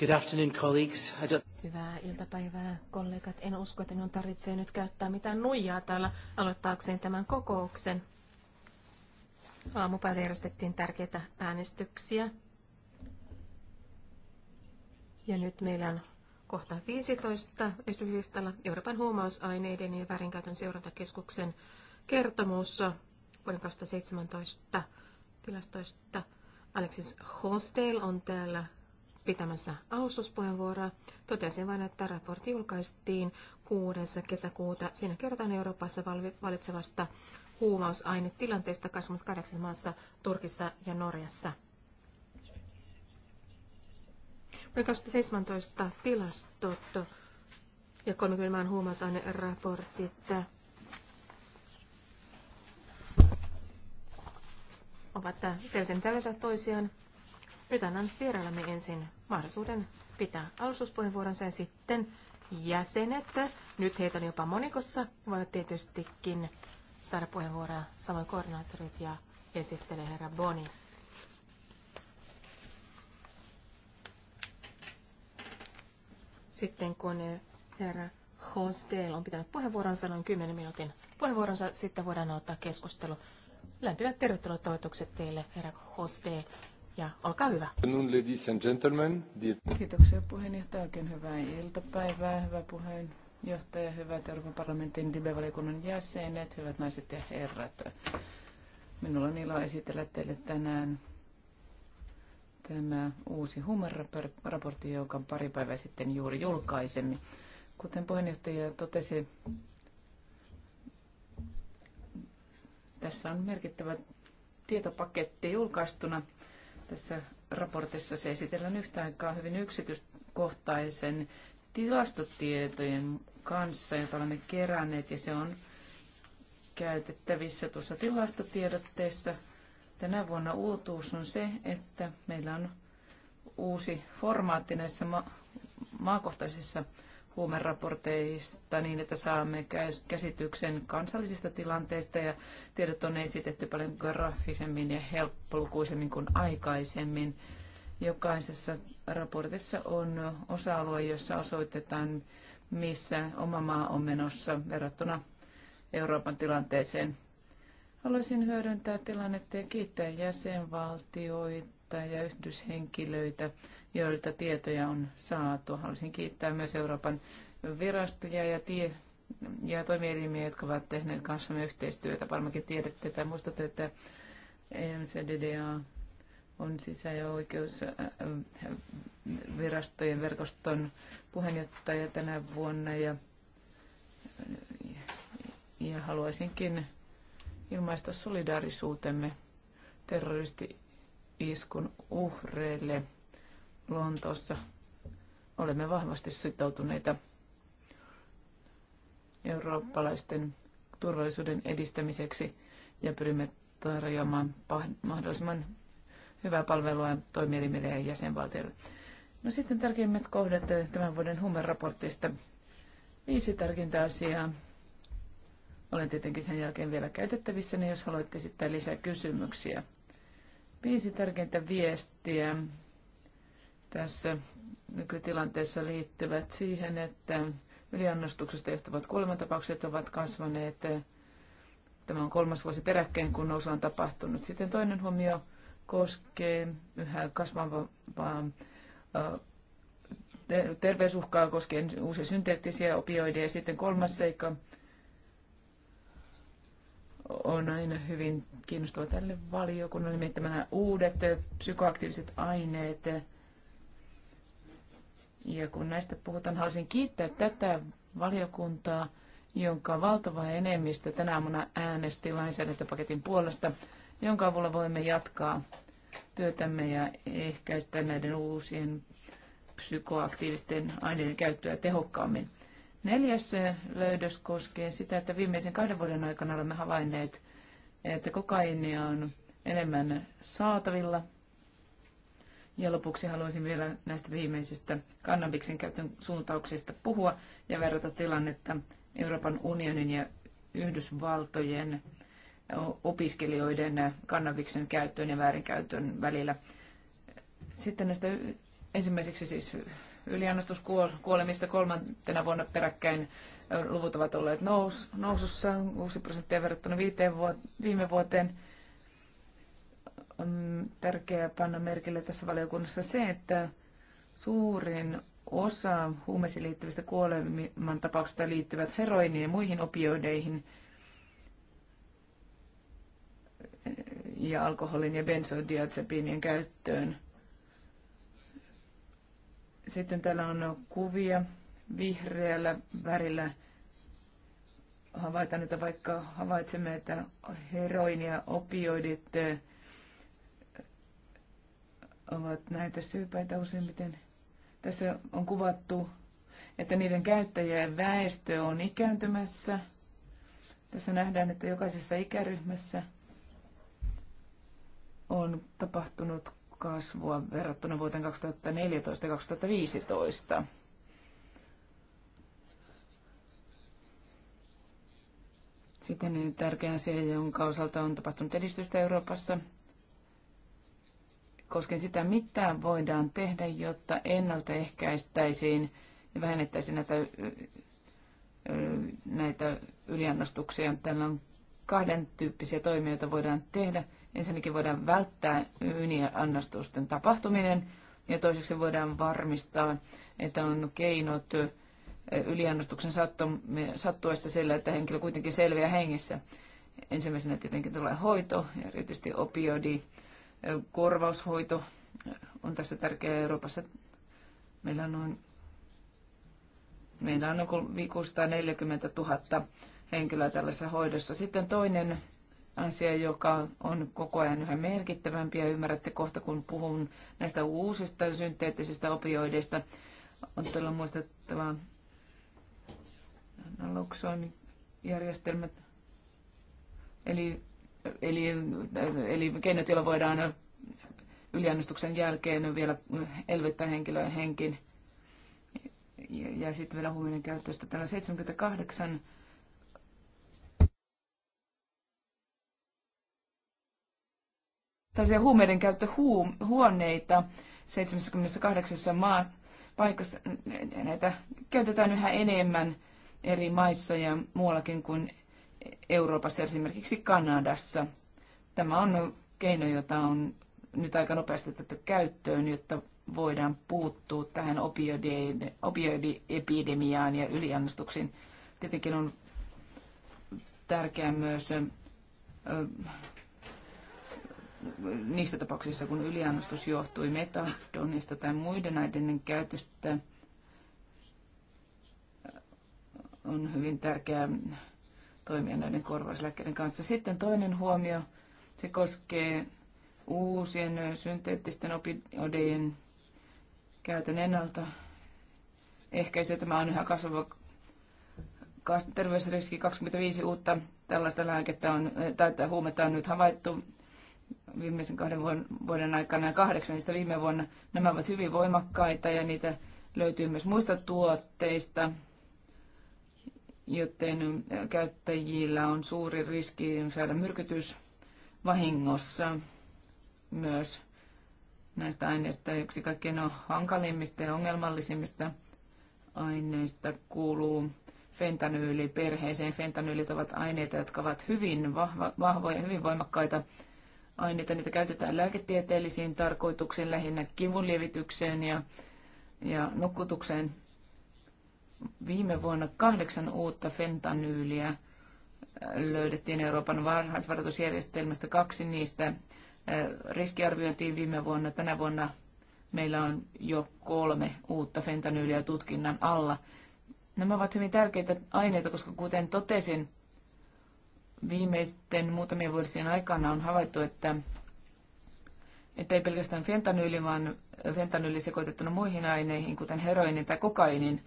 Good afternoon, colleagues. I don't... Hyvää iltapäivää, kollegat. En usko, että minun tarvitsee nyt käyttää mitään nuijaa täällä aloittaakseen tämän kokouksen. Aamupäivällä järjestettiin tärkeitä äänestyksiä. Ja nyt meillä on kohta 15 esityslistalla Euroopan huumausaineiden ja väärinkäytön seurantakeskuksen kertomus vuoden 2017 tilastoista. Alexis Hostel on täällä pitämässä alustuspuheenvuoroa. Totesin vain, että raportti julkaistiin 6. kesäkuuta. Siinä kerrotaan Euroopassa valitsevasta huumausainetilanteesta 28 maassa Turkissa ja Norjassa. Vuoden 2017 tilastot ja 30 maan huumausaineraportit ovat sellaisen täydentä toisiaan. Nyt annan vierailemme ensin mahdollisuuden pitää alustuspuheenvuoronsa ja sitten jäsenet. Nyt heitä on jopa monikossa. Voivat tietystikin saada puheenvuoroa samoin koordinaattorit ja esittelee herra Boni. Sitten kun eh, herra Hosdell on pitänyt puheenvuoronsa noin 10 minuutin puheenvuoronsa, sitten voidaan ottaa keskustelu. Lämpimät tervetuloa toivotukset teille, herra Hosdell ja olkaa hyvä. Ladies and gentlemen. Kiitoksia puheenjohtaja, oikein hyvää iltapäivää, hyvä puheenjohtaja, hyvät Euroopan parlamentin DIBE-valikunnan jäsenet, hyvät naiset ja herrat. Minulla on ilo esitellä teille tänään tämä uusi Human-raportti, jonka pari päivää sitten juuri julkaisemme. Kuten puheenjohtaja totesi, tässä on merkittävä tietopaketti julkaistuna tässä raportissa se esitellään yhtä aikaa hyvin yksityiskohtaisen tilastotietojen kanssa, jota olemme keränneet, ja se on käytettävissä tuossa tilastotiedotteessa. Tänä vuonna uutuus on se, että meillä on uusi formaatti näissä ma- maakohtaisissa huumeraporteista niin, että saamme käsityksen kansallisista tilanteista ja tiedot on esitetty paljon graafisemmin ja helppolukuisemmin kuin aikaisemmin. Jokaisessa raportissa on osa-alue, jossa osoitetaan, missä oma maa on menossa verrattuna Euroopan tilanteeseen. Haluaisin hyödyntää tilannetta ja kiittää jäsenvaltioita ja yhdyshenkilöitä joilta tietoja on saatu. Haluaisin kiittää myös Euroopan virastoja ja, tie- ja toimielimiä, jotka ovat tehneet kanssamme yhteistyötä. Varmaankin tiedätte tai muistatte, että EMCDDA on sisä- ja oikeusvirastojen äh, verkoston puheenjohtaja tänä vuonna ja, ja haluaisinkin ilmaista solidaarisuutemme terroristi-iskun uhreille. Lontoossa olemme vahvasti sitoutuneita eurooppalaisten turvallisuuden edistämiseksi ja pyrimme tarjoamaan mahdollisimman hyvää palvelua toimielimille ja jäsenvaltioille. No sitten tärkeimmät kohdat tämän vuoden Hummer-raportista. Viisi tärkeintä asiaa. Olen tietenkin sen jälkeen vielä käytettävissä, niin jos haluatte esittää lisää kysymyksiä. Viisi tärkeintä viestiä tässä nykytilanteessa liittyvät siihen, että yliannostuksesta johtuvat kuolemantapaukset ovat kasvaneet. Tämä on kolmas vuosi peräkkäin, kun nousu on tapahtunut. Sitten toinen huomio koskee yhä kasvavaa äh, terveysuhkaa koskien uusia synteettisiä opioideja. Sitten kolmas seikka on aina hyvin kiinnostava tälle valiokunnalle, nimittäin nämä uudet psykoaktiiviset aineet, ja kun näistä puhutaan, haluaisin kiittää tätä valiokuntaa, jonka valtava enemmistö tänä aamuna äänesti lainsäädäntöpaketin puolesta, jonka avulla voimme jatkaa työtämme ja ehkäistä näiden uusien psykoaktiivisten aineiden käyttöä tehokkaammin. Neljäs löydös koskee sitä, että viimeisen kahden vuoden aikana olemme havainneet, että kokainia on enemmän saatavilla ja lopuksi haluaisin vielä näistä viimeisistä kannabiksen käytön suuntauksista puhua ja verrata tilannetta Euroopan unionin ja Yhdysvaltojen opiskelijoiden kannabiksen käyttöön ja väärinkäytön välillä. Sitten näistä ensimmäiseksi siis yliannostuskuolemista kolmantena vuonna peräkkäin luvut ovat olleet nous, nousussa 6 prosenttia verrattuna viiteen vuot, viime vuoteen on tärkeää panna merkille tässä valiokunnassa se, että suurin osa huumeisiin liittyvistä tapauksista liittyvät heroiniin ja muihin opioideihin ja alkoholin ja benzodiazepiinien käyttöön. Sitten täällä on kuvia vihreällä värillä havaitaan, että vaikka havaitsemme, että heroin ja opioidit ovat näitä syypäitä useimmiten. Tässä on kuvattu, että niiden käyttäjien väestö on ikääntymässä. Tässä nähdään, että jokaisessa ikäryhmässä on tapahtunut kasvua verrattuna vuoteen 2014 ja 2015. Sitten tärkeä asia, jonka osalta on tapahtunut edistystä Euroopassa, koskien sitä, mitä voidaan tehdä, jotta ennaltaehkäistäisiin ja vähennettäisiin näitä, näitä yliannostuksia. Täällä on kahden tyyppisiä toimia, joita voidaan tehdä. Ensinnäkin voidaan välttää yliannostusten tapahtuminen ja toiseksi voidaan varmistaa, että on keinot yliannostuksen sattuessa sillä, että henkilö kuitenkin selviää hengissä. Ensimmäisenä tietenkin tulee hoito, erityisesti opioidi korvaushoito on tässä tärkeä Euroopassa. Meillä on noin meillä on noin 640 000 henkilöä tällaisessa hoidossa. Sitten toinen asia, joka on koko ajan yhä merkittävämpi ja ymmärrätte kohta, kun puhun näistä uusista synteettisistä opioideista, on todella muistettava järjestelmät, eli eli, eli keinot, joilla voidaan yliannostuksen jälkeen vielä elvyttää henkilöä henkin. Ja, ja sitten vielä huuminen käyttöstä. Täällä 78 tällaisia huumeiden käyttöhuoneita 78 maassa paikassa näitä käytetään yhä enemmän eri maissa ja muuallakin kuin Euroopassa, esimerkiksi Kanadassa. Tämä on keino, jota on nyt aika nopeasti otettu käyttöön, jotta voidaan puuttua tähän opioidiepidemiaan ja yliannostuksiin. Tietenkin on tärkeää myös niissä tapauksissa, kun yliannostus johtui metadonista tai muiden näiden käytöstä, on hyvin tärkeää toimia näiden korvauslääkkeiden kanssa. Sitten toinen huomio, se koskee uusien synteettisten opioidien käytön ennalta ehkäisyä. Tämä on yhä kasvava terveysriski. 25 uutta tällaista lääkettä on, eh, tai huumetta on nyt havaittu viimeisen kahden vuoden aikana ja kahdeksan niistä viime vuonna. Nämä ovat hyvin voimakkaita ja niitä löytyy myös muista tuotteista joten käyttäjillä on suuri riski saada myrkytys vahingossa myös näistä aineista. Yksi kaikkein no, hankalimmista ja ongelmallisimmista aineista kuuluu fentanyyli perheeseen. Fentanyylit ovat aineita, jotka ovat hyvin vahva, vahvoja, hyvin voimakkaita aineita. Niitä käytetään lääketieteellisiin tarkoituksiin, lähinnä kivunlievitykseen ja, ja nukkutukseen. Viime vuonna kahdeksan uutta fentanyyliä äh, löydettiin Euroopan varhaisvaroitusjärjestelmästä. Kaksi niistä äh, riskiarviointiin viime vuonna. Tänä vuonna meillä on jo kolme uutta fentanyyliä tutkinnan alla. Nämä ovat hyvin tärkeitä aineita, koska kuten totesin, viimeisten muutamien vuosien aikana on havaittu, että, että ei pelkästään fentanyyli, vaan fentanyyli sekoitettuna muihin aineihin, kuten heroinin tai kokainin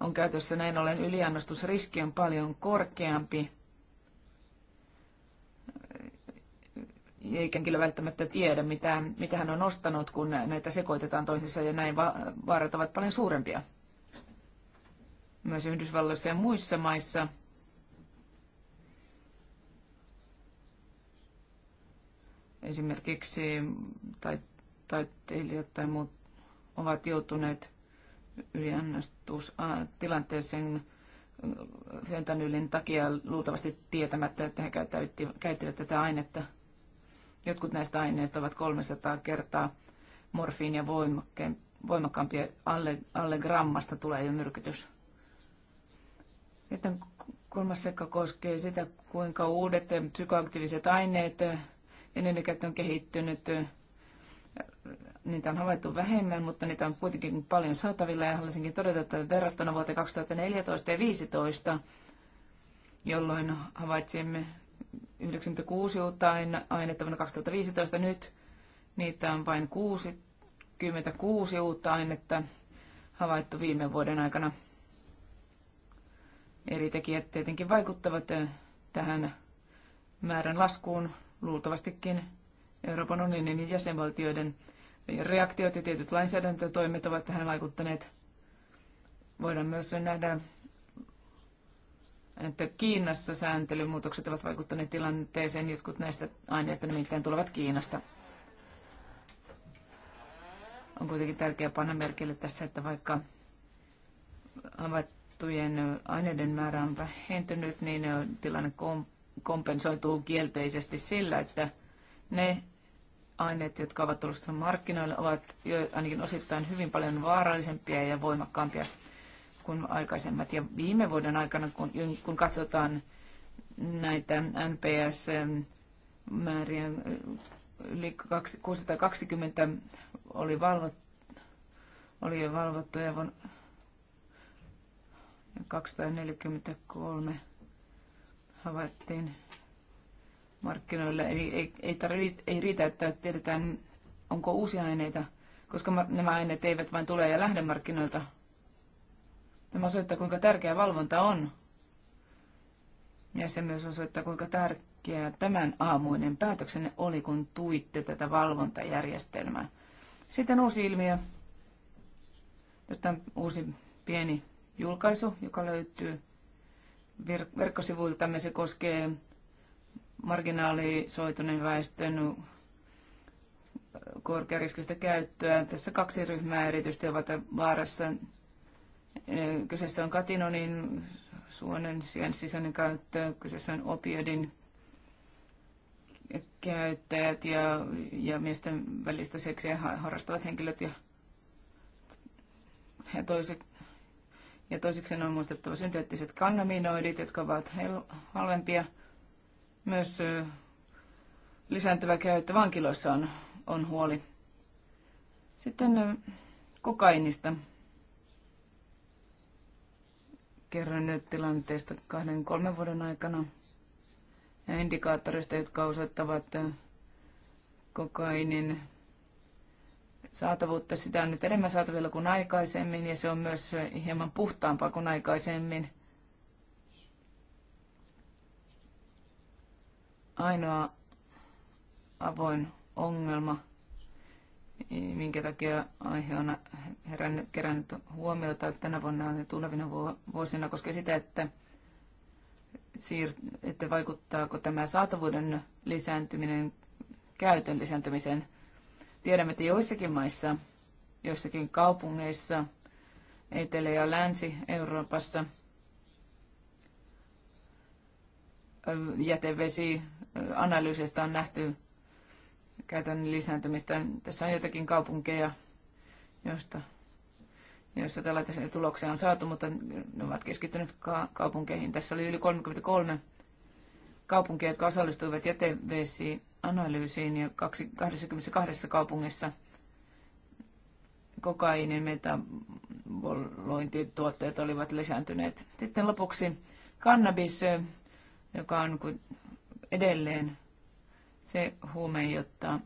on käytössä. Näin ollen yliannostusriski on paljon korkeampi. Eikä henkilö välttämättä tiedä, mitä, mitä hän on ostanut, kun näitä sekoitetaan toisissa ja näin va- vaarat ovat paljon suurempia. Myös Yhdysvalloissa ja muissa maissa esimerkiksi tai, taiteilijat tai muut ovat joutuneet yliannostustilanteeseen fentanylin takia luultavasti tietämättä, että he käyttivät tätä ainetta. Jotkut näistä aineista ovat 300 kertaa morfiinia voimakkaampia. Alle, alle grammasta tulee jo myrkytys. Sitten kolmas sekka koskee sitä, kuinka uudet psykoaktiiviset aineet ja käyttö on kehittynyt niitä on havaittu vähemmän, mutta niitä on kuitenkin paljon saatavilla ja haluaisinkin todeta, että verrattuna vuoteen 2014 ja 2015, jolloin havaitsimme 96 uutta ainetta vuonna 2015, nyt niitä on vain 66 uutta ainetta havaittu viime vuoden aikana. Eri tekijät tietenkin vaikuttavat eh, tähän määrän laskuun luultavastikin Euroopan unionin jäsenvaltioiden reaktiot ja tietyt lainsäädäntötoimet ovat tähän vaikuttaneet. Voidaan myös nähdä, että Kiinassa sääntelymuutokset ovat vaikuttaneet tilanteeseen. Jotkut näistä aineista nimittäin tulevat Kiinasta. On kuitenkin tärkeää panna merkille tässä, että vaikka havaittujen aineiden määrä on vähentynyt, niin tilanne kompensoituu kielteisesti sillä, että ne aineet, jotka ovat tulleet markkinoille, ovat jo ainakin osittain hyvin paljon vaarallisempia ja voimakkaampia kuin aikaisemmat. Ja viime vuoden aikana, kun, kun katsotaan näitä NPS-määriä, yli 620 oli, valvot, oli jo valvottu ja 243 havaittiin markkinoille. Eli ei, ei, tarvi, ei riitä, että tiedetään, onko uusia aineita, koska nämä aineet eivät vain tule ja lähde markkinoilta. Tämä osoittaa, kuinka tärkeä valvonta on. Ja se myös osoittaa, kuinka tärkeä tämän aamuinen päätöksenne oli, kun tuitte tätä valvontajärjestelmää. Sitten uusi ilmiö. Tästä on uusi pieni julkaisu, joka löytyy verkkosivuiltamme. Se koskee marginaalisoituneen väestön korkeariskistä käyttöä. Tässä kaksi ryhmää erityisesti ovat vaarassa. Kyseessä on katinonin suonen sijain sisäinen käyttö, kyseessä on opioidin käyttäjät ja, ja miesten välistä seksiä harrastavat henkilöt ja, ja, toiset, ja toiseksi on muistettava synteettiset kannaminoidit, jotka ovat halvempia myös lisääntyvä käyttö vankiloissa on, on huoli. Sitten kokainista. Kerron nyt tilanteesta kahden kolmen vuoden aikana ja indikaattoreista, jotka osoittavat kokainin saatavuutta. Sitä on nyt enemmän saatavilla kuin aikaisemmin ja se on myös hieman puhtaampaa kuin aikaisemmin. ainoa avoin ongelma, minkä takia aihe on herännyt, kerännyt huomiota tänä vuonna ja tulevina vuosina, koskee sitä, että, siir- että vaikuttaako tämä saatavuuden lisääntyminen käytön lisääntymiseen. Tiedämme, että joissakin maissa, joissakin kaupungeissa, Etelä- ja Länsi-Euroopassa jätevesi analyysistä on nähty käytön lisääntymistä. Tässä on jotakin kaupunkeja, joista, joissa tällaisia tuloksia on saatu, mutta ne ovat keskittyneet ka- kaupunkeihin. Tässä oli yli 33 kaupunkia, jotka osallistuivat jätevesianalyysiin ja 22 kaupungissa kokaiini, metabolointituotteet olivat lisääntyneet. Sitten lopuksi kannabis, joka on edelleen se huume, jotta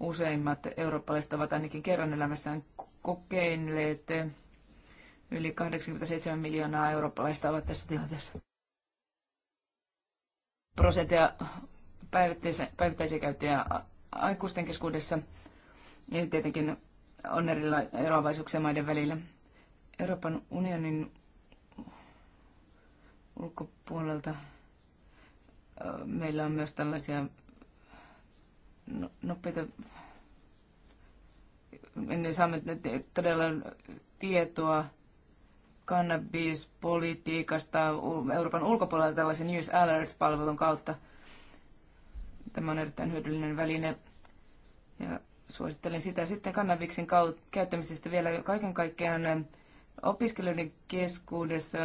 useimmat eurooppalaiset ovat ainakin kerran elämässään kokeilleet. Yli 87 miljoonaa eurooppalaista ovat tässä tilanteessa. Prosenttia päivittäisiä käyttäjiä aikuisten keskuudessa ja tietenkin on erila- eroavaisuuksia maiden välillä. Euroopan unionin ulkopuolelta meillä on myös tällaisia no, nopeita, niin saamme todella tietoa kannabispolitiikasta Euroopan ulkopuolella tällaisen News Alerts-palvelun kautta. Tämä on erittäin hyödyllinen väline ja suosittelen sitä. Sitten kannabiksen käyttämisestä vielä kaiken kaikkiaan opiskelijoiden keskuudessa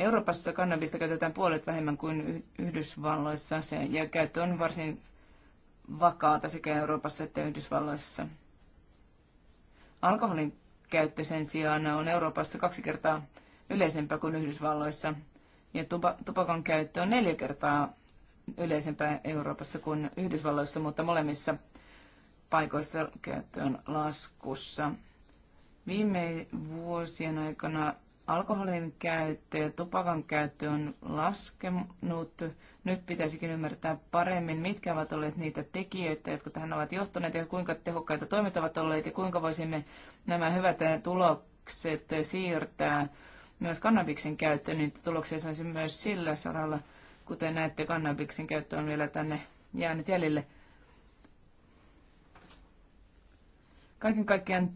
Euroopassa kannabista käytetään puolet vähemmän kuin Yhdysvalloissa se, ja käyttö on varsin vakaata sekä Euroopassa että Yhdysvalloissa. Alkoholin käyttö sen sijaan on Euroopassa kaksi kertaa yleisempää kuin Yhdysvalloissa, ja tupakan käyttö on neljä kertaa yleisempää Euroopassa kuin Yhdysvalloissa, mutta molemmissa paikoissa käyttö on laskussa. Viime vuosien aikana alkoholin käyttö ja tupakan käyttö on laskenut. Nyt pitäisikin ymmärtää paremmin, mitkä ovat olleet niitä tekijöitä, jotka tähän ovat johtaneet ja kuinka tehokkaita toimet ovat olleet ja kuinka voisimme nämä hyvät tulokset siirtää myös kannabiksen käyttöön. Niitä tuloksia saisi myös sillä saralla, kuten näette, kannabiksen käyttö on vielä tänne jäänyt jäljelle. Kaiken kaikkiaan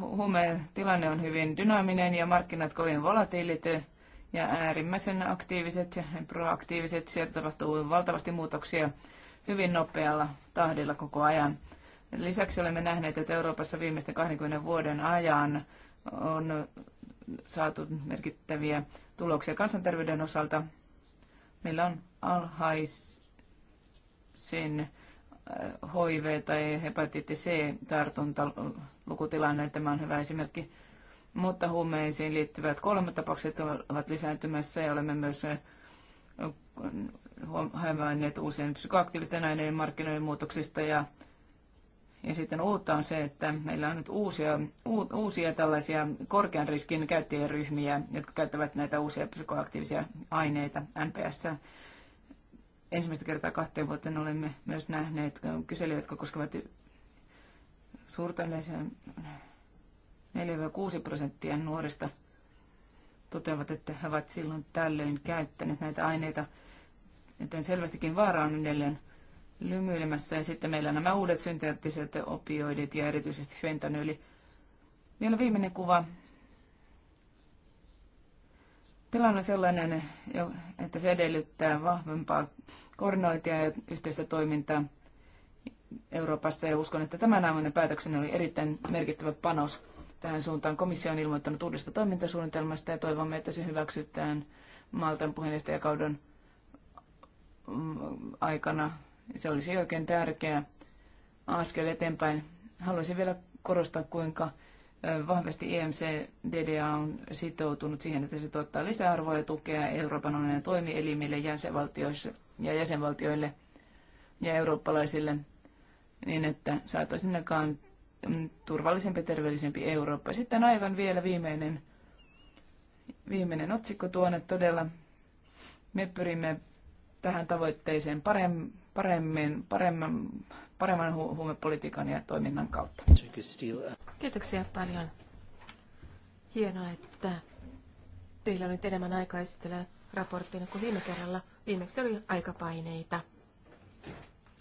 huumetilanne on hyvin dynaaminen ja markkinat kovin volatiilit ja äärimmäisen aktiiviset ja proaktiiviset. Sieltä tapahtuu valtavasti muutoksia hyvin nopealla tahdilla koko ajan. Lisäksi olemme nähneet, että Euroopassa viimeisten 20 vuoden ajan on saatu merkittäviä tuloksia kansanterveyden osalta. Meillä on alhaisin HIV- eh, tai hepatiitti C-tartunta lukutilanne. Tämä on hyvä esimerkki. Mutta huumeisiin liittyvät kuolematapaukset ovat lisääntymässä ja olemme myös eh, havainneet uusien psykoaktiivisten aineiden markkinoiden muutoksista ja ja sitten uutta on se, että meillä on nyt uusia, uusia tällaisia korkean riskin käyttäjäryhmiä, jotka käyttävät näitä uusia psykoaktiivisia aineita NPS. Ensimmäistä kertaa kahteen vuoteen olemme myös nähneet eh, kyselyjä, jotka koskevat suurta 4-6 prosenttia nuorista toteavat, että he ovat silloin tällöin käyttäneet näitä aineita, joten selvästikin vaara on edelleen lymyilemässä. Ja sitten meillä on nämä uudet synteettiset opioidit ja erityisesti fentanyli. Vielä viimeinen kuva. Tilanne on sellainen, että se edellyttää vahvempaa koordinointia ja yhteistä toimintaa Euroopassa ja uskon, että tämän aamuinen päätöksen oli erittäin merkittävä panos tähän suuntaan. Komissio on ilmoittanut uudesta toimintasuunnitelmasta ja toivomme, että se hyväksytään Maltan puheenjohtajakauden mm, aikana. Se olisi oikein tärkeä askel eteenpäin. Haluaisin vielä korostaa, kuinka vahvasti EMC-DDA on sitoutunut siihen, että se tuottaa lisäarvoa ja tukea Euroopan unionin toimielimille jäsenvaltioissa ja jäsenvaltioille ja eurooppalaisille niin että saataisiin näkään turvallisempi ja terveellisempi Eurooppa. Sitten aivan vielä viimeinen, viimeinen otsikko tuonne todella. Me pyrimme tähän tavoitteeseen paremmin, paremmin, paremman, paremman hu- huumepolitiikan ja toiminnan kautta. Kiitoksia paljon. Hienoa, että teillä on nyt enemmän aikaa esitellä raporttina kuin viime kerralla. Viimeksi oli aikapaineita.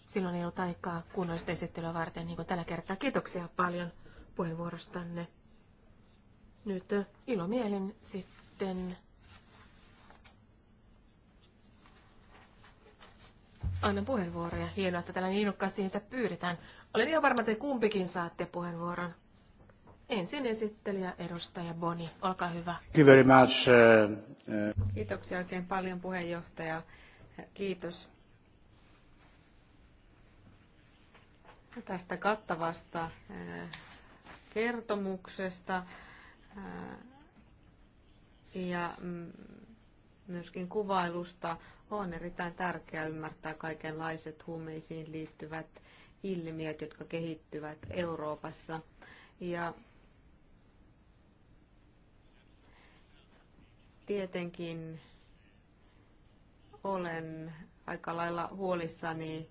Silloin ei ollut aikaa kunnollista esittelyä varten, niin kuin tällä kertaa. Kiitoksia paljon puheenvuorostanne. Nyt ilomielin sitten annan puheenvuoroja. Hienoa, että tällä niin innokkaasti niitä pyydetään. Olen ihan varma, että kumpikin saatte puheenvuoron. Ensin esittelijä edustaja Boni, olkaa hyvä. Thank you very much. Uh, uh. Kiitoksia oikein paljon puheenjohtaja. Kiitos tästä kattavasta eh, kertomuksesta eh, ja mm, myöskin kuvailusta. On erittäin tärkeää ymmärtää kaikenlaiset huumeisiin liittyvät ilmiöt, jotka kehittyvät Euroopassa. Ja tietenkin olen aika lailla huolissani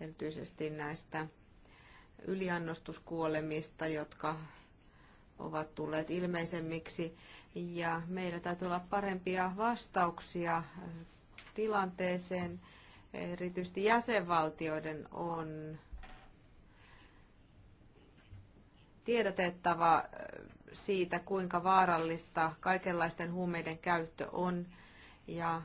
erityisesti näistä yliannostuskuolemista, jotka ovat tulleet ilmeisemmiksi. Ja meillä täytyy olla parempia vastauksia tilanteeseen. Erityisesti jäsenvaltioiden on tiedotettava äh, siitä, kuinka vaarallista kaikenlaisten huumeiden käyttö on ja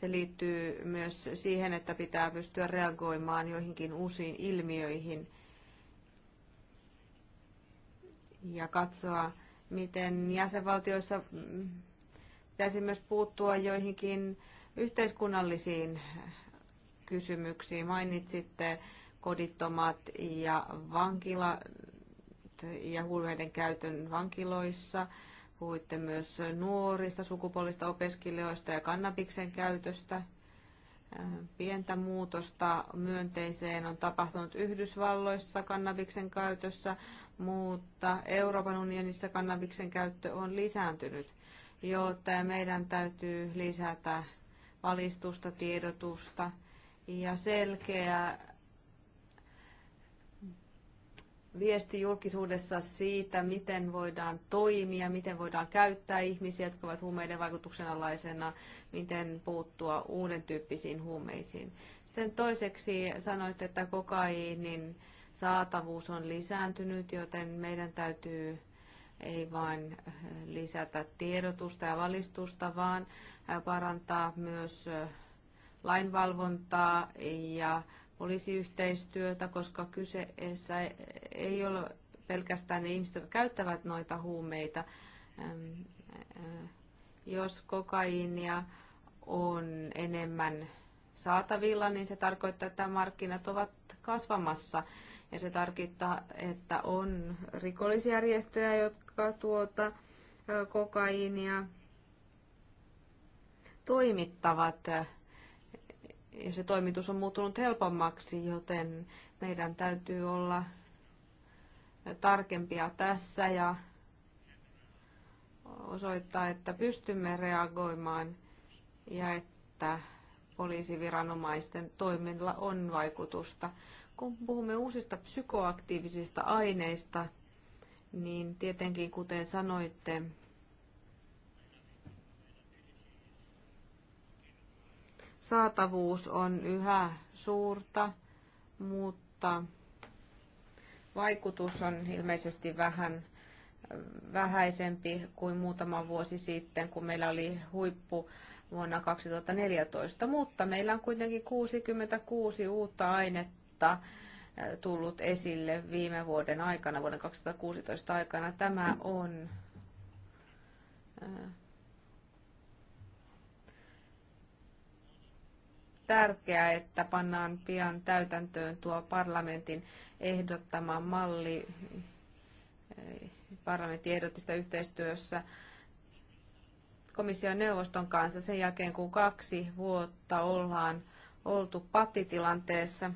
Se liittyy myös siihen, että pitää pystyä reagoimaan joihinkin uusiin ilmiöihin ja katsoa, miten jäsenvaltioissa mm, pitäisi myös puuttua joihinkin yhteiskunnallisiin kysymyksiin. Mainitsitte kodittomat ja vankilat ja huumeiden käytön vankiloissa. Puhuitte myös nuorista sukupuolista opiskelijoista ja kannabiksen käytöstä. Pientä muutosta myönteiseen on tapahtunut Yhdysvalloissa kannabiksen käytössä, mutta Euroopan unionissa kannabiksen käyttö on lisääntynyt, joten meidän täytyy lisätä valistusta, tiedotusta ja selkeää viesti julkisuudessa siitä, miten voidaan toimia, miten voidaan käyttää ihmisiä, jotka ovat huumeiden vaikutuksen alaisena, miten puuttua uuden tyyppisiin huumeisiin. Sitten toiseksi sanoit, että kokaiinin saatavuus on lisääntynyt, joten meidän täytyy ei vain lisätä tiedotusta ja valistusta, vaan parantaa myös lainvalvontaa ja yhteistyötä, koska kyseessä ei ole pelkästään ne ihmiset, jotka käyttävät noita huumeita. Jos kokaiinia on enemmän saatavilla, niin se tarkoittaa, että markkinat ovat kasvamassa. Ja se tarkoittaa, että on rikollisjärjestöjä, jotka tuota kokaiinia toimittavat ja se toimitus on muuttunut helpommaksi, joten meidän täytyy olla tarkempia tässä ja osoittaa, että pystymme reagoimaan ja että poliisiviranomaisten toimilla on vaikutusta. Kun puhumme uusista psykoaktiivisista aineista, niin tietenkin kuten sanoitte, saatavuus on yhä suurta, mutta vaikutus on ilmeisesti vähän vähäisempi kuin muutama vuosi sitten, kun meillä oli huippu vuonna 2014, mutta meillä on kuitenkin 66 uutta ainetta tullut esille viime vuoden aikana, vuoden 2016 aikana. Tämä on tärkeää, että pannaan pian täytäntöön tuo parlamentin ehdottama malli. Parlamentti ehdotti sitä yhteistyössä komission neuvoston kanssa sen jälkeen, kun kaksi vuotta ollaan oltu pattitilanteessa.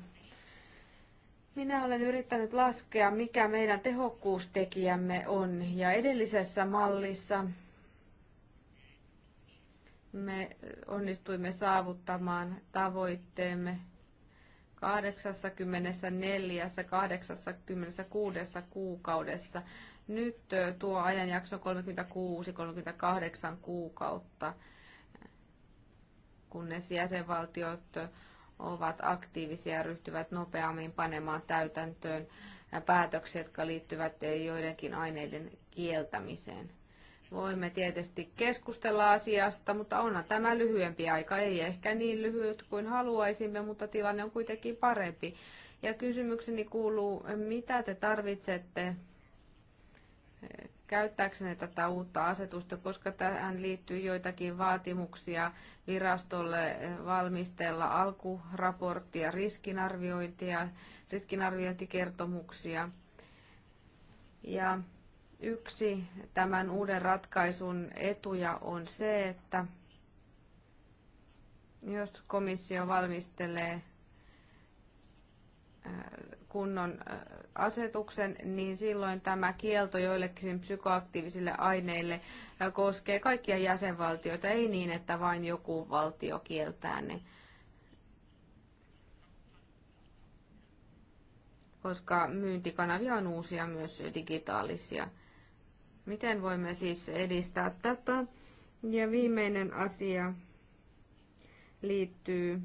Minä olen yrittänyt laskea, mikä meidän tehokkuustekijämme on. Ja edellisessä mallissa me onnistuimme saavuttamaan tavoitteemme 84-86 kuukaudessa. Nyt tuo ajanjakso 36-38 kuukautta, kunnes jäsenvaltiot ovat aktiivisia ja ryhtyvät nopeammin panemaan täytäntöön päätöksiä, jotka liittyvät joidenkin aineiden kieltämiseen. Voimme tietysti keskustella asiasta, mutta onhan tämä lyhyempi aika. Ei ehkä niin lyhyt kuin haluaisimme, mutta tilanne on kuitenkin parempi. Ja kysymykseni kuuluu, mitä te tarvitsette eh, käyttääkseni tätä uutta asetusta, koska tähän liittyy joitakin vaatimuksia virastolle eh, valmistella alkuraporttia, riskinarviointia, riskinarviointikertomuksia. Ja Yksi tämän uuden ratkaisun etuja on se, että jos komissio valmistelee äh, kunnon äh, asetuksen, niin silloin tämä kielto joillekin psykoaktiivisille aineille äh, koskee kaikkia jäsenvaltioita, ei niin, että vain joku valtio kieltää ne. Koska myyntikanavia on uusia, myös digitaalisia. Miten voimme siis edistää tätä? Ja viimeinen asia liittyy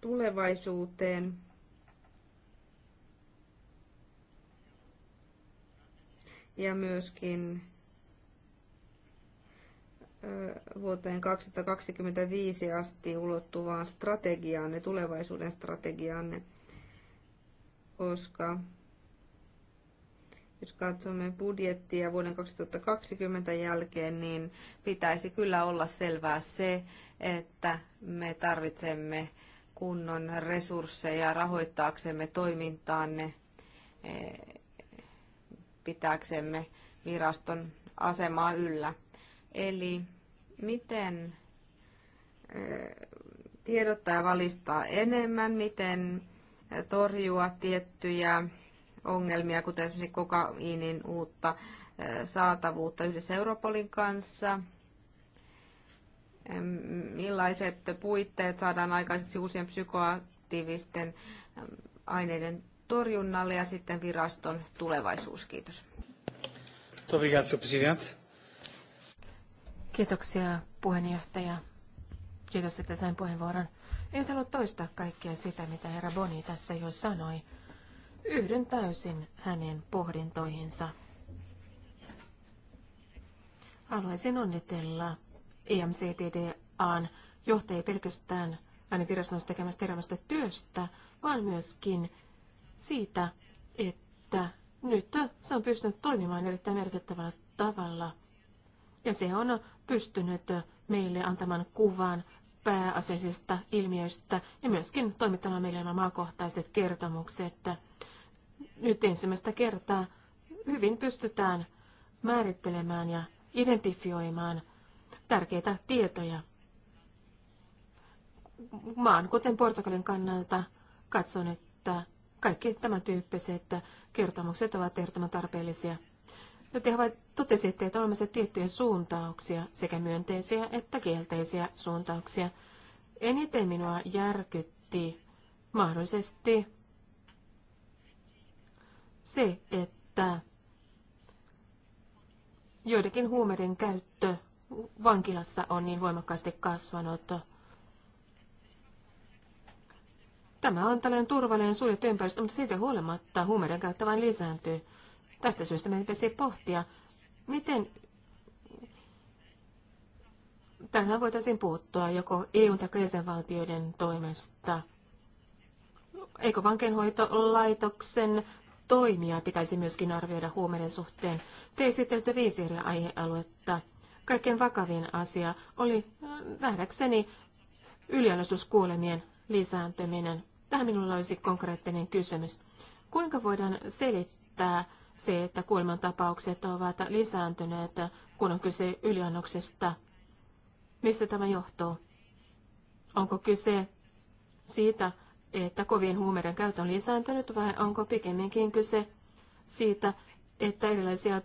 tulevaisuuteen. Ja myöskin vuoteen 2025 asti ulottuvaan strategiaanne, tulevaisuuden strategiaanne, koska jos katsomme budjettia vuoden 2020 jälkeen, niin pitäisi kyllä olla selvää se, että me tarvitsemme kunnon resursseja rahoittaaksemme toimintaanne, e, pitääksemme viraston asemaa yllä. Eli miten e, tiedottaa valistaa enemmän, miten torjua tiettyjä ongelmia, kuten esimerkiksi kokaiinin uutta saatavuutta yhdessä Europolin kanssa. Millaiset puitteet saadaan aikaiseksi uusien psykoaktiivisten aineiden torjunnalle ja sitten viraston tulevaisuus. Kiitos. Kiitoksia puheenjohtaja. Kiitos, että sain puheenvuoron. En halua toistaa kaikkea sitä, mitä herra Boni tässä jo sanoi. Yhdyn täysin hänen pohdintoihinsa. Haluaisin onnitella EMCDDAn johtajia pelkästään hänen virastonsa tekemästä terävästä työstä, vaan myöskin siitä, että nyt se on pystynyt toimimaan erittäin merkittävällä tavalla. Ja se on pystynyt meille antamaan kuvan pääasiallisista ilmiöistä ja myöskin toimittamaan meille nämä maakohtaiset kertomukset nyt ensimmäistä kertaa hyvin pystytään määrittelemään ja identifioimaan tärkeitä tietoja. Maan, kuten Portugalin kannalta, katson, että kaikki tämän tyyppiset kertomukset ovat ehdottoman tarpeellisia. Joten he totesitte, että on olemassa tiettyjä suuntauksia, sekä myönteisiä että kielteisiä suuntauksia. Eniten minua järkytti mahdollisesti se, että joidenkin huumeiden käyttö vankilassa on niin voimakkaasti kasvanut. Tämä on tällainen turvallinen suljettu ympäristö, mutta siitä huolimatta huumeiden käyttö vain lisääntyy. Tästä syystä meidän pitäisi pohtia, miten tähän voitaisiin puuttua joko EUn tai jäsenvaltioiden toimesta. Eikö vankeinhoitolaitoksen toimia pitäisi myöskin arvioida huumeiden suhteen. Te esittelitte viisi eri aihealuetta. Kaikkein vakavin asia oli äh, nähdäkseni yliannostuskuolemien lisääntyminen. Tähän minulla olisi konkreettinen kysymys. Kuinka voidaan selittää se, että kuolemantapaukset ovat lisääntyneet, kun on kyse yliannoksesta? Mistä tämä johtuu? Onko kyse siitä, että kovien huumeiden käyttö on lisääntynyt vai onko pikemminkin kyse siitä, että erilaisia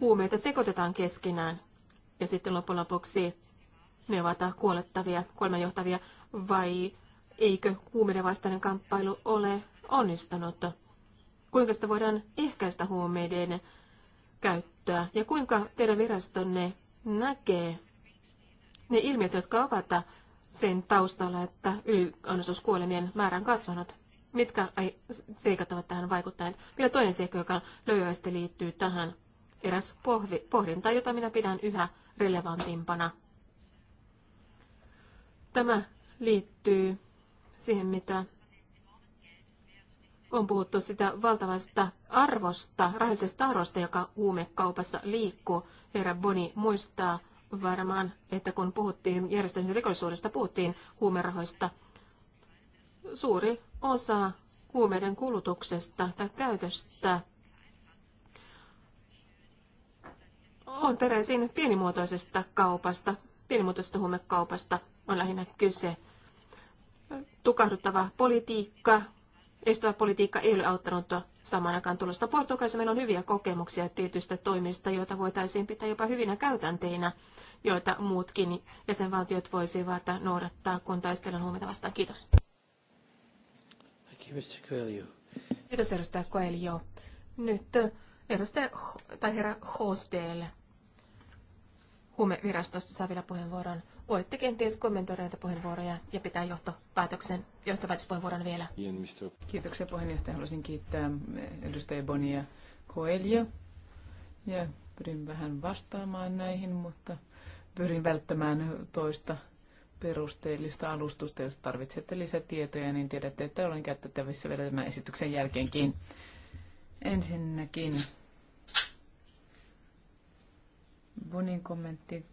huumeita sekoitetaan keskenään ja sitten loppujen lopuksi ne ovat kuolettavia, kuolemanjohtavia vai eikö huumeiden vastainen kamppailu ole onnistunut? Kuinka sitä voidaan ehkäistä huumeiden käyttöä ja kuinka teidän virastonne näkee ne ilmiöt, jotka ovat sen taustalla, että yliannostuskuolemien määrä on kasvanut. Mitkä seikat ovat tähän vaikuttaneet? Vielä toinen seikka, joka löyhästi liittyy tähän eräs pohvi, pohdinta, jota minä pidän yhä relevantimpana. Tämä liittyy siihen, mitä on puhuttu sitä valtavasta arvosta, rahallisesta arvosta, joka huumekaupassa liikkuu. Herra Boni muistaa, varmaan, että kun puhuttiin järjestäytyneen rikollisuudesta, puhuttiin huumerahoista. Suuri osa huumeiden kulutuksesta tai käytöstä on peräisin pienimuotoisesta kaupasta, pienimuotoisesta huumekaupasta on lähinnä kyse. Tukahduttava politiikka estävä politiikka ei ole auttanut samaan aikaan tulosta. Portugalissa meillä on hyviä kokemuksia tietyistä toimista, joita voitaisiin pitää jopa hyvinä käytänteinä, joita muutkin jäsenvaltiot voisivat noudattaa, kun taistelun huumeita vastaan. Kiitos. Kiitos edustaja Coelho. Nyt edustaja tai herra Hostel. Huumevirastosta saa vielä puheenvuoron. Voitte kenties kommentoida näitä puheenvuoroja ja pitää johtopäätöksen, johtopäätöspuheenvuoron vielä. Kiitoksia puheenjohtaja. Haluaisin kiittää edustaja Bonia Coelho. Ja pyrin vähän vastaamaan näihin, mutta pyrin välttämään toista perusteellista alustusta. Jos tarvitsette lisätietoja, niin tiedätte, että olen käytettävissä vielä tämän esityksen jälkeenkin. Ensinnäkin Bonin kommentti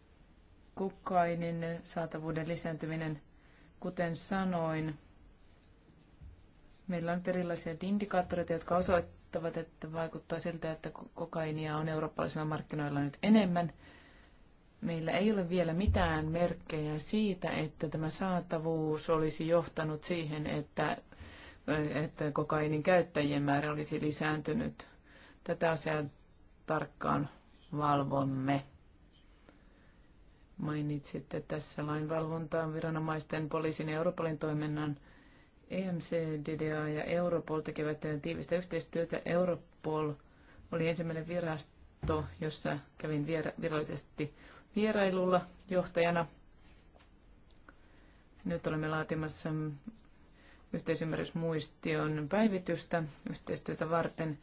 Kokainin saatavuuden lisääntyminen, kuten sanoin, meillä on nyt erilaisia indikaattoreita, jotka osoittavat, että vaikuttaa siltä, että kokainia on eurooppalaisilla markkinoilla nyt enemmän. Meillä ei ole vielä mitään merkkejä siitä, että tämä saatavuus olisi johtanut siihen, että, että kokainin käyttäjien määrä olisi lisääntynyt. Tätä asiaa tarkkaan valvomme. Mainitsitte tässä lainvalvontaa viranomaisten, poliisin ja Euroopan toiminnan emc DDA ja Europol tekevät tiivistä yhteistyötä. Europol oli ensimmäinen virasto, jossa kävin virallisesti vierailulla johtajana. Nyt olemme laatimassa yhteisymmärrysmuistion päivitystä yhteistyötä varten.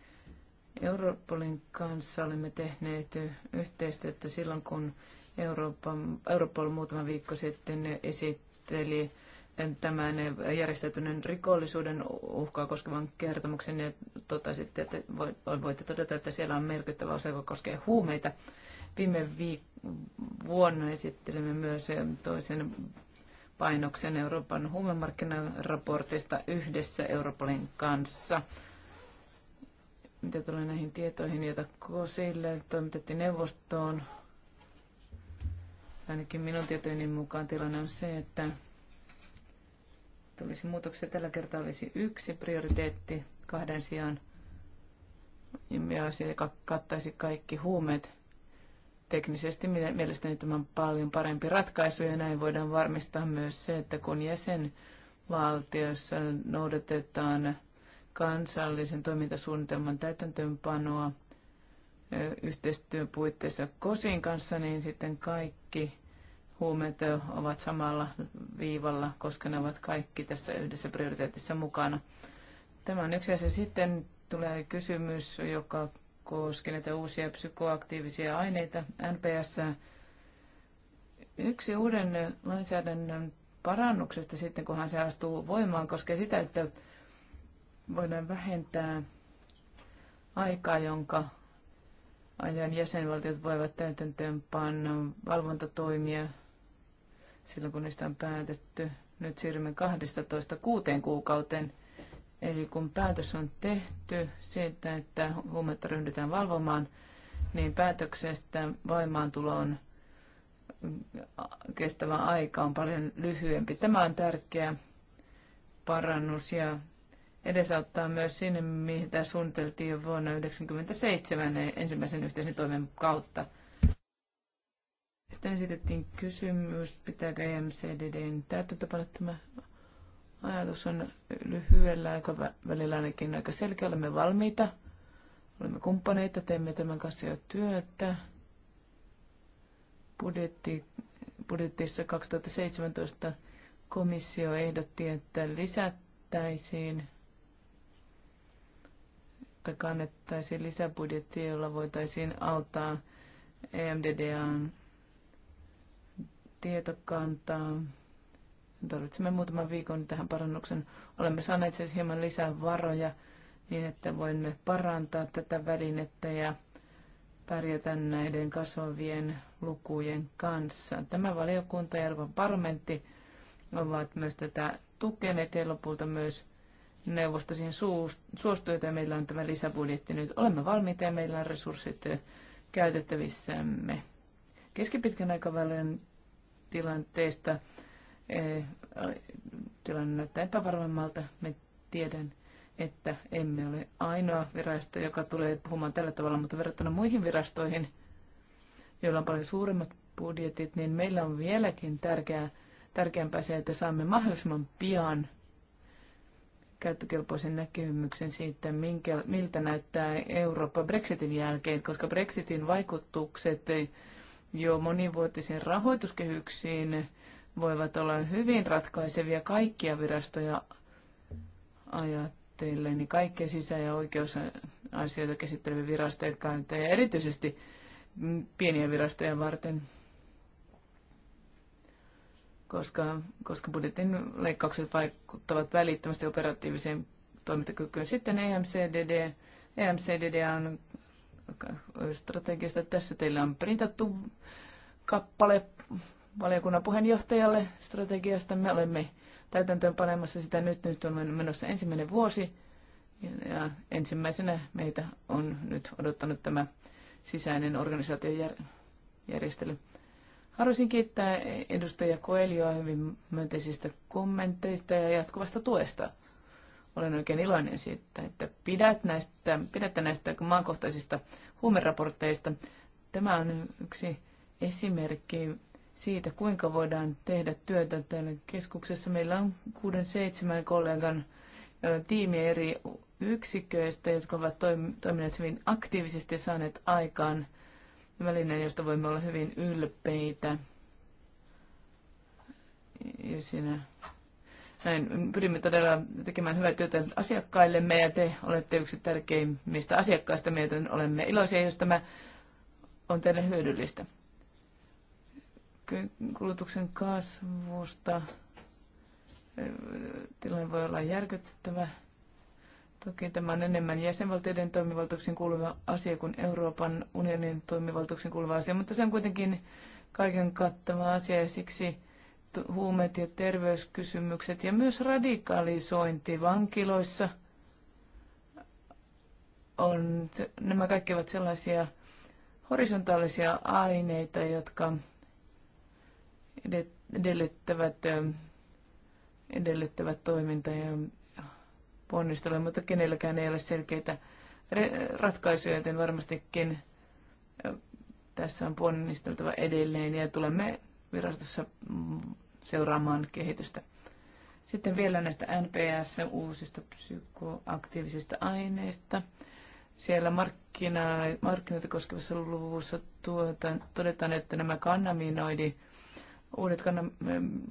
Europolin kanssa olemme tehneet yhteistyötä silloin, kun Euroopan, Europol muutama viikko sitten esitteli tämän järjestäytyneen rikollisuuden uhkaa koskevan kertomuksen ja totesitte, että voitte todeta, että siellä on merkittävä osa, joka koskee huumeita. Viime viik- vuonna esittelimme myös toisen painoksen Euroopan huumemarkkinaraportista yhdessä Europolin kanssa. Mitä tulee näihin tietoihin, joita sille toimitettiin neuvostoon Ainakin minun tietojeni mukaan tilanne on se, että tulisi muutoksia. Tällä kertaa olisi yksi prioriteetti kahden sijaan ja se kattaisi kaikki huumeet. Teknisesti mielestäni tämä on paljon parempi ratkaisu ja näin voidaan varmistaa myös se, että kun jäsenvaltiossa noudatetaan kansallisen toimintasuunnitelman täytäntöönpanoa yhteistyön puitteissa KOSin kanssa, niin sitten kaikki huumeet ovat samalla viivalla, koska ne ovat kaikki tässä yhdessä prioriteetissa mukana. Tämä on yksi asia. Sitten tulee kysymys, joka koskee näitä uusia psykoaktiivisia aineita, NPS. Yksi uuden lainsäädännön parannuksesta sitten, kunhan se astuu voimaan, koskee sitä, että voidaan vähentää aikaa, jonka ajan jäsenvaltiot voivat täytäntöön panna valvontatoimia silloin, kun niistä on päätetty. Nyt siirrymme 12 kuuteen kuukauteen. Eli kun päätös on tehty siitä, että huumetta ryhdytään valvomaan, niin päätöksestä voimaantuloon mm, kestävä aika on paljon lyhyempi. Tämä on tärkeä parannus ja edesauttaa myös sinne, mitä suunniteltiin jo vuonna 1997 ensimmäisen yhteisen toimen kautta – sitten esitettiin kysymys, pitääkö EMCDDn täytäntöpanna tämä ajatus on lyhyellä aikavälillä ainakin aika selkeä. Olemme valmiita, olemme kumppaneita, teemme tämän kanssa jo työtä. Budjetti, budjettissa 2017 komissio ehdotti, että lisättäisiin tai kannettaisiin lisäbudjettia, jolla voitaisiin auttaa EMDDAn tietokantaa. Tarvitsemme muutaman viikon tähän parannuksen. Olemme saaneet siis hieman lisää varoja niin, että voimme parantaa tätä välinettä ja pärjätä näiden kasvavien lukujen kanssa. Tämä valiokunta ja Euroopan parlamentti ovat myös tätä tukeneet ja lopulta myös neuvosto siihen suostui, että meillä on tämä lisäbudjetti nyt. Olemme valmiita ja meillä on resurssit käytettävissämme. Keskipitkän aikavälin tilanteesta. Eh, tilanne näyttää epävarmemmalta. Me tiedän, että emme ole ainoa virasto, joka tulee puhumaan tällä tavalla, mutta verrattuna muihin virastoihin, joilla on paljon suuremmat budjetit, niin meillä on vieläkin tärkeää, tärkeämpää se, että saamme mahdollisimman pian käyttökelpoisen näkemyksen siitä, minkä, miltä näyttää Eurooppa Brexitin jälkeen, koska Brexitin vaikutukset jo monivuotisiin rahoituskehyksiin voivat olla hyvin ratkaisevia kaikkia virastoja ajatellen, niin kaikkia sisä- ja oikeusasioita käsitteleviä virastojen ja erityisesti pieniä virastoja varten, koska, koska budjetin leikkaukset vaikuttavat välittömästi operatiiviseen toimintakykyyn. Sitten EMCDD. EMCDD on strategiasta. Tässä teillä on printattu kappale valiokunnan puheenjohtajalle strategiasta. Me olemme täytäntöön panemassa sitä nyt. Nyt on menossa ensimmäinen vuosi ja ensimmäisenä meitä on nyt odottanut tämä sisäinen organisaatiojärjestely. Haluaisin kiittää edustaja Koelioa hyvin myönteisistä kommenteista ja jatkuvasta tuesta olen oikein iloinen siitä, että pidät näistä, pidätte näistä maankohtaisista huumeraporteista. Tämä on yksi esimerkki siitä, kuinka voidaan tehdä työtä täällä keskuksessa. Meillä on kuuden seitsemän kollegan tiimi eri yksiköistä, jotka ovat toimineet hyvin aktiivisesti ja saaneet aikaan välineen, josta voimme olla hyvin ylpeitä. Ja siinä näin pyrimme todella tekemään hyvää työtä asiakkaillemme ja te olette yksi tärkeimmistä asiakkaista, meitä olemme iloisia, jos tämä on teille hyödyllistä. Kulutuksen kasvusta tilanne voi olla järkyttävä. Toki tämä on enemmän jäsenvaltioiden toimivaltuuksiin kuuluva asia kuin Euroopan unionin toimivaltuuksiin kuuluva asia, mutta se on kuitenkin kaiken kattava asia ja siksi huumeet ja terveyskysymykset ja myös radikalisointi vankiloissa. On, nämä kaikki ovat sellaisia horisontaalisia aineita, jotka edellyttävät, edellyttävät toimintaa ja ponnistelua, mutta kenelläkään ei ole selkeitä ratkaisuja, joten varmastikin tässä on ponnisteltava edelleen ja tulemme virastossa mm, seuraamaan kehitystä. Sitten vielä näistä NPS-uusista psykoaktiivisista aineista. Siellä markkina, markkinoita koskevassa luvussa tuotan, todetaan, että nämä kannaminoidi, uudet, kannam, mm,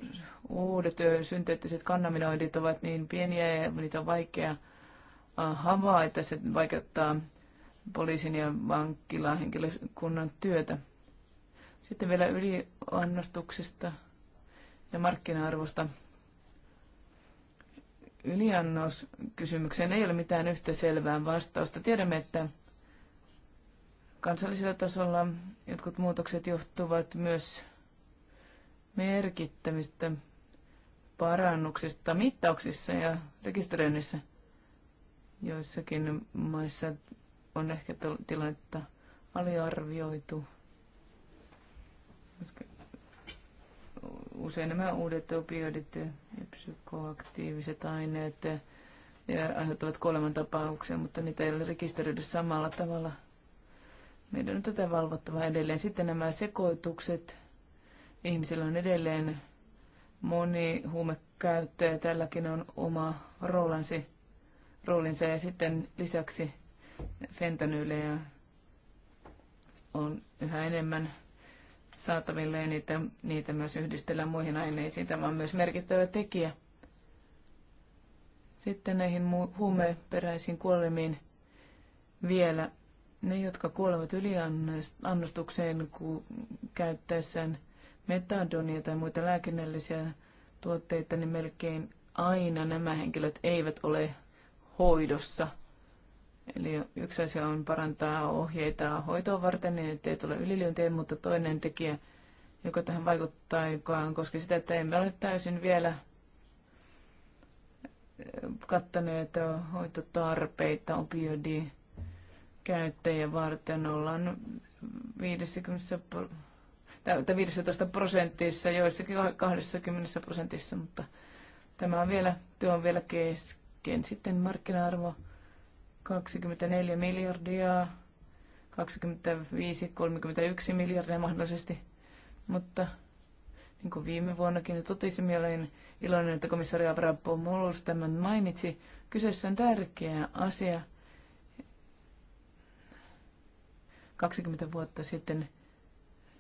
uudet synteettiset kannaminoidit ovat niin pieniä ja niitä on vaikea havaita. Se vaikeuttaa poliisin ja vankilahenkilökunnan työtä. Sitten vielä yliannostuksista ja markkina-arvosta. Yliannoskysymykseen ei ole mitään yhtä selvää vastausta. Tiedämme, että kansallisella tasolla jotkut muutokset johtuvat myös merkittävistä parannuksista mittauksissa ja rekisteröinnissä. Joissakin maissa on ehkä tilannetta aliarvioitu. usein nämä uudet opioidit ja psykoaktiiviset aineet eh, ja aiheuttavat kuolemantapauksia, mutta niitä ei ole rekisteröidä samalla tavalla. Meidän on tätä valvottava edelleen. Sitten nämä sekoitukset. Ihmisillä on edelleen moni huumekäyttäjä. Tälläkin on oma roolansi, roolinsa. Ja sitten lisäksi fentanyylejä on yhä enemmän saataville ja niitä, niitä myös yhdistellä muihin aineisiin. Tämä on myös merkittävä tekijä. Sitten näihin huumeperäisiin kuolemiin vielä. Ne, jotka kuolevat yliannostukseen käyttäessään metadonia tai muita lääkinnällisiä tuotteita, niin melkein aina nämä henkilöt eivät ole hoidossa Eli yksi asia on parantaa ohjeita hoitoa varten, niin ettei tule ylilyöntiä, mutta toinen tekijä, joka tähän vaikuttaa, joka on koska sitä, että emme ole täysin vielä eh, kattaneet hoitotarpeita opioidien käyttäjien varten. Ollaan 50 15 prosentissa, joissakin 20 prosentissa, mutta tämä on vielä, työ on vielä kesken. Sitten markkina-arvo 24 miljardia, 25-31 miljardia mahdollisesti. Mutta niin kuin viime vuonnakin totesimme, olen iloinen, että komissaari Molus tämän mainitsi. Kyseessä on tärkeä asia. 20 vuotta sitten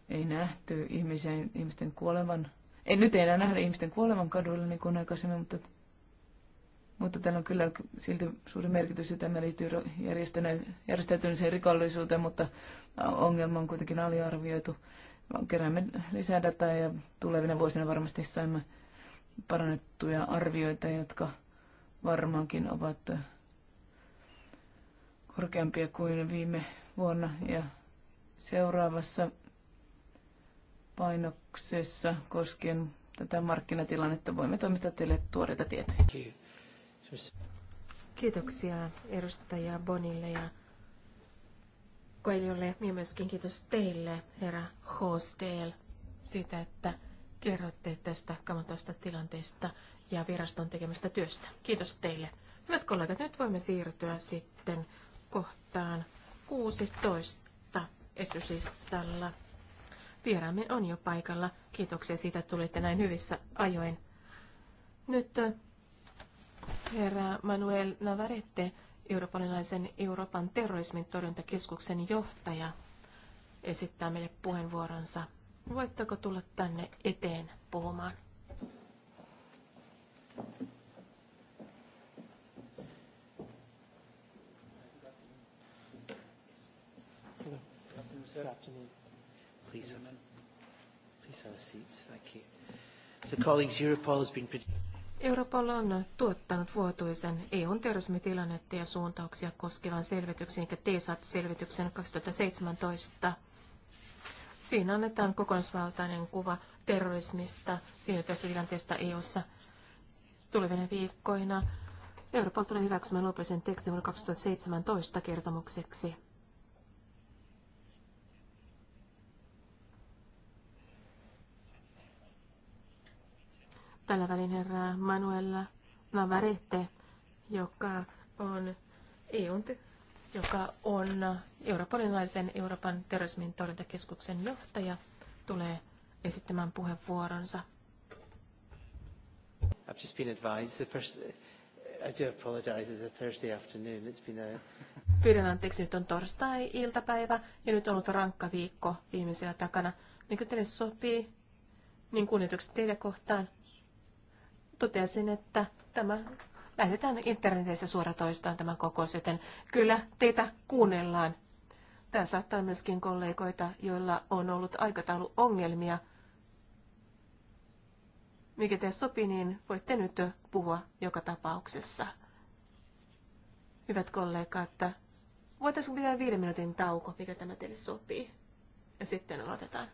ei nähty ihmisen, ihmisten kuolevan. Ei, nyt ei enää nähdä ihmisten kuolevan kaduilla niin kuin aikaisemmin, mutta mutta tällä on kyllä silti suuri merkitys, että tämä liittyy järjestäytyneeseen rikollisuuteen, mutta ongelma on kuitenkin aliarvioitu. Keräämme lisää dataa ja tulevina vuosina varmasti saimme parannettuja arvioita, jotka varmaankin ovat korkeampia kuin viime vuonna. Ja seuraavassa painoksessa koskien tätä markkinatilannetta voimme toimittaa teille tuoreita tietoja. Kiitoksia edustaja Bonille ja Koeliolle ja myöskin kiitos teille, herra Hostel, siitä, että kerrotte tästä kamatasta tilanteesta ja viraston tekemästä työstä. Kiitos teille. Hyvät kollegat, nyt voimme siirtyä sitten kohtaan 16 esityslistalla. Vieraamme on jo paikalla. Kiitoksia siitä, että tulitte näin hyvissä ajoin. Nyt Herra Manuel Navarrete, eurooppalaisen Euroopan terrorismin torjuntakeskuksen johtaja, esittää meille puheenvuoronsa. Voitteko tulla tänne eteen puhumaan? Good afternoon. Please have, please have a seat. Thank you. So, colleagues, Europol has been producing. Europol on tuottanut vuotuisen EUn terrorismitilannetta ja suuntauksia koskevan selvityksen, eli TESAT-selvityksen 2017. Siinä annetaan kokonaisvaltainen kuva terrorismista siinä tässä tilanteesta EUssa tulevina viikkoina. Europol tulee hyväksymään lopullisen tekstin vuonna 2017 kertomukseksi. Tällä välin herra Manuela Navarrete, joka on EUn, joka on eurooppalaisen Euroopan terrorismin torjuntakeskuksen johtaja, tulee esittämään puheenvuoronsa. I've just been advised first, I do apologize, it's a Thursday afternoon. It's been a... Pyydän anteeksi, nyt on torstai-iltapäivä ja nyt on ollut rankka viikko viimeisellä takana. Mikä teille sopii, niin kunnioitukset teille kohtaan totesin, että tämä lähetetään internetissä suoratoistoon tämä kokous, joten kyllä teitä kuunnellaan. Tämä saattaa myöskin kollegoita, joilla on ollut aikatauluongelmia. Mikä te sopii, niin voitte nyt puhua joka tapauksessa. Hyvät kollegat, voitaisiinko pitää viiden minuutin tauko, mikä tämä teille sopii? Ja sitten aloitetaan.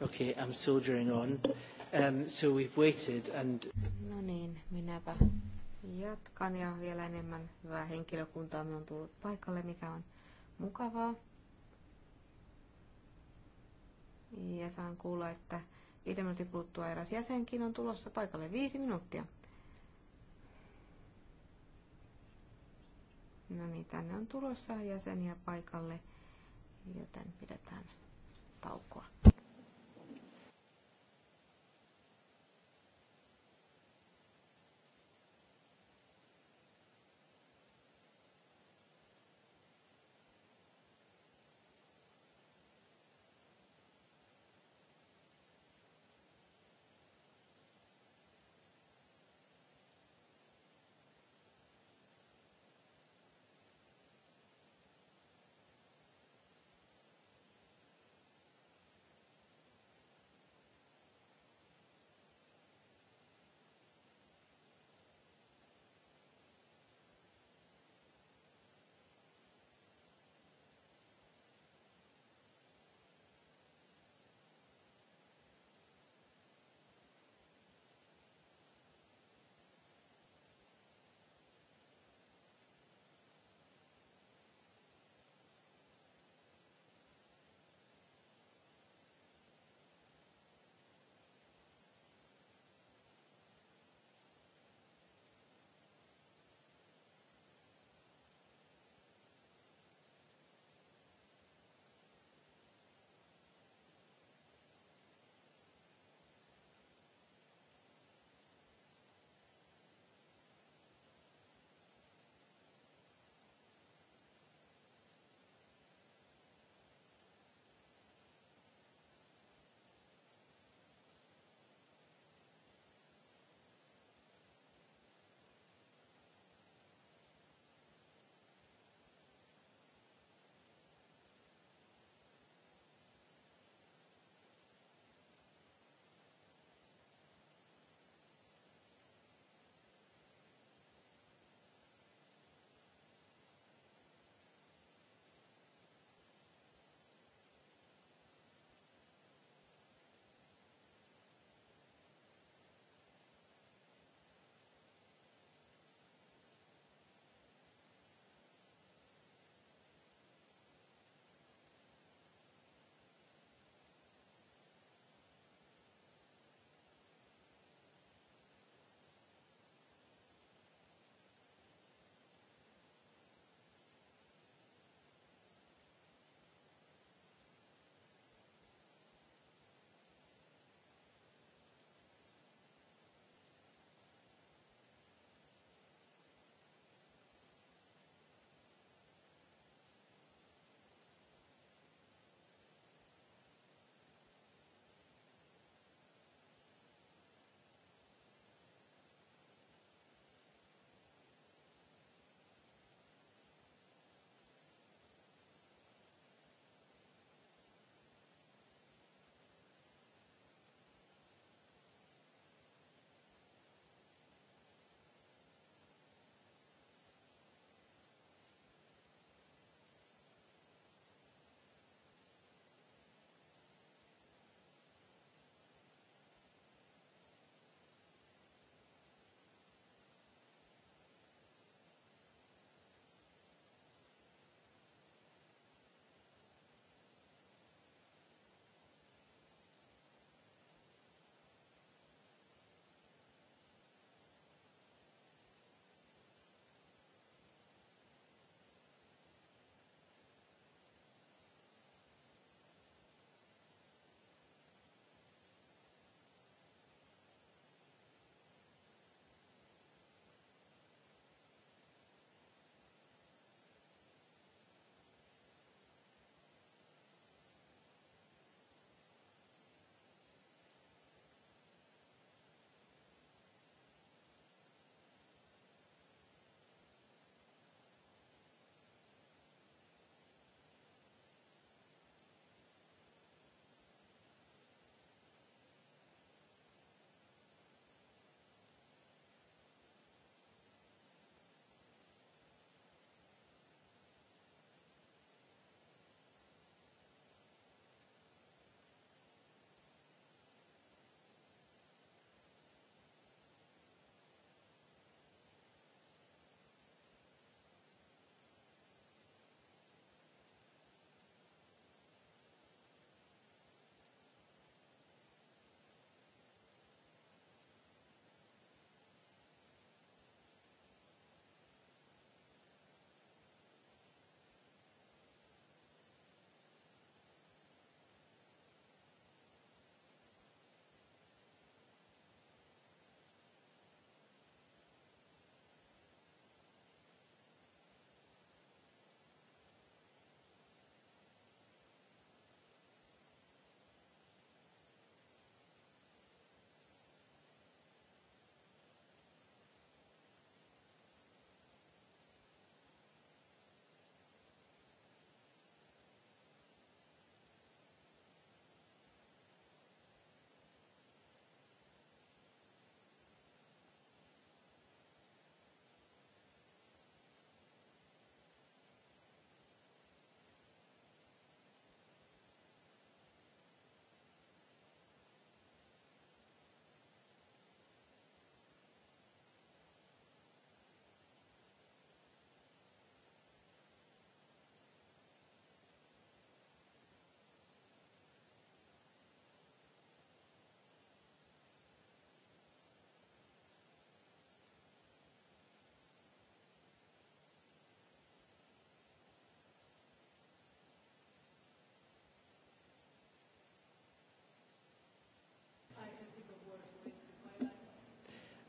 Okay, I'm soldiering on. Um, so we've waited and... No niin, minäpä jatkan ja vielä enemmän hyvää henkilökuntaa minun on tullut paikalle, mikä on mukavaa. Ja saan kuulla, että viiden minuutin kuluttua eräs jäsenkin on tulossa paikalle viisi minuuttia. No niin, tänne on tulossa jäseniä paikalle, joten pidetään taukoa.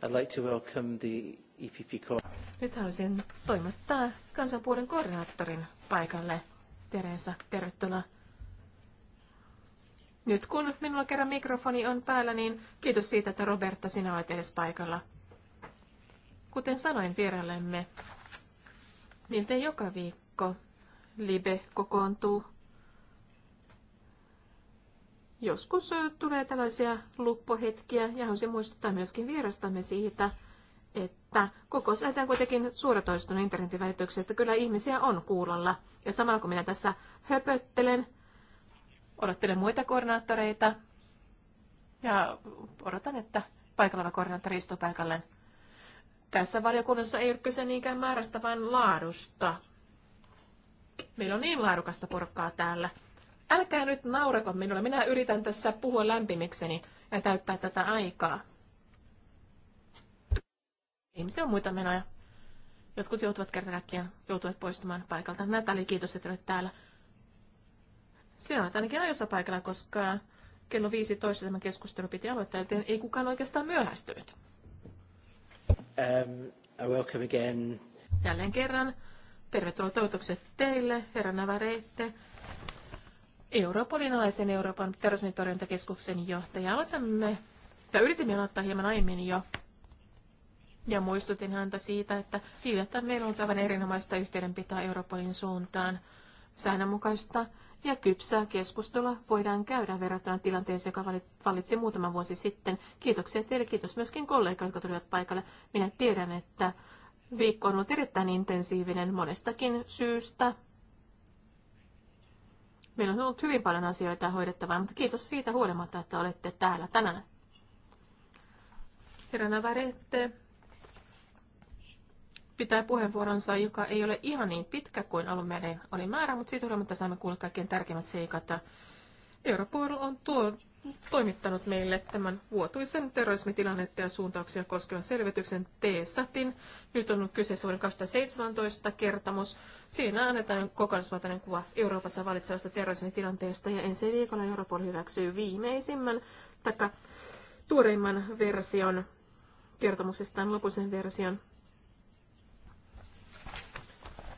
I'd like to welcome the EPP Nyt haluaisin toimittaa kansanpuolen koordinaattorin paikalle. Teresa, tervetuloa. Nyt kun minulla kerran mikrofoni on päällä, niin kiitos siitä, että Roberta, sinä olet edes paikalla. Kuten sanoin vieraillemme, miltei niin joka viikko Libe kokoontuu joskus tulee tällaisia luppohetkiä ja se muistuttaa myöskin vierastamme siitä, että kokousäätään kuitenkin suoratoiston internetin välityksellä, että kyllä ihmisiä on kuulolla. Ja samalla kun minä tässä höpöttelen, odottelen muita koordinaattoreita ja odotan, että paikalla oleva koordinaattori istuu paikalleen. Tässä valiokunnassa ei ole kyse niinkään määrästä, vaan laadusta. Meillä on niin laadukasta porkkaa täällä, Älkää nyt naurako minulle. Minä yritän tässä puhua lämpimikseni ja täyttää tätä aikaa. Ihmisiä on muita menoja. Jotkut joutuvat kerta kaikkiaan joutuvat poistumaan paikalta. Natali, kiitos, että olet täällä. Sinä olet ainakin ajoissa paikalla, koska kello 15 tämä keskustelu piti aloittaa, joten ei kukaan oikeastaan myöhästynyt. Um, welcome again. Jälleen kerran. Tervetuloa toivotukset teille, herra Navarette, Europolin Euroopan terrorismitorjuntakeskuksen johtaja. Aloitamme, tai yritimme aloittaa hieman aiemmin jo. Ja muistutin häntä siitä, että hiljattain meillä on tavan erinomaista yhteydenpitoa Europolin suuntaan. Säännönmukaista ja kypsää keskustelua voidaan käydä verrattuna tilanteeseen, joka valitsi muutama vuosi sitten. Kiitoksia teille, kiitos myöskin kollegoille, jotka tulivat paikalle. Minä tiedän, että viikko on ollut erittäin intensiivinen monestakin syystä, Meillä on ollut hyvin paljon asioita hoidettavana, mutta kiitos siitä huolimatta, että olette täällä tänään. Herra Navarette pitää puheenvuoronsa, joka ei ole ihan niin pitkä kuin alun perin oli määrä, mutta siitä huolimatta saamme kuulla kaikkein tärkeimmät seikat. Europol on tuo, toimittanut meille tämän vuotuisen terrorismitilannetta ja suuntauksia koskevan selvityksen T-Satin. Nyt on kyseessä vuoden 2017 kertomus. Siinä annetaan kokonaisvaltainen kuva Euroopassa valitsevasta terrorismitilanteesta ja ensi viikolla Europol hyväksyy viimeisimmän taikka tuoreimman version kertomuksestaan lopuisen version.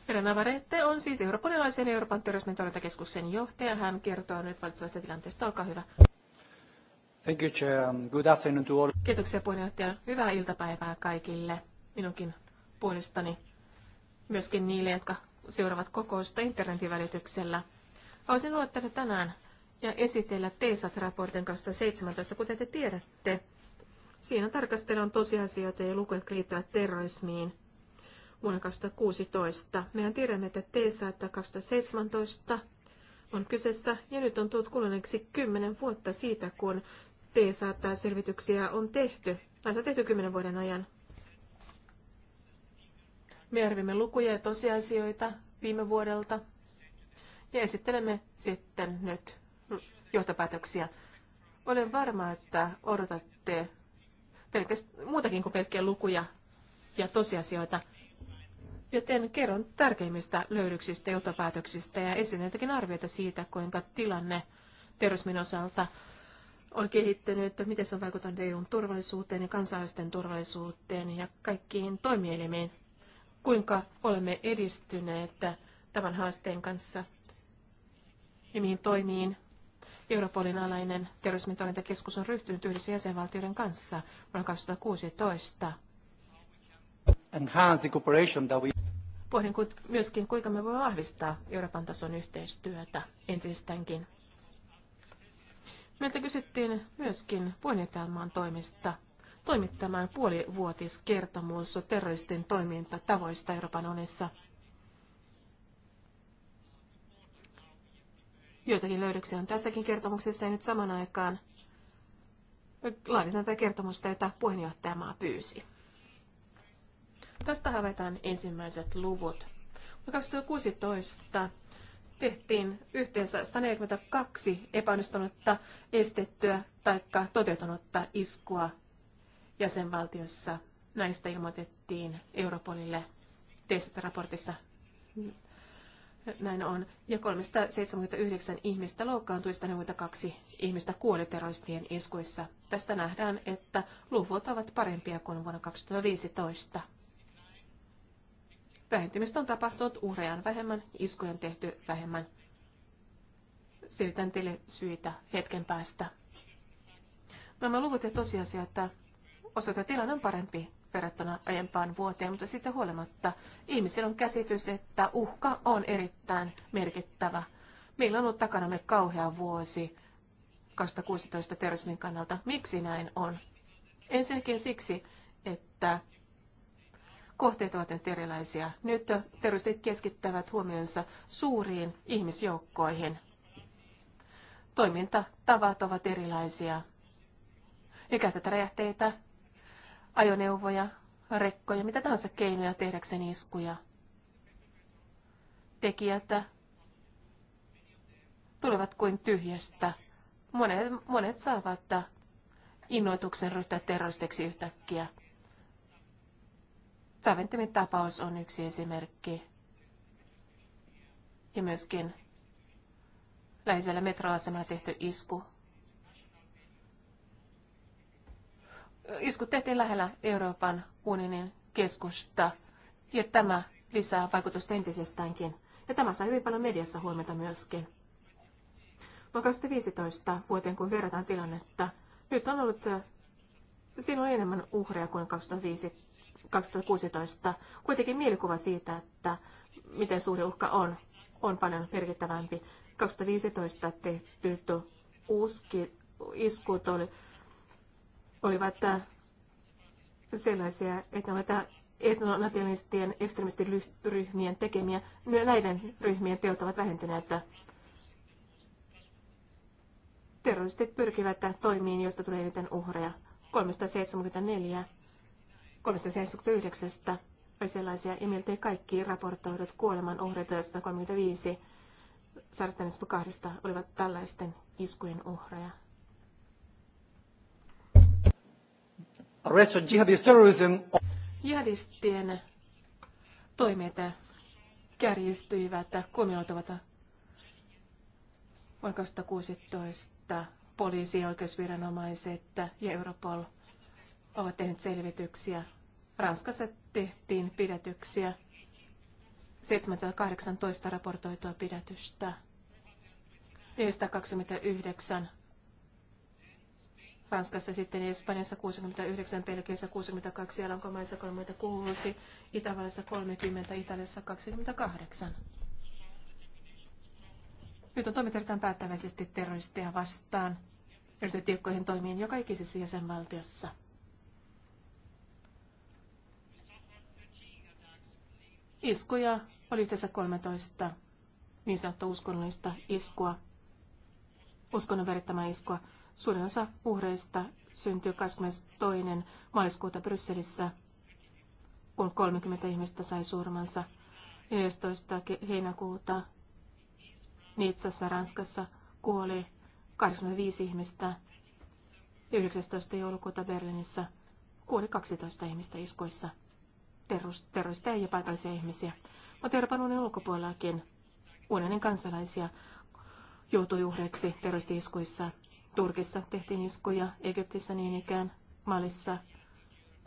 Meidän Varette on siis eurooppalaisen Euroopan terrorismin johtaja. Hän kertoo nyt valitsevasta tilanteesta. Olkaa hyvä. Thank you, Chair. Um, good afternoon to all. Kiitoksia puheenjohtaja. Hyvää iltapäivää kaikille minunkin puolestani. Myöskin niille, jotka seuraavat kokousta internetin välityksellä. Haluaisin olla täällä tänään ja esitellä TESAT-raportin 2017, kuten te tiedätte. Siinä tarkastellaan tosiasioita ja lukuja, jotka liittyvät terrorismiin vuonna 2016. Mehän tiedämme, että TESAT 2017 on kyseessä ja nyt on tullut kuluneeksi kymmenen vuotta siitä, kun PSA selvityksiä on tehty, näitä on tehty kymmenen vuoden ajan. Me arvimme lukuja ja tosiasioita viime vuodelta ja esittelemme sitten nyt johtopäätöksiä. Olen varma, että odotatte muutakin kuin pelkkiä lukuja ja tosiasioita, joten kerron tärkeimmistä löydyksistä, johtopäätöksistä ja esitän arvioita siitä, kuinka tilanne terrorismin osalta on kehittynyt, miten se on vaikuttanut EUn turvallisuuteen ja kansalaisten turvallisuuteen ja kaikkiin toimielimiin. Kuinka olemme edistyneet tämän haasteen kanssa ja mihin toimiin Europolin alainen terrorismintorjuntakeskus on ryhtynyt yhdessä jäsenvaltioiden kanssa vuonna 2016. Enhance the cooperation that we... Pohdin myöskin, kuinka me voimme vahvistaa Euroopan tason yhteistyötä entisestäänkin. Meiltä kysyttiin myöskin puheenjohtajamaan toimista toimittamaan puolivuotiskertomus terroristin toimintatavoista Euroopan unissa. Joitakin löydöksiä on tässäkin kertomuksessa ja nyt saman aikaan laaditaan tätä kertomusta, jota puheenjohtajamaa pyysi. Tästä havaitaan ensimmäiset luvut. 2016 tehtiin yhteensä 142 epäonnistunutta estettyä tai toteutunutta iskua jäsenvaltiossa. Näistä ilmoitettiin Europolille TST-raportissa. Näin on. Ja 379 ihmistä loukkaantui, 142 ihmistä kuoli terroristien iskuissa. Tästä nähdään, että luvut ovat parempia kuin vuonna 2015. Vähentymistä on tapahtunut uhrejaan vähemmän, iskojen tehty vähemmän. Selitän teille syitä hetken päästä. Nämä luvut ja tosiasia, että osalta tilanne on parempi verrattuna aiempaan vuoteen, mutta siitä huolimatta ihmisillä on käsitys, että uhka on erittäin merkittävä. Meillä on ollut takanamme kauhea vuosi 2016 terrorismin kannalta. Miksi näin on? Ensinnäkin siksi, että kohteet ovat nyt erilaisia. Nyt terroristit keskittävät huomionsa suuriin ihmisjoukkoihin. Toimintatavat ovat erilaisia. He käyttävät räjähteitä, ajoneuvoja, rekkoja, mitä tahansa keinoja tehdäkseen iskuja. Tekijät tulevat kuin tyhjästä. Monet, monet saavat innoituksen ryhtyä terroristiksi yhtäkkiä. Saventimin tapaus on yksi esimerkki. Ja myöskin läheisellä metroasemalla tehty isku. Isku tehtiin lähellä Euroopan unionin keskusta ja tämä lisää vaikutusta entisestäänkin. Ja tämä saa hyvin paljon mediassa huomiota myöskin. Vuonna 2015 vuoteen, kun verrataan tilannetta, nyt on ollut äh, silloin enemmän uhreja kuin 2015 2016. Kuitenkin mielikuva siitä, että miten suuri uhka on, on paljon merkittävämpi. 2015 tehty uski, iskut oli, olivat äh, sellaisia, että ne ovat äh, etnonationalistien ekstremistiryhmien tekemiä. Näiden ryhmien teot ovat vähentyneet. Terroristit pyrkivät äh, toimiin, joista tulee eniten uhreja. 374 379 oli sellaisia, ja miltei kaikki raportoidut kuoleman uhreita 135 sairastaneista kahdesta olivat tällaisten iskujen uhreja. Arrest jihadist terrorism. Jihadistien toimet kärjistyivät, kumioituvat vuonna 2016 poliisi, oikeusviranomaiset ja Europol ovat tehneet selvityksiä. Ranskassa tehtiin pidätyksiä. 718 raportoitua pidätystä. 429 Ranskassa sitten Espanjassa 69, Pelkeissä 62, Alankomaissa 36, Itävallassa 30, Italiassa 28. Nyt on toimitetaan päättäväisesti terroristeja vastaan ryhtyy tiukkoihin toimiin joka ikisessä jäsenvaltiossa. Iskuja oli yhteensä 13 niin sanottua uskonnollista iskua, uskonnon värittämää iskua. Suurin osa uhreista syntyi 22. maaliskuuta Brysselissä, kun 30 ihmistä sai surmansa. 14. heinäkuuta Nitsassa Ranskassa kuoli 85 ihmistä 19. joulukuuta Berliinissä kuoli 12 ihmistä iskuissa terroristeja ja paikallisia ihmisiä, mutta Euroopan unionin ulkopuolellakin unionin kansalaisia joutui uhreiksi terroristiiskuissa. Turkissa tehtiin iskuja, Egyptissä niin ikään, Malissa,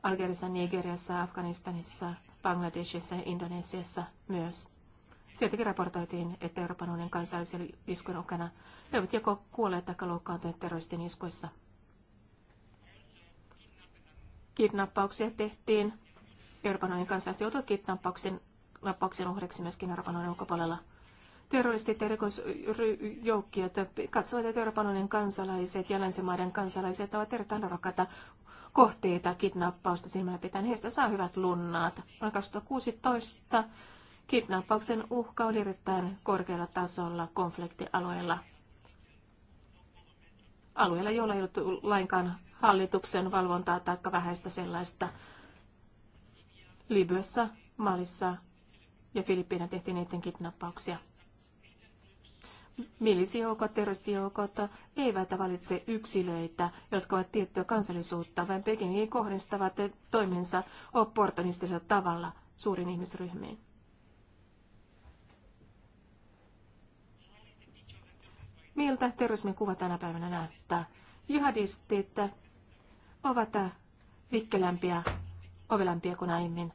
Algerissa, Nigeriassa, Afganistanissa, Bangladesissa ja Indonesiassa myös. Sieltäkin raportoitiin, että Euroopan unionin kansallisen iskujen uhkana ne ovat joko kuolleet tai loukkaantuneet terroristin iskuissa. Kidnappauksia tehtiin Euroopan unionin kansalaiset joutuvat kidnappauksen uhreksi uhreiksi myöskin Euroopan unionin ulkopuolella. Terroristit ja rikosjoukkiot katsovat, että Euroopan unionin kansalaiset ja länsimaiden kansalaiset ovat erittäin rakkaita kohteita kidnappausta silmällä pitäen. Heistä saa hyvät lunnaat. Vuonna 2016 kidnappauksen uhka oli erittäin korkealla tasolla konfliktialueella. Alueella, jolla ei ollut lainkaan hallituksen valvontaa tai vähäistä sellaista. Libyassa, Malissa ja Filippiinä tehtiin niiden kidnappauksia. Milisijoukot, terroristijoukot eivät valitse yksilöitä, jotka ovat tiettyä kansallisuutta, vaan Pekingin kohdistavat toimensa opportunistisella tavalla suurin ihmisryhmiin. Miltä terrorismin kuva tänä päivänä näyttää? Jihadistit ovat vikkelämpiä ovelampia kuin aiemmin.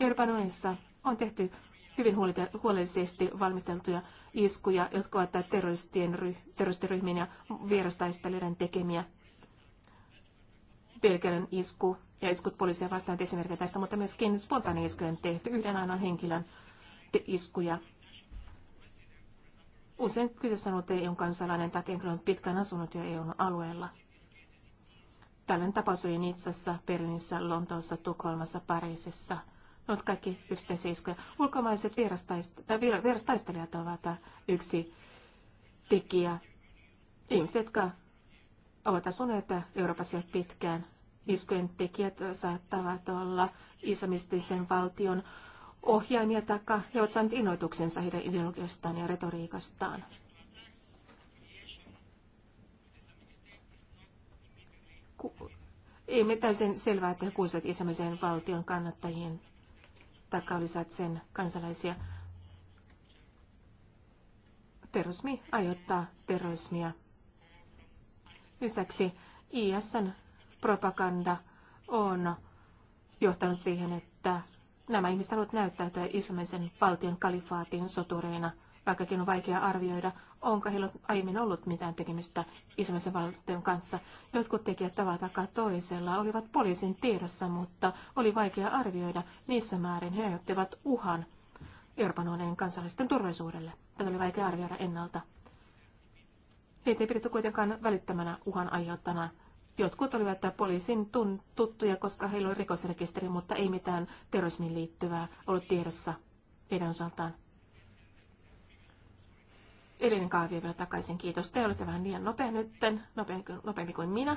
Euroopan unionissa on tehty hyvin huolellisesti valmisteltuja iskuja, jotka ovat terroristien ryh- terroristiryhmien ja vierastaistelijoiden tekemiä. Pelkälön isku ja iskut poliisia vastaan esimerkki tästä, mutta myöskin spontaani iskujen tehty yhden ainoan henkilön iskuja. Usein kyseessä on ollut eu kansalainen tai henkilö on pitkään asunut jo eu alueella. Tällainen tapaus oli Nitsassa, Berliinissä, Lontoossa, Tukholmassa, Pariisissa. Ne ovat kaikki yksittäisiä iskuja. Ulkomaiset vierastaistelijat ovat yksi tekijä. Ihmiset, jotka ovat asuneet Euroopassa jo pitkään. Iskujen tekijät saattavat olla islamistisen valtion ohjaimia taikka he ovat saaneet innoituksensa heidän ideologiastaan ja retoriikastaan. Ei me täysin selvää, että he kuuluisivat isämisen valtion kannattajien tai olisivat sen kansalaisia. Terrorismi aiheuttaa terrorismia. Lisäksi ISN propaganda on johtanut siihen, että nämä ihmiset haluavat näyttäytyä islamilaisen valtion kalifaatin sotureina – vaikkakin on vaikea arvioida, onko heillä aiemmin ollut mitään tekemistä islamilaisen valtion kanssa. Jotkut tekijät tavalla tai toisella olivat poliisin tiedossa, mutta oli vaikea arvioida missä määrin he aiheuttivat uhan Euroopan unionin kansallisten turvallisuudelle. Tätä oli vaikea arvioida ennalta. Heitä ei pidetty kuitenkaan välittömänä uhan aiheuttana. Jotkut olivat poliisin tun- tuttuja, koska heillä oli rikosrekisteri, mutta ei mitään terrorismiin liittyvää ollut tiedossa heidän osaltaan. Elin Kaavio vielä takaisin. Kiitos. Te olette vähän liian nopea nytten, nopeampi, kuin minä.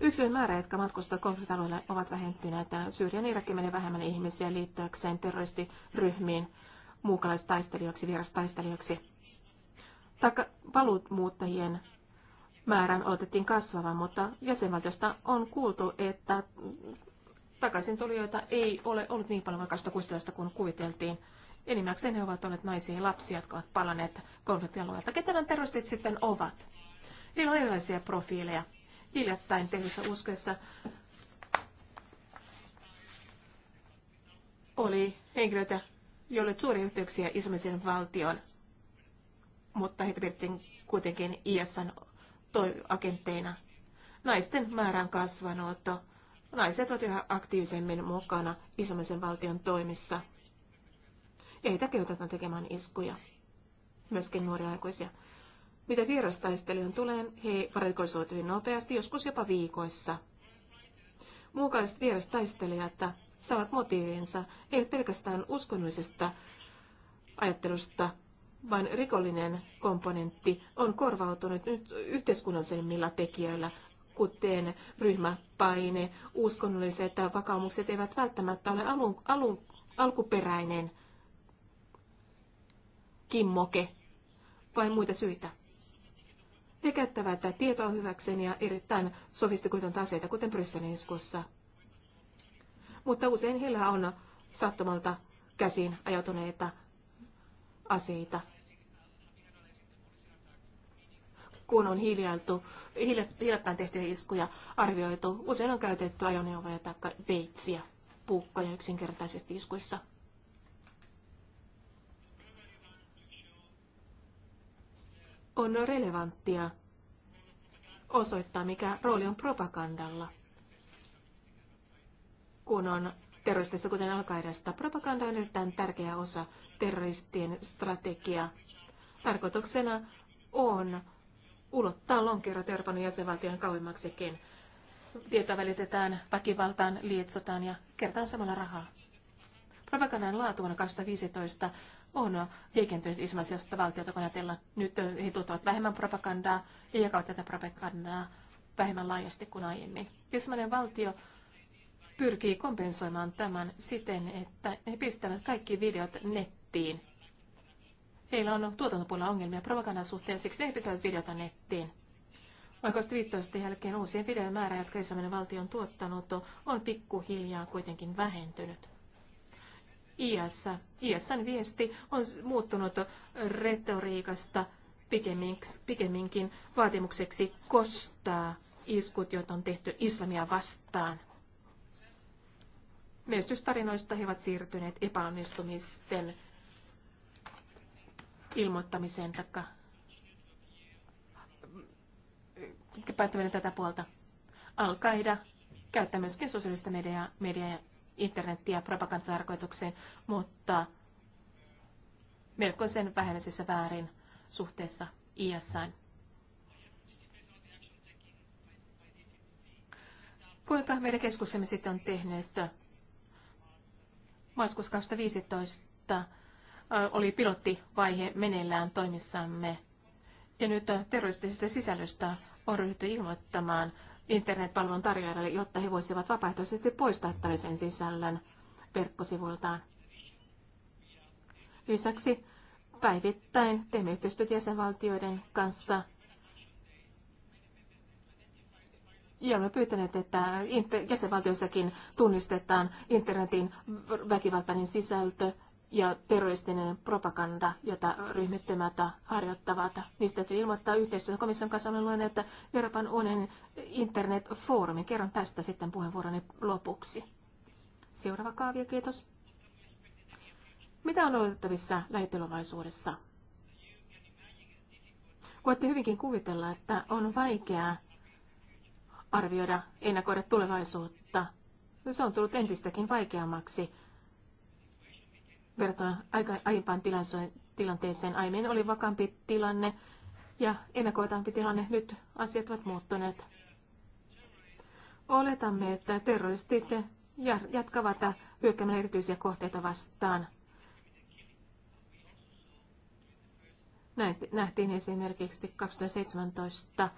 Yksilön määrä, jotka matkustavat konfliktialueelle, ovat vähentyneet. Syyrian Irakki menee vähemmän ihmisiä liittyäkseen terroristiryhmiin muukalaistaistelijoiksi, vierastaistelijoiksi. Taka muuttajien määrän oletettiin kasvavan, mutta jäsenvaltiosta on kuultu, että takaisin tulijoita ei ole ollut niin paljon 2016 kuin kuviteltiin. Enimmäkseen he ovat olleet naisia ja lapsia, jotka ovat palanneet konfliktialueelta. Ketä nämä terroristit sitten ovat? Niillä on erilaisia profiileja. Hiljattain tehdyssä uskessa oli henkilöitä, joille oli suuria yhteyksiä islamisen valtion, mutta heitä pidettiin kuitenkin ISN agentteina. Naisten määrän kasvanut. Naiset ovat yhä aktiivisemmin mukana islamisen valtion toimissa. Ei heitä kehotetaan tekemään iskuja, myöskin nuoria aikuisia. Mitä vierastaistelijoiden tulee, he varikoisoivat hyvin nopeasti, joskus jopa viikoissa. Muukalaiset vierastaistelijat saavat motiivinsa ei pelkästään uskonnollisesta ajattelusta, vaan rikollinen komponentti on korvautunut nyt yhteiskunnallisemmilla tekijöillä, kuten ryhmäpaine, uskonnolliset vakaumukset eivät välttämättä ole alun, alun, alkuperäinen kimmoke vai muita syitä. Ne käyttävät tietoa hyväkseen ja erittäin sofistikoitunta aseita, kuten Brysselin iskussa. Mutta usein heillä on sattumalta käsiin ajautuneita aseita. Kun on hiljattu, hiljattain tehtyjä iskuja arvioitu, usein on käytetty ajoneuvoja tai veitsiä, puukkoja yksinkertaisesti iskuissa. on relevanttia osoittaa, mikä rooli on propagandalla, kun on terroristissa, kuten al Propaganda on erittäin tärkeä osa terroristien strategiaa. Tarkoituksena on ulottaa lonkerot Euroopan jäsenvaltion kauemmaksikin. Tietoa välitetään, väkivaltaan lietsotaan ja kertaan samalla rahaa. Propagandan laatu vuonna 2015 on heikentynyt islamisilaisesta valtiota, kun ajatellaan nyt he tuottavat vähemmän propagandaa ja jakavat tätä propagandaa vähemmän laajasti kuin aiemmin. Islamilainen valtio pyrkii kompensoimaan tämän siten, että he pistävät kaikki videot nettiin. Heillä on tuotantopuolella ongelmia propagandan suhteen, siksi he pitävät videota nettiin. Vuonna 2015 jälkeen uusien videon määrä, jotka Islamin valtio on tuottanut, on pikkuhiljaa kuitenkin vähentynyt iässä. Iässän viesti on muuttunut retoriikasta pikemminkin vaatimukseksi kostaa iskut, joita on tehty islamia vastaan. Menestystarinoista he ovat siirtyneet epäonnistumisten ilmoittamiseen taikka päättäminen tätä puolta. Al-Qaida käyttää myöskin sosiaalista mediaa, mediaa ja internettiä propagandatarkoitukseen, mutta melkoisen vähäisessä väärin suhteessa ISN. Kuinka meidän keskuksemme sitten on tehnyt? Maaliskuussa 2015 oli pilottivaihe meneillään toimissamme. Ja nyt terroristisesta sisällöstä on ryhdytty ilmoittamaan internetpalvelun tarjoajalle, jotta he voisivat vapaaehtoisesti poistaa tällaisen sisällön verkkosivuiltaan. Lisäksi päivittäin teemme yhteistyötä jäsenvaltioiden kanssa ja olemme pyytäneet, että jäsenvaltioissakin tunnistetaan internetin väkivaltainen sisältö ja terroristinen propaganda, jota ryhmittymät harjoittavat. Niistä täytyy ilmoittaa komission kanssa. Olen luonut, että Euroopan unionin internetfoorumi. Kerron tästä sitten puheenvuoroni lopuksi. Seuraava kaavio, kiitos. Mitä on odotettavissa lähitulevaisuudessa? Voitte hyvinkin kuvitella, että on vaikeaa arvioida ennakoida tulevaisuutta. Se on tullut entistäkin vaikeammaksi verrattuna aiempaan tilanteeseen. Aiemmin oli vakaampi tilanne ja ennakoitaampi tilanne. Nyt asiat ovat muuttuneet. Oletamme, että terroristit jatkavat hyökkäämään erityisiä kohteita vastaan. Näin nähtiin esimerkiksi 2017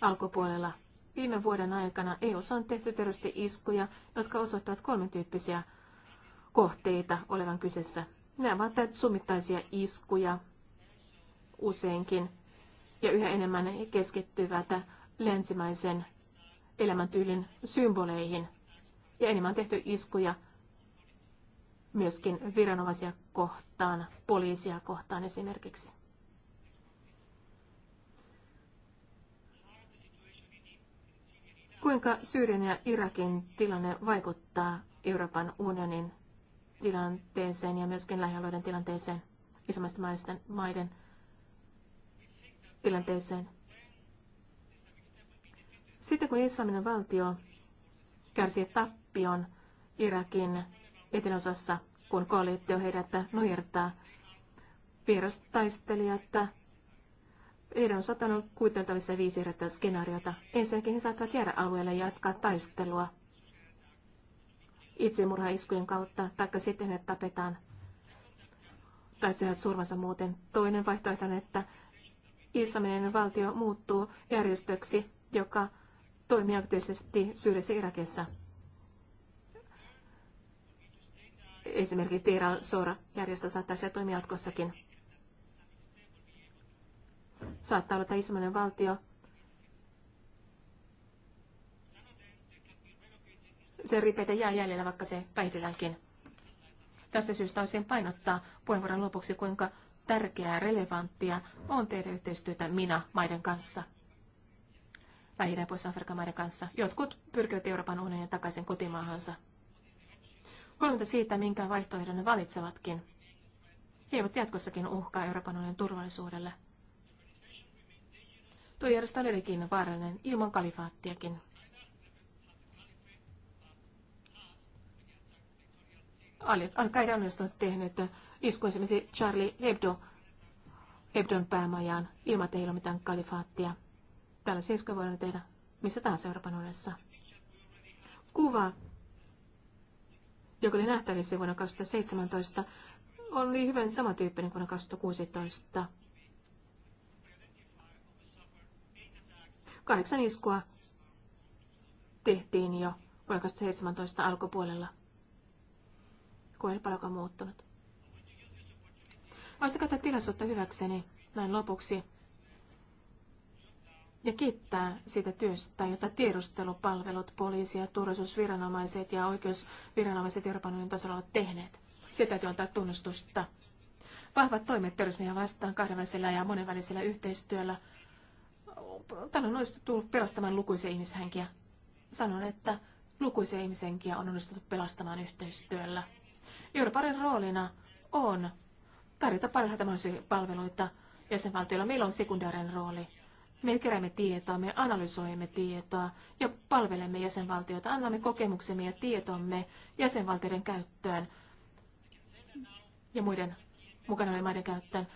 alkupuolella. Viime vuoden aikana EU on tehty terroristi-iskuja, jotka osoittavat kolmen tyyppisiä kohteita olevan kyseessä. Nämä ovat summittaisia iskuja useinkin ja yhä enemmän keskittyvät länsimaisen elämäntyylin symboleihin. Ja enemmän on tehty iskuja myöskin viranomaisia kohtaan, poliisia kohtaan esimerkiksi. Kuinka Syyrian ja Irakin tilanne vaikuttaa Euroopan unionin tilanteeseen ja myöskin lähialueiden tilanteeseen, isommaisten maiden, maiden tilanteeseen. Sitten kun islaminen valtio kärsii tappion Irakin eteläosassa, kun koalitio heidät nujertaa, vierastaistelijat, heidän on satanut kuiteltavissa viisi erästä skenaariota. Ensinnäkin he saattavat jäädä alueelle ja jatkaa taistelua – itsemurhaiskujen kautta, taikka sitten, että tapetaan tai sehän surmansa muuten. Toinen vaihtoehto on, että islaminen valtio muuttuu järjestöksi, joka toimii aktiivisesti Syyriassa Irakissa. Esimerkiksi Tiral Sora järjestö saattaa se toimia jatkossakin. Saattaa olla, että islaminen valtio se ripeitä jää jäljellä, vaikka se päihdelläänkin. Tässä syystä olisin painottaa puheenvuoron lopuksi, kuinka tärkeää ja relevanttia on tehdä yhteistyötä minä maiden kanssa. lähi ja afrikan maiden kanssa. Jotkut pyrkivät Euroopan unionin takaisin kotimaahansa. Huolimatta siitä, minkä vaihtoehdon ne valitsevatkin, he eivät jatkossakin uhkaa Euroopan unionin turvallisuudelle. Tuo järjestö on edelleenkin vaarallinen ilman kalifaattiakin. Al-Qaida on onnistunut tehnyt isku esimerkiksi Charlie Hebdo, Hebdon päämajaan ilman, että ei ole mitään kalifaattia. Tällaisia iskuja voidaan tehdä missä tahansa Euroopan unionissa. Kuva, joka oli nähtävissä vuonna 2017, oli hyvin samantyyppinen vuonna 2016. Kahdeksan iskua tehtiin jo vuonna 2017 alkupuolella kun ei paljonkaan muuttunut. Voisi käyttää tilaisuutta hyväkseni näin lopuksi ja kiittää siitä työstä, jota tiedustelupalvelut, poliisi ja turvallisuusviranomaiset ja oikeusviranomaiset Euroopan unionin tasolla ovat tehneet. Sitä täytyy antaa tunnustusta. Vahvat toimet terrorismia vastaan kahdenvälisellä ja monenvälisellä yhteistyöllä. Tällöin on onnistuttu pelastamaan lukuisia ihmishenkiä. Sanon, että lukuisia ihmishenkiä on onnistuttu pelastamaan yhteistyöllä. Europarin roolina on tarjota parhaita mahdollisia palveluita jäsenvaltioilla. Meillä on sekundaarinen rooli. Me keräämme tietoa, me analysoimme tietoa ja palvelemme jäsenvaltioita, annamme kokemuksemme ja tietomme jäsenvaltioiden käyttöön ja muiden mukana olevien maiden käyttöön.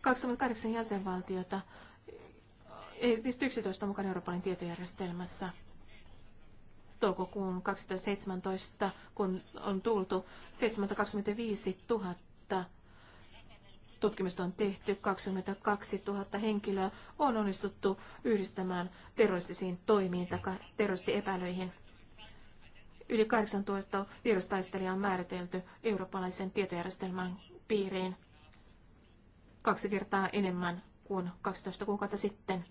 28 jäsenvaltiota, niistä 11 on mukana Euroopan tietojärjestelmässä toukokuun 2017, kun on tultu 725 000 tutkimusta on tehty, 22 000 henkilöä on onnistuttu yhdistämään terroristisiin toimiin tai terroristiepäilyihin. Yli 18 virustaistelijaa on määritelty eurooppalaisen tietojärjestelmän piiriin kaksi kertaa enemmän kuin 12 kuukautta sitten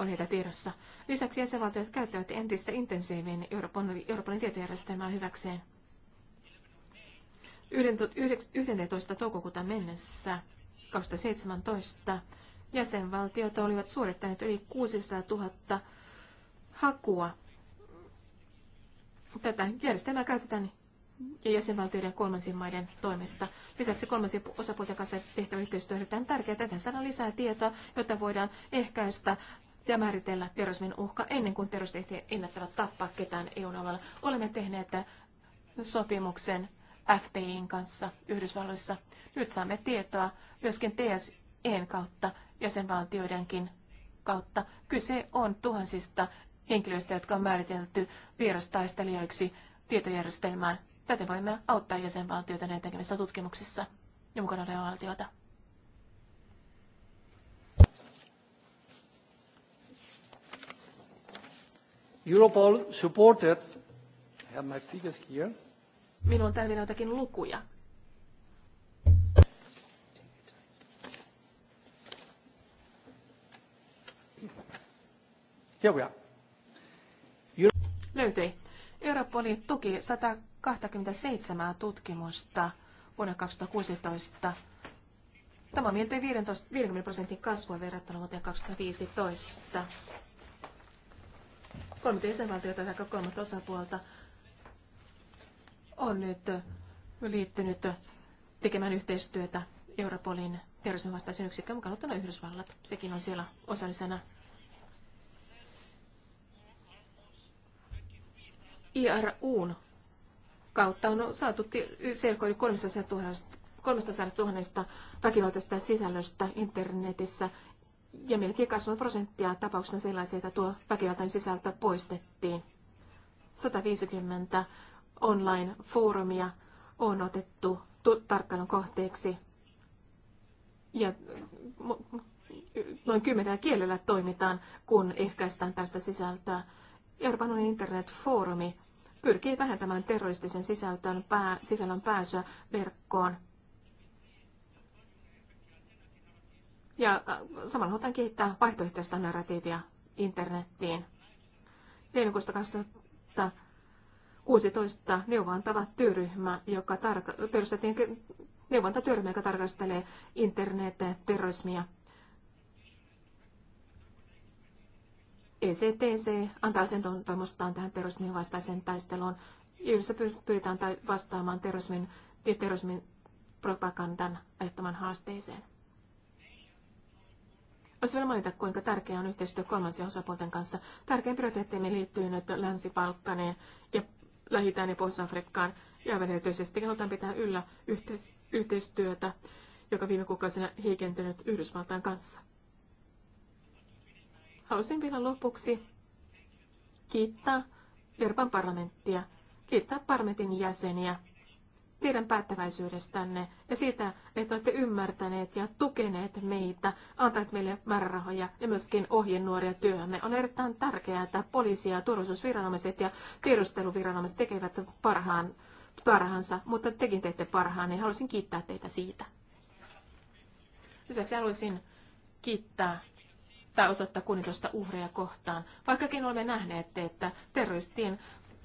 on heitä tiedossa. Lisäksi jäsenvaltiot käyttävät entistä intensiivin Euroopan, Euroopan tietojärjestelmää hyväkseen. 11. toukokuuta mennessä 2017 jäsenvaltiot olivat suorittaneet yli 600 000 hakua. Tätä järjestelmää käytetään ja jäsenvaltioiden kolmansien maiden toimesta. Lisäksi kolmansien osapuolten kanssa tehtävä yhteistyö on tärkeää. että saadaan lisää tietoa, jotta voidaan ehkäistä ja määritellä terrorismin uhka ennen kuin terroristit ennättävät tappaa ketään eu alueella. Olemme tehneet sopimuksen FBIin kanssa Yhdysvalloissa. Nyt saamme tietoa myöskin TSEn kautta, jäsenvaltioidenkin kautta. Kyse on tuhansista henkilöistä, jotka on määritelty vierastaistelijoiksi tietojärjestelmään. Täten voimme auttaa jäsenvaltioita näiden tekemissä tutkimuksissa ja mukana Europol supported, I have my figures here. Minulla on täällä vielä jotakin lukuja. Here we are. Euro- Löytyi. Europoli tuki 127 tutkimusta vuonna 2016. Tämä on miltei 15, 50 prosentin kasvua verrattuna vuoteen 2015 kolmet jäsenvaltiota tai kolmatta osapuolta on nyt liittynyt tekemään yhteistyötä Europolin terrorismin vastaisen yksikön mukaan ottana Yhdysvallat. Sekin on siellä osallisena. IRUn kautta on saatu selkoilu 300 000 300 000 väkivaltaisesta sisällöstä internetissä ja melkein 20 prosenttia tapauksista sellaisia, että tuo väkivaltainen sisältö poistettiin. 150 online-foorumia on otettu tarkkailun kohteeksi. Ja noin kymmenellä kielellä toimitaan, kun ehkäistään tästä sisältöä. Euroopan unionin internetfoorumi pyrkii vähentämään terroristisen sisältön pää, sisällön pääsyä verkkoon – Ja äh, samalla halutaan kehittää vaihtoehtoista narratiivia internettiin. Heinäkuusta 2016 neuvontava työryhmä, joka tarka- perustettiin neuvontatyöryhmä, joka tarkastelee internet-terrorismia. ECTC antaa sen toimustaan tähän terrorismin vastaiseen taisteluun. Yhdessä pyritään vastaamaan terrorismin, terrorismin propagandan aiheuttaman haasteeseen. Voisi vielä mainita, kuinka tärkeää on yhteistyö kolmansien osapuolten kanssa. Tärkein prioriteettimme liittyy nyt länsi ja lähi ja Pohjois-Afrikkaan. Ja erityisesti halutaan pitää yllä yhte yhteistyötä, joka viime kuukausina heikentynyt Yhdysvaltain kanssa. Haluaisin vielä lopuksi kiittää Euroopan parlamenttia, kiittää parlamentin jäseniä teidän päättäväisyydestänne ja siitä, että olette ymmärtäneet ja tukeneet meitä, antaneet meille määrärahoja ja myöskin ohjenuoria työhömme. On erittäin tärkeää, että poliisi- ja turvallisuusviranomaiset ja tiedusteluviranomaiset tekevät parhaan, parhaansa, mutta tekin teette parhaan, niin haluaisin kiittää teitä siitä. Lisäksi haluaisin kiittää tai osoittaa kunnitusta uhreja kohtaan, vaikkakin olemme nähneet, että terroristien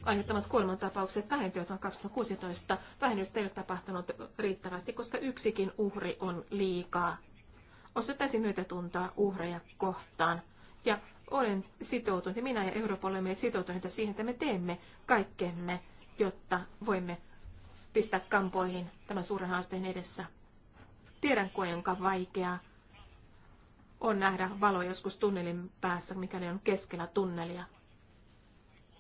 aiheuttamat kuolemantapaukset vähentyivät vuonna 2016. Vähennystä ei ole tapahtunut riittävästi, koska yksikin uhri on liikaa. Osoittaisin myötätuntoa uhreja kohtaan. Ja olen sitoutunut, ja minä ja Euroopan olemme sitoutuneita siihen, että me teemme kaikkemme, jotta voimme pistää kampoihin tämän suuren haasteen edessä. Tiedän, kuinka vaikeaa on nähdä valo joskus tunnelin päässä, mikäli on keskellä tunnelia.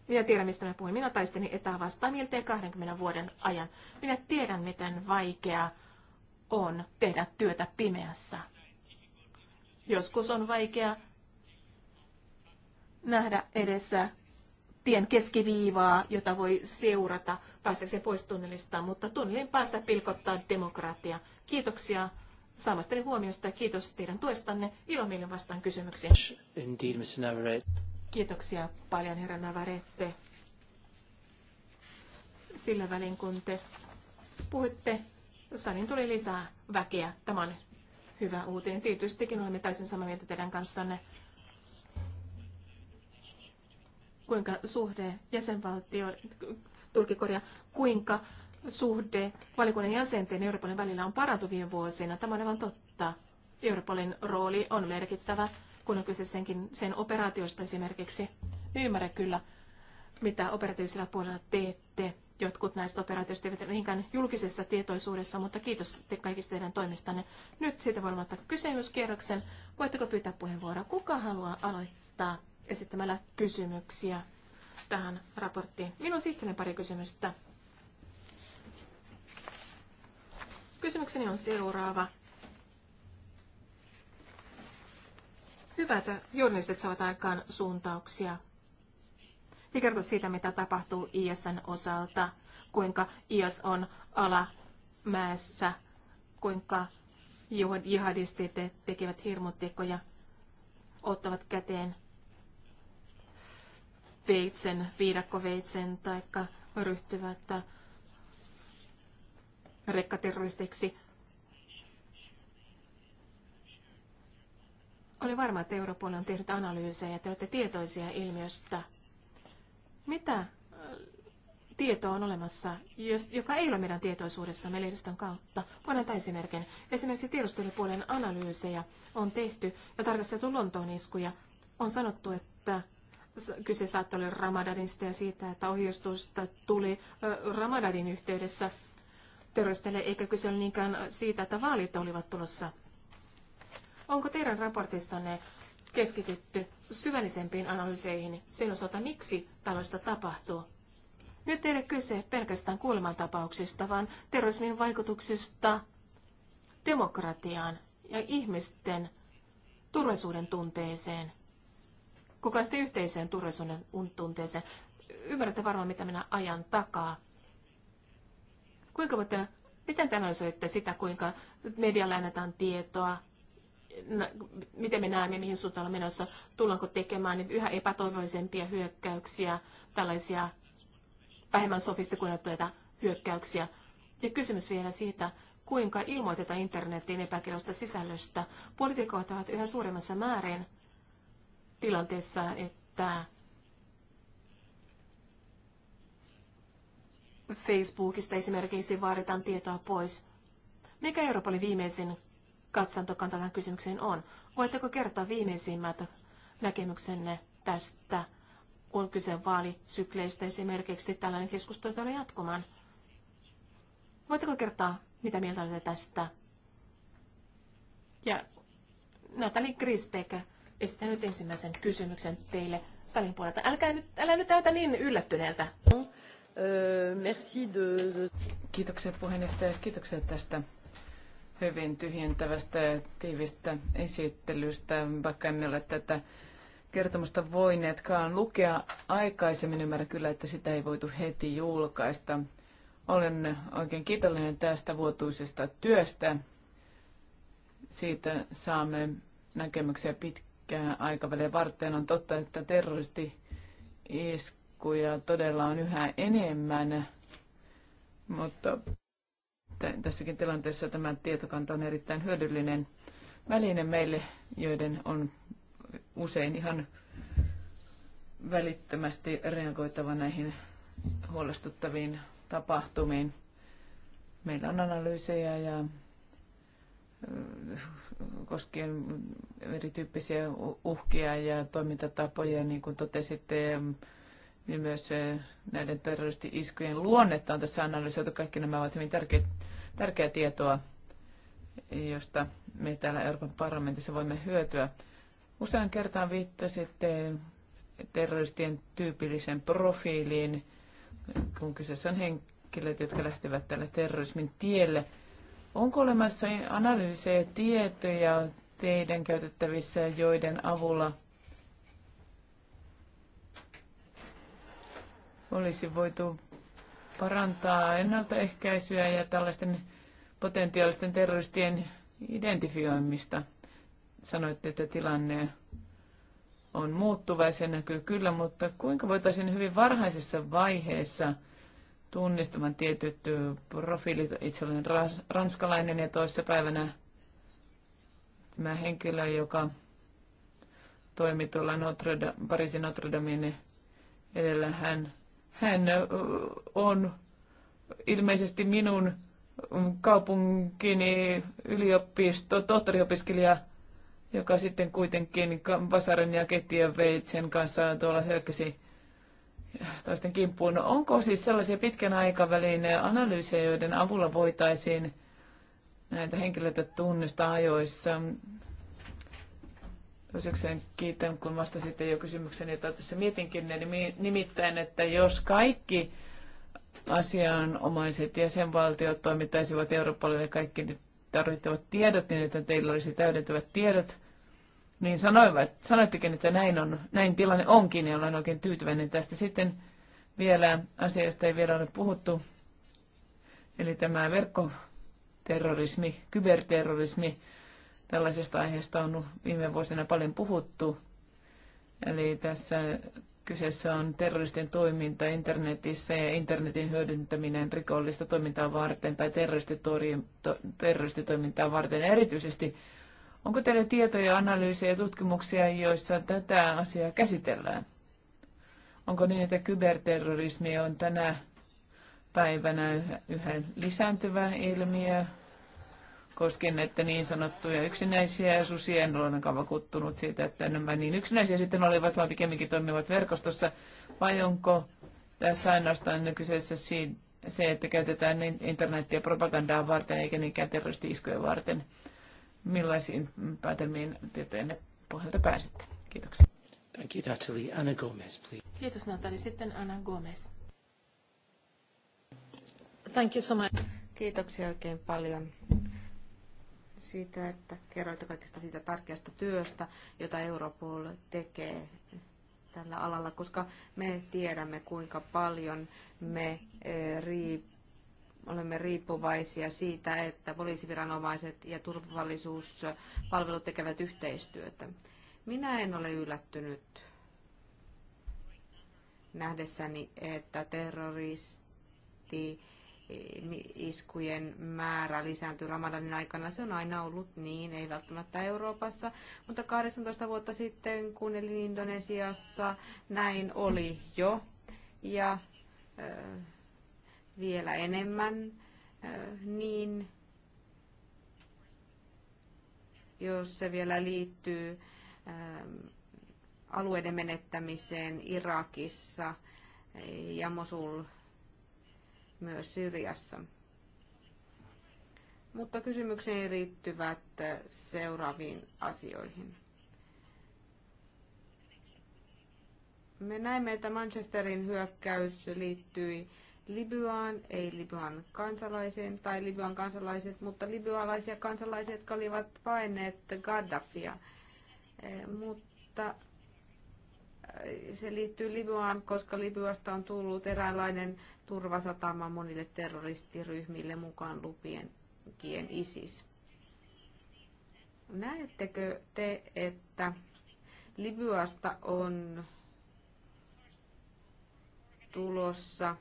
Minä tiedän, mistä mä puhun. Minä taistelin etää vastaan miltei 20 vuoden ajan. Minä tiedän, miten vaikea on tehdä työtä pimeässä. Joskus on vaikea nähdä edessä tien keskiviivaa, jota voi seurata päästäkseen pois tunnelista, mutta tunnelin päässä pilkottaa demokratia. Kiitoksia saamastani huomiosta ja kiitos teidän tuestanne. Ilomielin vastaan kysymyksiin. Indeed, Mr. Kiitoksia paljon, herra Navarette. Sillä välin, kun te puhutte, Sanin tuli lisää väkeä. Tämä on hyvä uutinen. Tietystikin olemme täysin samaa mieltä teidän kanssanne. Kuinka suhde jäsenvaltio, tulkikorja, kuinka suhde valikunnan jäsenten Euroopan välillä on parantuvien vuosina. Tämä on aivan totta. Europolin rooli on merkittävä kun on kyse senkin, sen operaatiosta esimerkiksi. Ymmärrä kyllä, mitä operatiivisella puolella teette. Jotkut näistä operaatioista eivät mihinkään julkisessa tietoisuudessa, mutta kiitos te kaikista teidän toimistanne. Nyt siitä voimme ottaa kysymyskierroksen. Voitteko pyytää puheenvuoroa? Kuka haluaa aloittaa esittämällä kysymyksiä tähän raporttiin? Minun siis itselleni pari kysymystä. Kysymykseni on seuraava. Hyvä, että journalistit saavat aikaan suuntauksia. Ja kerto siitä, mitä tapahtuu ISN osalta, kuinka IS on alamäessä, kuinka jihadistit tekevät hirmutekoja, ottavat käteen veitsen, viidakkoveitsen, tai ryhtyvät rekkaterroristiksi Olen varma, että Europol on tehnyt analyysejä, te olette tietoisia ilmiöstä. Mitä äh, tietoa on olemassa, joka ei ole meidän tietoisuudessamme lehdistön kautta. Voin antaa esimerkin. Esimerkiksi tiedustelupuolen analyysejä on tehty ja tarkasteltu Lontoon iskuja. On sanottu, että kyse saattoi olla Ramadanista ja siitä, että ohjeistusta tuli Ramadanin yhteydessä terroristeille, eikä kyse ole niinkään siitä, että vaalit olivat tulossa Onko teidän raportissanne keskitytty syvällisempiin analyyseihin sen osalta, miksi tällaista tapahtuu? Nyt ei ole kyse pelkästään kuolemantapauksista, vaan terrorismin vaikutuksista demokratiaan ja ihmisten turvallisuuden tunteeseen, kokonaisten yhteiseen turvallisuuden tunteeseen. Ymmärrätte varmaan, mitä minä ajan takaa. Kuinka voitte, miten te analysoitte sitä, kuinka medialle annetaan tietoa, No, miten me näemme, mihin suuntaan ollaan menossa, tullaanko tekemään niin yhä epätoivoisempia hyökkäyksiä, tällaisia vähemmän sofistikoituja hyökkäyksiä. Ja kysymys vielä siitä, kuinka ilmoitetaan internetin epäkielistä sisällöstä. Poliitikot ovat yhä suuremmassa määrin tilanteessa, että Facebookista esimerkiksi vaaditaan tietoa pois. Mikä Euroopan oli viimeisin katsantokanta tähän kysymykseen on. Voitteko kertoa viimeisimmät näkemyksenne tästä, kun kyse vaalisykleistä esimerkiksi tällainen keskustelu tulee jatkumaan? Voitteko kertoa, mitä mieltä olette tästä? Ja Natalie Grisbeck esittää nyt ensimmäisen kysymyksen teille salin puolelta. Älkää nyt, älä nyt täytä niin yllättyneeltä. Euh, merci de... Kiitoksia puheenjohtaja, kiitoksia tästä hyvin tyhjentävästä ja tiivistä esittelystä, vaikka emme ole tätä kertomusta voineetkaan lukea aikaisemmin. Ymmärrän kyllä, että sitä ei voitu heti julkaista. Olen oikein kiitollinen tästä vuotuisesta työstä. Siitä saamme näkemyksiä pitkään aikavälin varten. On totta, että terroristi iskuja todella on yhä enemmän, mutta tässäkin tilanteessa tämä tietokanta on erittäin hyödyllinen väline meille, joiden on usein ihan välittömästi reagoitava näihin huolestuttaviin tapahtumiin. Meillä on analyysejä ja koskien erityyppisiä uhkia ja toimintatapoja, niin kuin totesitte, niin myös eh, näiden terroristi-iskujen luonnetta on tässä analysoitu. Kaikki nämä ovat hyvin tärkeä, tärkeää tietoa, josta me täällä Euroopan parlamentissa voimme hyötyä. Usean kertaan viittasitte terroristien tyypillisen profiiliin, kun kyseessä on henkilöt, jotka lähtevät tälle terrorismin tielle. Onko olemassa analyysejä, tietoja teidän käytettävissä, joiden avulla – olisi voitu parantaa ennaltaehkäisyä ja tällaisten potentiaalisten terroristien identifioimista. Sanoitte, että tilanne on muuttuva ja se näkyy kyllä, mutta kuinka voitaisiin hyvin varhaisessa vaiheessa tunnistamaan tietyt profiilit. Itse olen ranskalainen ja toisessa päivänä tämä henkilö, joka toimi tuolla Notre Dame, Pariisin Notre Damein edellä, hän hän on ilmeisesti minun kaupunkini yliopisto, tohtoriopiskelija, joka sitten kuitenkin Vasaren ja Ketien Veitsen kanssa tuolla hyökkäsi toisten kimppuun. Onko siis sellaisia pitkän aikavälin analyysejä, joiden avulla voitaisiin näitä henkilöitä tunnistaa ajoissa? Toisekseen kiitän, kun vastasitte jo kysymykseen, jota tässä mietinkin, eli nimittäin, että jos kaikki asianomaiset jäsenvaltiot toimittaisivat Euroopalle kaikki tarvittavat tiedot, niin että teillä olisi täydentävät tiedot, niin sanoivat, sanoittekin, että näin, on, näin tilanne onkin, ja olen oikein tyytyväinen tästä. Sitten vielä asiasta ei vielä ole puhuttu, eli tämä verkkoterrorismi, kyberterrorismi, Tällaisesta aiheesta on viime vuosina paljon puhuttu. Eli tässä kyseessä on terroristien toiminta internetissä ja internetin hyödyntäminen rikollista toimintaa varten tai terroristitoimintaa varten. Erityisesti onko teillä tietoja, analyysejä ja tutkimuksia, joissa tätä asiaa käsitellään? Onko niin, että kyberterrorismi on tänä päivänä yhä lisääntyvä ilmiö koskien että niin sanottuja yksinäisiä susia. En ole ainakaan vakuuttunut siitä, että nämä niin yksinäisiä sitten olivat, vaan pikemminkin toimivat verkostossa. Vai onko tässä ainoastaan nykyisessä se, että käytetään internetiä propagandaa varten eikä niinkään terroristi-iskuja varten? Millaisiin päätelmiin tietojenne pohjalta pääsitte? Kiitoksia. Thank you, Natalie. Anna Gomez, please. Kiitos Natalie. Sitten Anna Gomez. Thank you so much. Kiitoksia oikein paljon siitä, että kerroit kaikesta siitä tärkeästä työstä, jota Europol tekee tällä alalla, koska me tiedämme, kuinka paljon me eh, riippumme olemme riippuvaisia siitä, että poliisiviranomaiset ja turvallisuuspalvelut tekevät yhteistyötä. Minä en ole yllättynyt nähdessäni, että terroristi iskujen määrä lisääntyy Ramadanin aikana. Se on aina ollut niin, ei välttämättä Euroopassa, mutta 18 vuotta sitten, kun elin Indonesiassa, näin oli jo. Ja äh, vielä enemmän, äh, niin jos se vielä liittyy äh, alueiden menettämiseen Irakissa ja Mosul myös Syriassa. Mutta kysymykseen riittyvät seuraaviin asioihin. Me näimme, että Manchesterin hyökkäys liittyi Libyaan, ei Libyan kansalaisiin tai Libyan kansalaiset, mutta libyalaisia kansalaisia, jotka olivat paineet Gaddafia. Eh, mutta eh, se liittyy Libyaan, koska Libyasta on tullut eräänlainen turvasatama monille terroristiryhmille mukaan lupien kien ISIS. Näettekö te, että Libyasta on tulossa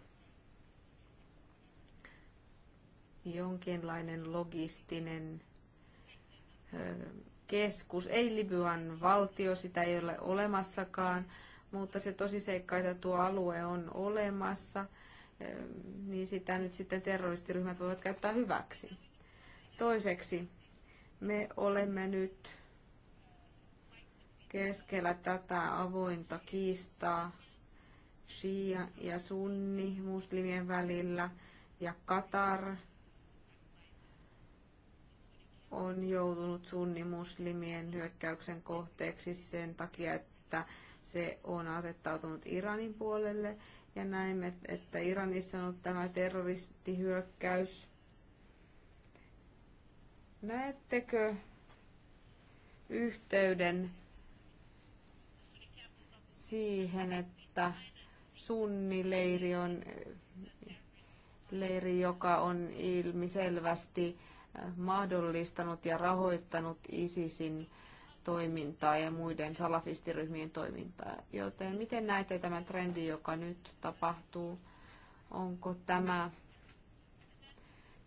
jonkinlainen logistinen keskus. Ei Libyan valtio, sitä ei ole olemassakaan, mutta se tosiseikka, että tuo alue on olemassa – niin sitä nyt sitten terroristiryhmät voivat käyttää hyväksi. Toiseksi, me olemme nyt keskellä tätä avointa kiistaa Shia ja Sunni muslimien välillä ja Katar on joutunut muslimien hyökkäyksen kohteeksi sen takia, että se on asettautunut Iranin puolelle ja näin, että Iranissa on tämä terroristihyökkäys. Näettekö yhteyden siihen, että sunnileiri on leiri, joka on ilmiselvästi mahdollistanut ja rahoittanut ISISin toimintaa ja muiden salafistiryhmien toimintaa. Joten miten näette tämän trendin, joka nyt tapahtuu? Onko tämä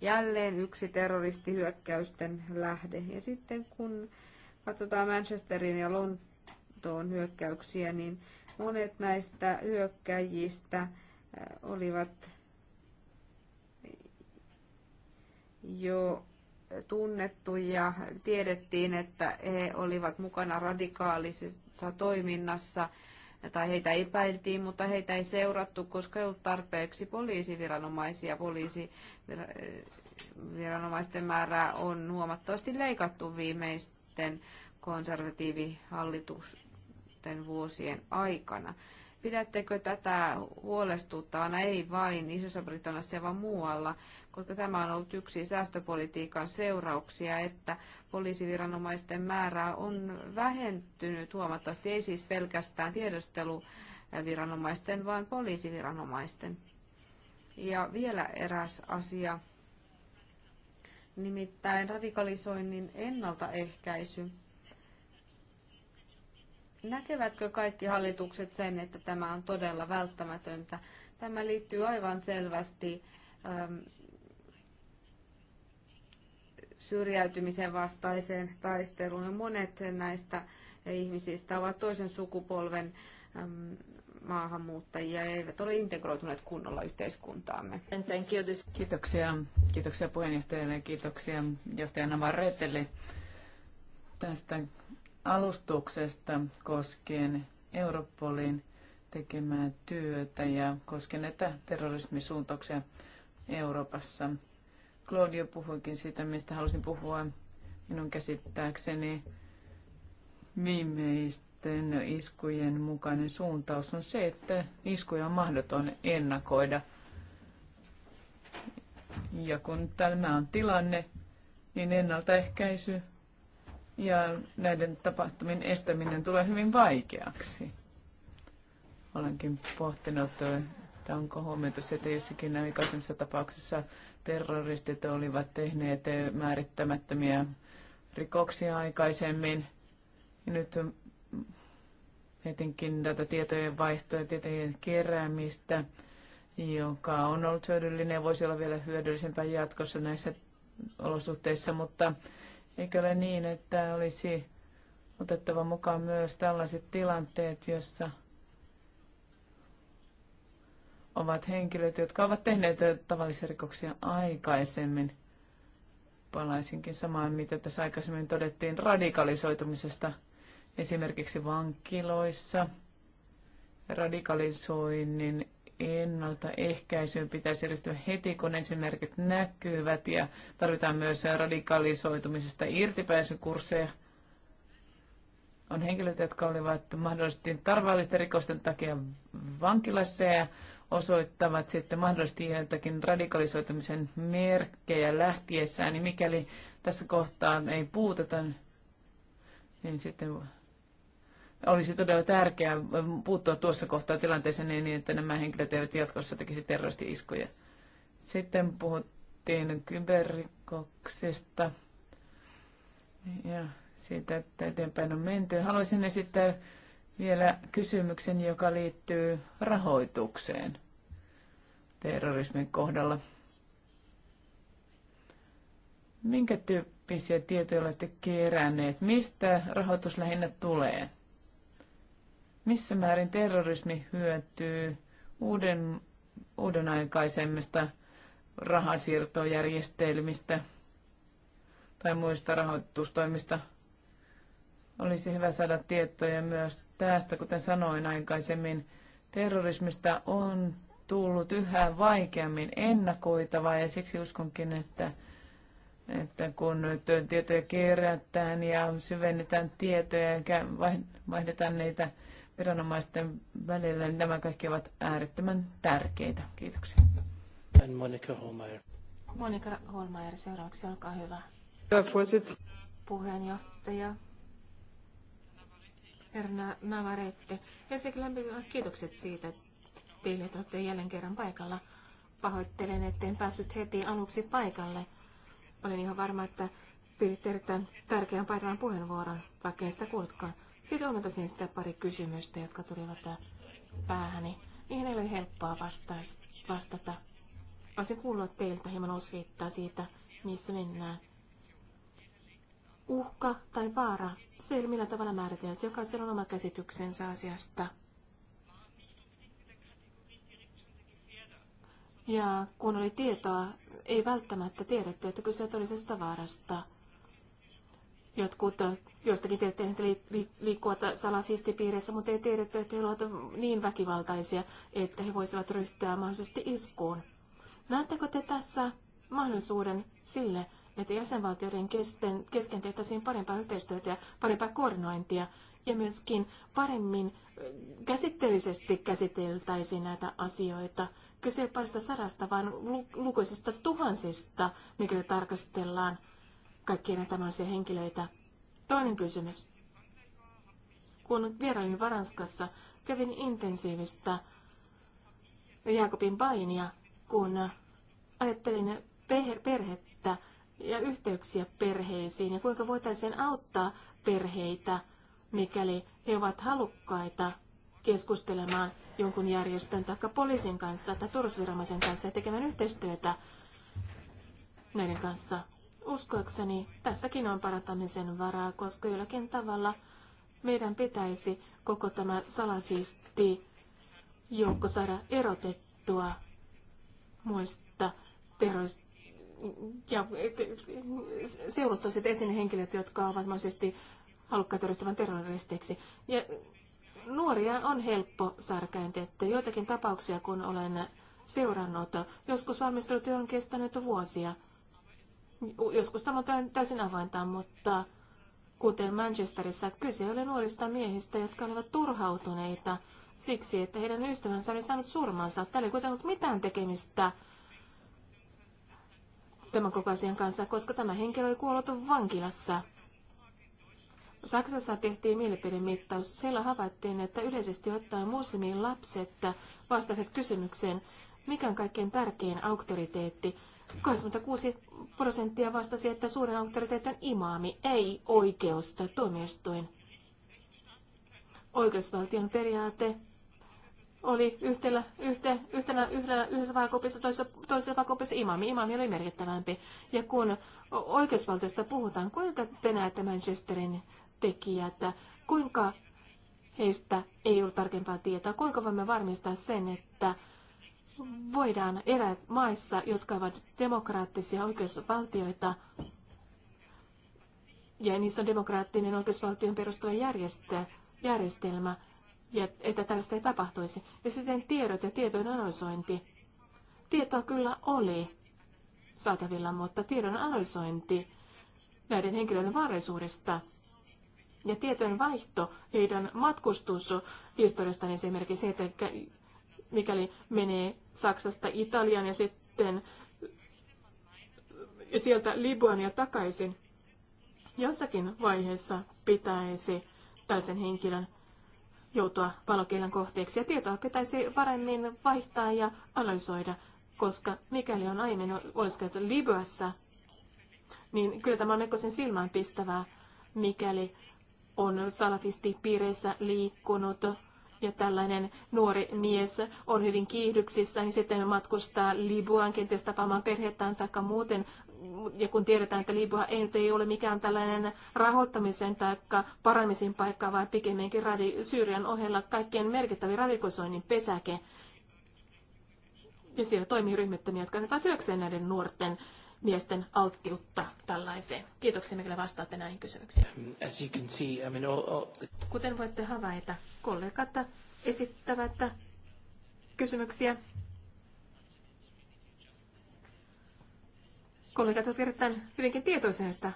jälleen yksi terroristihyökkäysten lähde? Ja sitten kun katsotaan Manchesterin ja Lontoon hyökkäyksiä, niin monet näistä hyökkäjistä äh, olivat jo tunnettu ja tiedettiin, että he olivat mukana radikaalisessa toiminnassa tai heitä epäiltiin, mutta heitä ei seurattu, koska ei ollut tarpeeksi poliisiviranomaisia. Poliisiviranomaisten määrää on huomattavasti leikattu viimeisten konservatiivihallitusten vuosien aikana. Pidättekö tätä huolestuttavana, ei vain isossa britanniassa vaan muualla, koska tämä on ollut yksi säästöpolitiikan seurauksia, että poliisiviranomaisten määrää on vähentynyt huomattavasti, ei siis pelkästään tiedusteluviranomaisten, vaan poliisiviranomaisten. Ja vielä eräs asia, nimittäin radikalisoinnin ennaltaehkäisy. Näkevätkö kaikki hallitukset sen, että tämä on todella välttämätöntä? Tämä liittyy aivan selvästi ähm, syrjäytymisen vastaiseen taisteluun. Ja monet näistä ihmisistä ovat toisen sukupolven ähm, maahanmuuttajia ja eivät ole integroituneet kunnolla yhteiskuntaamme. Kiitoksia. Kiitoksia puheenjohtajalle ja kiitoksia johtajana Navarretelle tästä alustuksesta koskien Europolin tekemää työtä ja koskien näitä terrorismisuuntauksia Euroopassa. Claudio puhuikin siitä, mistä halusin puhua minun käsittääkseni viimeisten iskujen mukainen suuntaus on se, että iskuja on mahdoton ennakoida. Ja kun tämä on tilanne, niin ennaltaehkäisy ja näiden tapahtumien estäminen tulee hyvin vaikeaksi. Olenkin pohtinut, että onko huomioitu se, että jossakin aikaisemmissa tapauksissa terroristit olivat tehneet määrittämättömiä rikoksia aikaisemmin. Ja nyt etenkin tätä tietojen vaihtoa ja tietojen keräämistä, joka on ollut hyödyllinen ja voisi olla vielä hyödyllisempää jatkossa näissä olosuhteissa, mutta Eikö ole niin, että olisi otettava mukaan myös tällaiset tilanteet, jossa ovat henkilöt, jotka ovat tehneet tavallisia rikoksia aikaisemmin. Palaisinkin samaan, mitä tässä aikaisemmin todettiin radikalisoitumisesta esimerkiksi vankiloissa. Radikalisoinnin ennaltaehkäisyyn pitäisi ryhtyä heti, kun ensimerkit näkyvät ja tarvitaan myös radikalisoitumisesta irtipääsykursseja. On henkilöitä, jotka olivat mahdollisesti tarvallisten rikosten takia vankilassa ja osoittavat sitten mahdollisesti joitakin radikalisoitumisen merkkejä lähtiessään, niin mikäli tässä kohtaa ei puuteta, niin sitten olisi todella tärkeää puuttua tuossa kohtaa tilanteeseen niin, että nämä henkilöt eivät jatkossa tekisi terroristi-iskuja. Sitten puhuttiin kyberrikoksista ja siitä, että eteenpäin on menty. Haluaisin esittää vielä kysymyksen, joka liittyy rahoitukseen terrorismin kohdalla. Minkä tyyppisiä tietoja olette keränneet? Mistä rahoitus lähinnä tulee? missä määrin terrorismi hyötyy uuden, uuden aikaisemmista rahasiirtojärjestelmistä tai muista rahoitustoimista. Olisi hyvä saada tietoja myös tästä, kuten sanoin aikaisemmin. Terrorismista on tullut yhä vaikeammin ennakoitavaa ja siksi uskonkin, että, että kun nyt tietoja kerätään ja syvennetään tietoja ja vaihdetaan niitä viranomaisten välillä. Niin nämä kaikki ovat äärettömän tärkeitä. Kiitoksia. Monika Holmeier. Monika Holmeier, seuraavaksi olkaa hyvä. Puheenjohtaja Erna Navarette. Ensinnäkin kiitokset siitä, että teille että olette jälleen kerran paikalla. Pahoittelen, etten päässyt heti aluksi paikalle. Olen ihan varma, että pidit erittäin tärkeän painavan puheenvuoron, vaikka en sitä kuulutkaan. Sitten mä tosin sitä pari kysymystä, jotka tulivat päähäni. Niihin ei ole helppoa vastata. Olisin kuulla teiltä hieman osviittaa siitä, missä mennään. Uhka tai vaara, se ei ole millä tavalla määritelty. Jokaisella on oma käsityksensä asiasta. Ja kun oli tietoa, ei välttämättä tiedetty, että kyse sitä vaarasta. Jotkut Joistakin tiedätte, että he liikkuvat salafistipiireissä, mutta ei tiedetty, että he ovat niin väkivaltaisia, että he voisivat ryhtyä mahdollisesti iskuun. Näettekö te tässä mahdollisuuden sille, että jäsenvaltioiden kesken, kesken tehtäisiin parempaa yhteistyötä ja parempaa koordinointia ja myöskin paremmin äh, käsitteellisesti käsiteltäisiin näitä asioita. Kyse ei parista sadasta, vaan lukuisista tuhansista, mikä tarkastellaan kaikkia näitä tämmöisiä henkilöitä. Toinen kysymys. Kun vierailin Varanskassa, kävin intensiivistä Jaakobin painia, kun ajattelin perhettä ja yhteyksiä perheisiin ja kuinka voitaisiin auttaa perheitä, mikäli he ovat halukkaita keskustelemaan jonkun järjestön tai poliisin kanssa tai turvallisuusviranomaisen kanssa ja tekemään yhteistyötä näiden kanssa. Uskoakseni tässäkin on parantamisen varaa, koska jollakin tavalla meidän pitäisi koko tämä salafisti joukko saada erotettua muista terrorist- ja seuruttaiset esiin henkilöt, jotka ovat mahdollisesti halukkaita ryhtyvän terroristeiksi. Ja nuoria on helppo saada Joitakin tapauksia, kun olen seurannut, joskus valmistelutyö on kestänyt vuosia – Joskus tämä on täysin avainta, mutta kuten Manchesterissa, kyse oli nuorista miehistä, jotka olivat turhautuneita siksi, että heidän ystävänsä oli saanut surmansa. Tällä ei kuitenkaan ollut mitään tekemistä tämän koko asian kanssa, koska tämä henkilö oli kuollut vankilassa. Saksassa tehtiin mielipidemittaus. Siellä havaittiin, että yleisesti ottaen muslimiin lapset vastasivat kysymykseen, mikä on kaikkein tärkein auktoriteetti, 86 prosenttia vastasi, että suuren auktoriteetin imaami ei oikeusta tuomioistuin. Oikeusvaltion periaate oli yhtenä, yhte, yhtenä, yhdellä, yhdessä vaakopissa, toisessa, toisessa vaakopissa imami. Imami oli merkittävämpi. Ja kun oikeusvaltiosta puhutaan, kuinka te näette Manchesterin tekijät, kuinka heistä ei ollut tarkempaa tietoa, kuinka voimme varmistaa sen, että voidaan elää maissa, jotka ovat demokraattisia oikeusvaltioita, ja niissä on demokraattinen oikeusvaltion perustuva järjestelmä, ja että tällaista ei tapahtuisi. Ja sitten tiedot ja tietojen analysointi. Tietoa kyllä oli saatavilla, mutta tiedon analysointi näiden henkilöiden vaarallisuudesta ja tietojen vaihto heidän matkustushistoriastaan esimerkiksi, että mikäli menee Saksasta Italian ja sitten sieltä Libuania takaisin. Jossakin vaiheessa pitäisi tällaisen henkilön joutua valokeilan kohteeksi ja tietoa pitäisi paremmin vaihtaa ja analysoida, koska mikäli on aiemmin oleskellut Libyassa, niin kyllä tämä on melkoisen silmään pistävää, mikäli on salafistipiireissä liikkunut ja tällainen nuori mies on hyvin kiihdyksissä, niin sitten matkustaa Libuan kenties tapaamaan perhettään tai muuten. Ja kun tiedetään, että Libua ei nyt ei ole mikään tällainen rahoittamisen tai parantamisen paikka, vaan pikemminkin radi- Syyrian ohella kaikkien merkittävin radikosoinnin pesäke. Ja siellä toimii ryhmittämiä, jotka työkseen näiden nuorten miesten alttiutta tällaiseen? Kiitoksia, mikäli vastaatte näihin kysymyksiin. As you can see, I mean, all, all... Kuten voitte havaita, kollegat esittävät kysymyksiä. Kollegat ovat erittäin hyvinkin tietoisista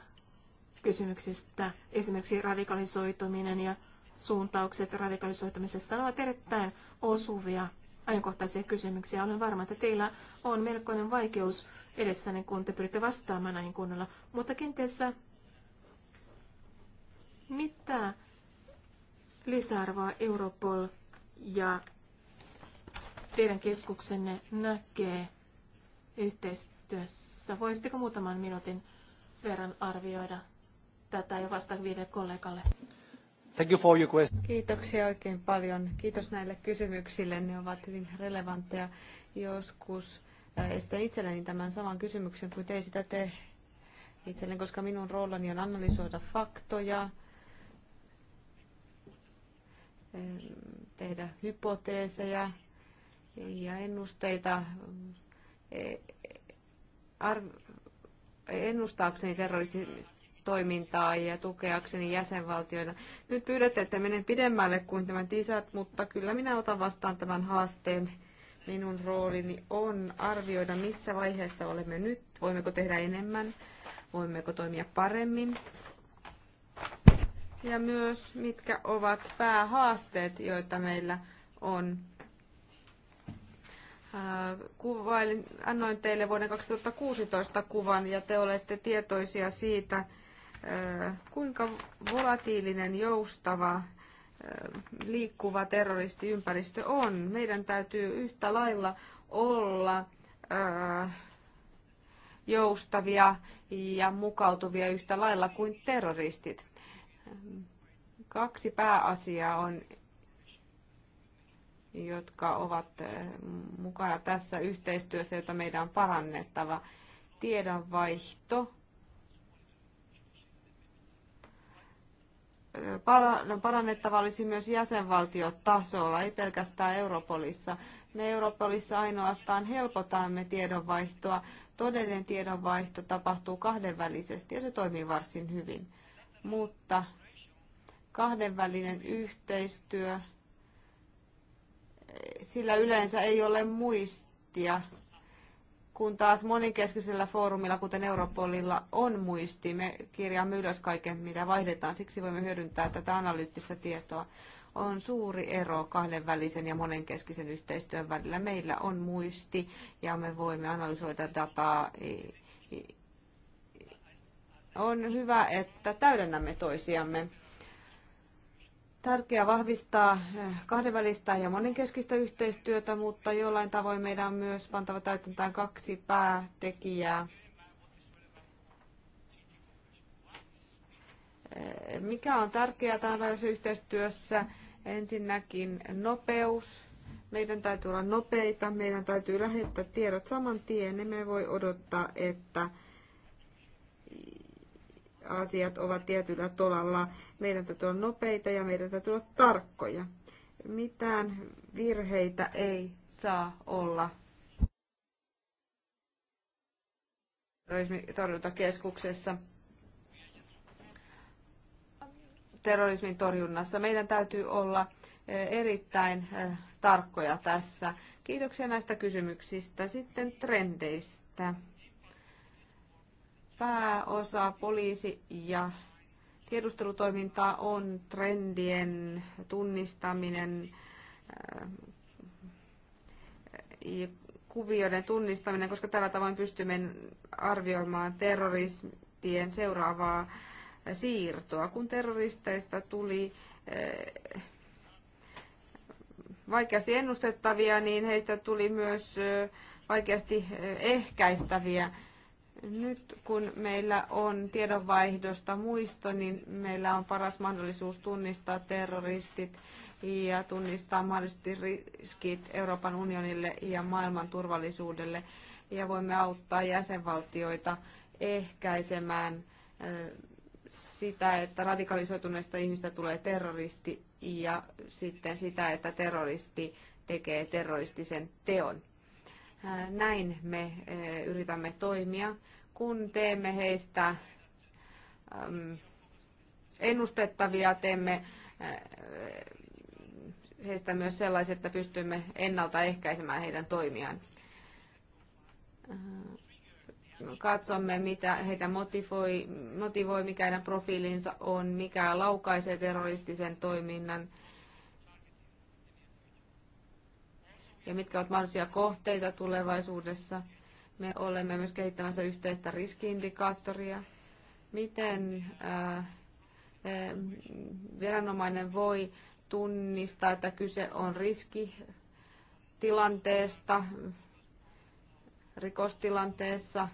kysymyksistä. Esimerkiksi radikalisoituminen ja suuntaukset radikalisoitumisessa ovat erittäin osuvia ajankohtaisia kysymyksiä. Olen varma, että teillä on melkoinen vaikeus edessänne, kun te pyritte vastaamaan näihin kunnolla. Mutta kenties äh, mitä lisäarvoa Europol ja teidän keskuksenne näkee yhteistyössä? Voisitteko muutaman minuutin verran arvioida tätä ja vastata viidelle kollegalle? Thank you for your question. Kiitoksia oikein paljon. Kiitos näille kysymyksille. Ne ovat hyvin relevantteja. Joskus äh, esitän itselleni tämän saman kysymyksen kuin te esitätte itselleni, koska minun roolani on analysoida faktoja, eh, tehdä hypoteeseja ja ennusteita eh, eh, ennustaakseni terroristi toimintaa ja tukeakseni jäsenvaltioita. Nyt pyydätte, että menen pidemmälle kuin tämän tisat, mutta kyllä minä otan vastaan tämän haasteen. Minun roolini on arvioida, missä vaiheessa olemme nyt, voimmeko tehdä enemmän, voimmeko toimia paremmin. Ja myös, mitkä ovat päähaasteet, joita meillä on äh, kuvailin, annoin teille vuoden 2016 kuvan ja te olette tietoisia siitä, Kuinka volatiilinen, joustava, liikkuva terroristiympäristö on? Meidän täytyy yhtä lailla olla joustavia ja mukautuvia yhtä lailla kuin terroristit. Kaksi pääasiaa on, jotka ovat mukana tässä yhteistyössä, jota meidän on parannettava. Tiedonvaihto No, parannettava olisi myös jäsenvaltiotasolla, ei pelkästään Europolissa. Me Europolissa ainoastaan helpotamme tiedonvaihtoa. Todellinen tiedonvaihto tapahtuu kahdenvälisesti ja se toimii varsin hyvin. Mutta kahdenvälinen yhteistyö, sillä yleensä ei ole muistia kun taas monikeskisellä foorumilla, kuten Europolilla, on muisti. Me kirjaamme ylös kaiken, mitä vaihdetaan, siksi voimme hyödyntää tätä analyyttistä tietoa. On suuri ero kahdenvälisen ja monenkeskisen yhteistyön välillä. Meillä on muisti ja me voimme analysoida dataa. On hyvä, että täydennämme toisiamme tärkeää vahvistaa eh, kahdenvälistä ja monenkeskistä yhteistyötä, mutta jollain tavoin meidän on myös pantava täytäntään kaksi päätekijää. Eh, mikä on tärkeää tämänpäiväisessä yhteistyössä? Ensinnäkin nopeus. Meidän täytyy olla nopeita, meidän täytyy lähettää tiedot saman tien. Emme voi odottaa, että asiat ovat tietyllä tolalla. Meidän täytyy olla nopeita ja meidän täytyy olla tarkkoja. Mitään virheitä ei saa olla terrorismitorjuntakeskuksessa terrorismin torjunnassa. Meidän täytyy olla e, erittäin e, tarkkoja tässä. Kiitoksia näistä kysymyksistä. Sitten trendeistä pääosa poliisi- ja tiedustelutoimintaa on trendien tunnistaminen, äh, kuvioiden tunnistaminen, koska tällä tavoin pystymme arvioimaan terroristien seuraavaa siirtoa. Kun terroristeista tuli äh, vaikeasti ennustettavia, niin heistä tuli myös äh, vaikeasti ehkäistäviä nyt kun meillä on tiedonvaihdosta muisto, niin meillä on paras mahdollisuus tunnistaa terroristit ja tunnistaa mahdollisesti riskit Euroopan unionille ja maailman turvallisuudelle. Ja voimme auttaa jäsenvaltioita ehkäisemään sitä, että radikalisoituneista ihmistä tulee terroristi ja sitten sitä, että terroristi tekee terroristisen teon. Äh, näin me äh, yritämme toimia, kun teemme heistä ennustettavia, teemme äh, heistä myös sellaiset, että pystymme ennaltaehkäisemään heidän toimiaan. Katsomme, mitä heitä motivoi, motivoi mikä heidän profiilinsa on, mikä laukaisee terroristisen toiminnan – ja mitkä ovat mahdollisia kohteita tulevaisuudessa. Me olemme myös kehittämässä yhteistä riskiindikaattoria. Miten äh, eh, viranomainen voi tunnistaa, että kyse on riskitilanteesta, rikostilanteessa,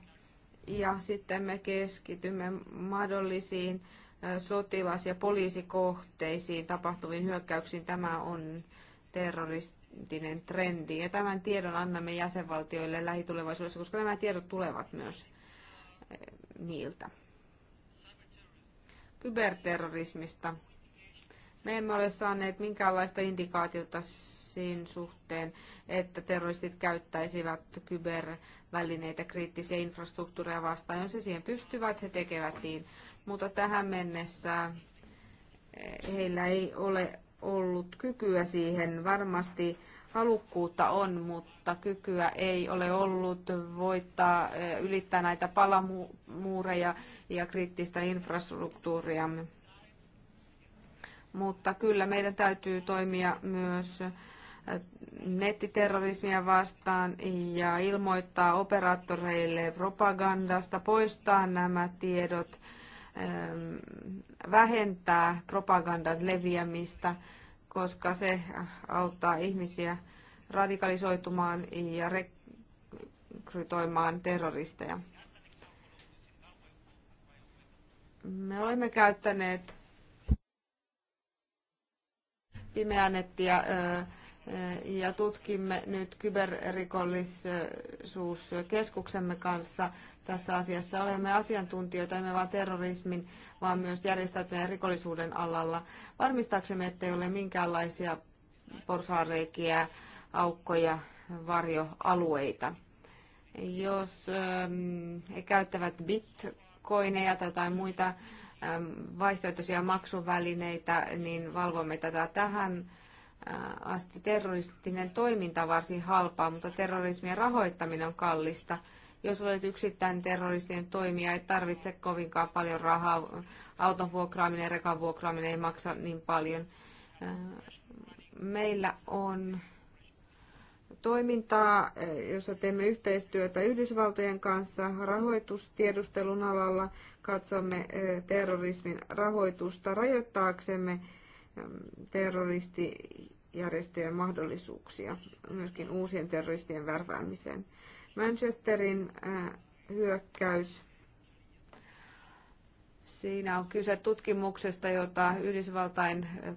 ja sitten me keskitymme mahdollisiin äh, sotilas- ja poliisikohteisiin tapahtuviin hyökkäyksiin. Tämä on terrorist poliittinen trendi. Ja tämän tiedon annamme jäsenvaltioille lähitulevaisuudessa, koska nämä tiedot tulevat myös eh, niiltä. Kyberterrorismista. Me emme ole saaneet minkäänlaista indikaatiota siinä suhteen, että terroristit käyttäisivät kybervälineitä kriittisiä infrastruktuureja vastaan. Jos he siihen pystyvät, he tekevät niin. Mutta tähän mennessä eh, heillä ei ole ollut kykyä siihen. Varmasti halukkuutta on, mutta kykyä ei ole ollut voittaa, eh, ylittää näitä palamuureja ja kriittistä infrastruktuuria. Mutta kyllä meidän täytyy toimia myös eh, nettiterrorismia vastaan ja ilmoittaa operaattoreille propagandasta, poistaa nämä tiedot, eh, vähentää propagandan leviämistä – koska se auttaa ihmisiä radikalisoitumaan ja rekrytoimaan terroristeja. Me olemme käyttäneet pimeänettiä ja tutkimme nyt kyberrikollisuuskeskuksemme kanssa tässä asiassa. Olemme asiantuntijoita, emme vain terrorismin, vaan myös järjestäytyneen rikollisuuden alalla. Varmistaaksemme, ettei ole minkäänlaisia porsaareikiä, aukkoja, varjoalueita. Jos ähm, he käyttävät bitcoineja tai jotain muita ähm, vaihtoehtoisia maksuvälineitä, niin valvomme tätä tähän asti terroristinen toiminta on varsin halpaa, mutta terrorismien rahoittaminen on kallista. Jos olet yksittäinen terroristinen toimija, ei tarvitse kovinkaan paljon rahaa. Auton vuokraaminen, rekan vuokraaminen ei maksa niin paljon. Meillä on toimintaa, jossa teemme yhteistyötä Yhdysvaltojen kanssa rahoitustiedustelun alalla. Katsomme terrorismin rahoitusta rajoittaaksemme terroristi järjestöjen mahdollisuuksia myöskin uusien terroristien värväämiseen. Manchesterin äh, hyökkäys. Siinä on kyse tutkimuksesta, jota Yhdysvaltain, äh,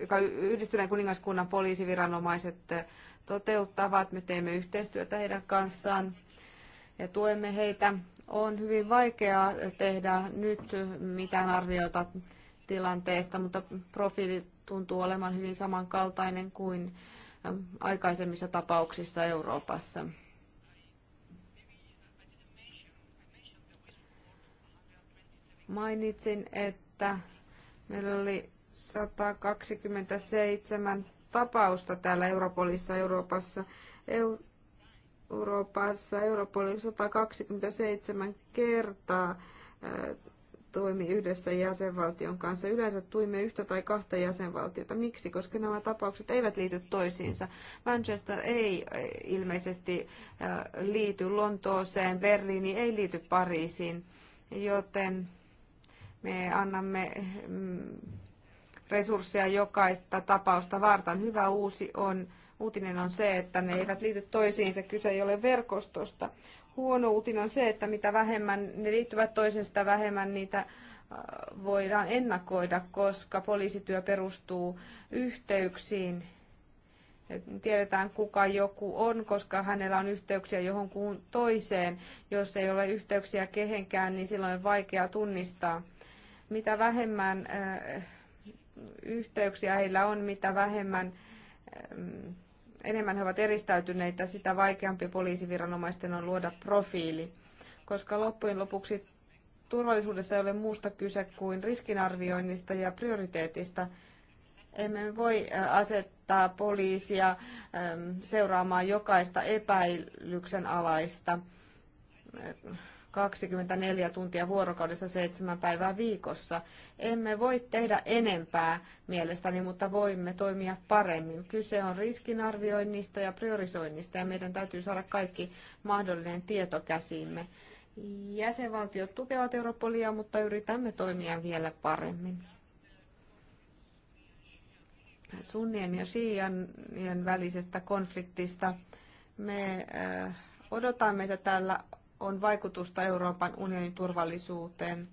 joka yhdistyneen kuningaskunnan poliisiviranomaiset äh, toteuttavat. Me teemme yhteistyötä heidän kanssaan ja tuemme heitä. On hyvin vaikeaa tehdä nyt mitään arviota tilanteesta, mutta profiilit tuntuu olemaan hyvin samankaltainen kuin aikaisemmissa tapauksissa Euroopassa. Mainitsin, että meillä oli 127 tapausta täällä Europolissa Euroopassa. Euroopassa Europolissa 127 kertaa toimi yhdessä jäsenvaltion kanssa. Yleensä tuimme yhtä tai kahta jäsenvaltiota. Miksi? Koska nämä tapaukset eivät liity toisiinsa. Manchester ei eh, ilmeisesti eh, liity Lontooseen, Berliini ei liity Pariisiin, joten me annamme mm, resursseja jokaista tapausta varten. Hyvä uusi on, uutinen on se, että ne eivät liity toisiinsa, kyse ei ole verkostosta huono uutinen on se, että mitä vähemmän ne liittyvät toisensa, vähemmän niitä äh, voidaan ennakoida, koska poliisityö perustuu yhteyksiin. Tiedetään, kuka joku on, koska hänellä on yhteyksiä johonkuun toiseen. Jos ei ole yhteyksiä kehenkään, niin silloin on vaikea tunnistaa. Mitä vähemmän äh, yhteyksiä heillä on, mitä vähemmän ähm, enemmän he ovat eristäytyneitä, sitä vaikeampi poliisiviranomaisten on luoda profiili, koska loppujen lopuksi turvallisuudessa ei ole muusta kyse kuin riskinarvioinnista ja prioriteetista. Emme voi asettaa poliisia seuraamaan jokaista epäilyksen alaista 24 tuntia vuorokaudessa seitsemän päivää viikossa. Emme voi tehdä enempää mielestäni, mutta voimme toimia paremmin. Kyse on riskinarvioinnista ja priorisoinnista ja meidän täytyy saada kaikki mahdollinen tieto käsiimme. Jäsenvaltiot tukevat Europolia, mutta yritämme toimia vielä paremmin. Sunnien ja Shiian välisestä konfliktista me odotamme, että tällä on vaikutusta Euroopan unionin turvallisuuteen.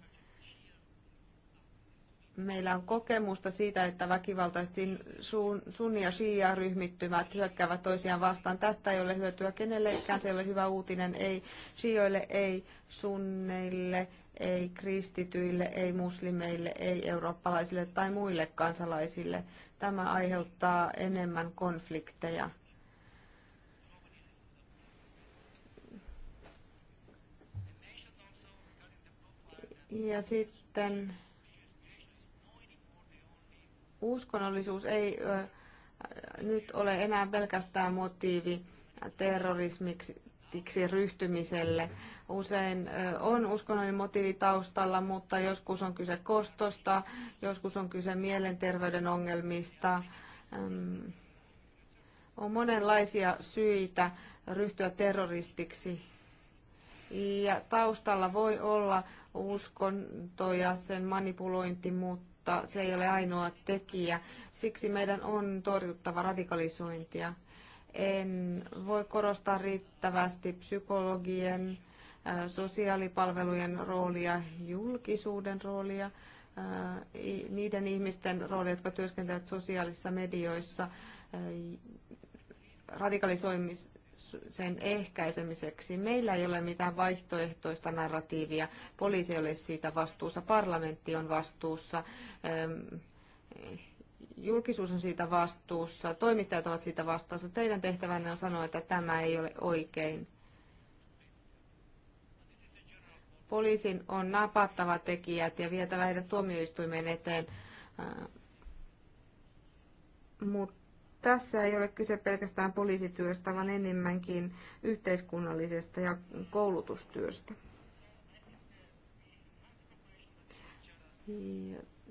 Meillä on kokemusta siitä, että väkivaltaiset sunni- ja shia-ryhmittymät hyökkäävät toisiaan vastaan. Tästä ei ole hyötyä kenellekään, se ei ole hyvä uutinen, ei shioille, ei sunneille, ei kristityille, ei muslimeille, ei eurooppalaisille tai muille kansalaisille. Tämä aiheuttaa enemmän konflikteja. Ja sitten uskonnollisuus ei nyt ole enää pelkästään motiivi terrorismiksi ryhtymiselle. Usein on uskonnollinen motiivi taustalla, mutta joskus on kyse kostosta, joskus on kyse mielenterveyden ongelmista. On monenlaisia syitä ryhtyä terroristiksi ja taustalla voi olla uskonto ja sen manipulointi, mutta se ei ole ainoa tekijä. Siksi meidän on torjuttava radikalisointia. En voi korostaa riittävästi psykologien, sosiaalipalvelujen roolia, julkisuuden roolia, niiden ihmisten roolia, jotka työskentelevät sosiaalisissa medioissa, radikalisoimis, sen ehkäisemiseksi. Meillä ei ole mitään vaihtoehtoista narratiivia. Poliisi ei ole siitä vastuussa, parlamentti on vastuussa, julkisuus on siitä vastuussa, toimittajat ovat siitä vastuussa. Teidän tehtävänne on sanoa, että tämä ei ole oikein. Poliisin on napattava tekijät ja vietävä heidät tuomioistuimeen eteen. Mutta tässä ei ole kyse pelkästään poliisityöstä, vaan enemmänkin yhteiskunnallisesta ja koulutustyöstä.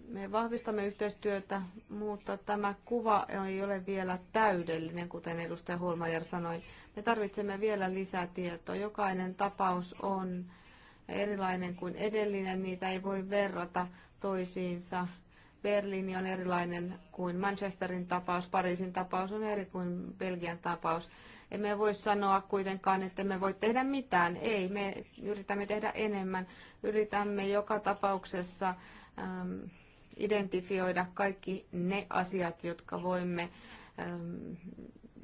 Me vahvistamme yhteistyötä, mutta tämä kuva ei ole vielä täydellinen, kuten edustaja Holmajer sanoi. Me tarvitsemme vielä lisää tietoa. Jokainen tapaus on erilainen kuin edellinen, niitä ei voi verrata toisiinsa Berliini on erilainen kuin Manchesterin tapaus, Pariisin tapaus on eri kuin Belgian tapaus. Emme voi sanoa kuitenkaan, että me voi tehdä mitään. Ei, me yritämme tehdä enemmän. Yritämme joka tapauksessa ähm, identifioida kaikki ne asiat, jotka voimme Ähm,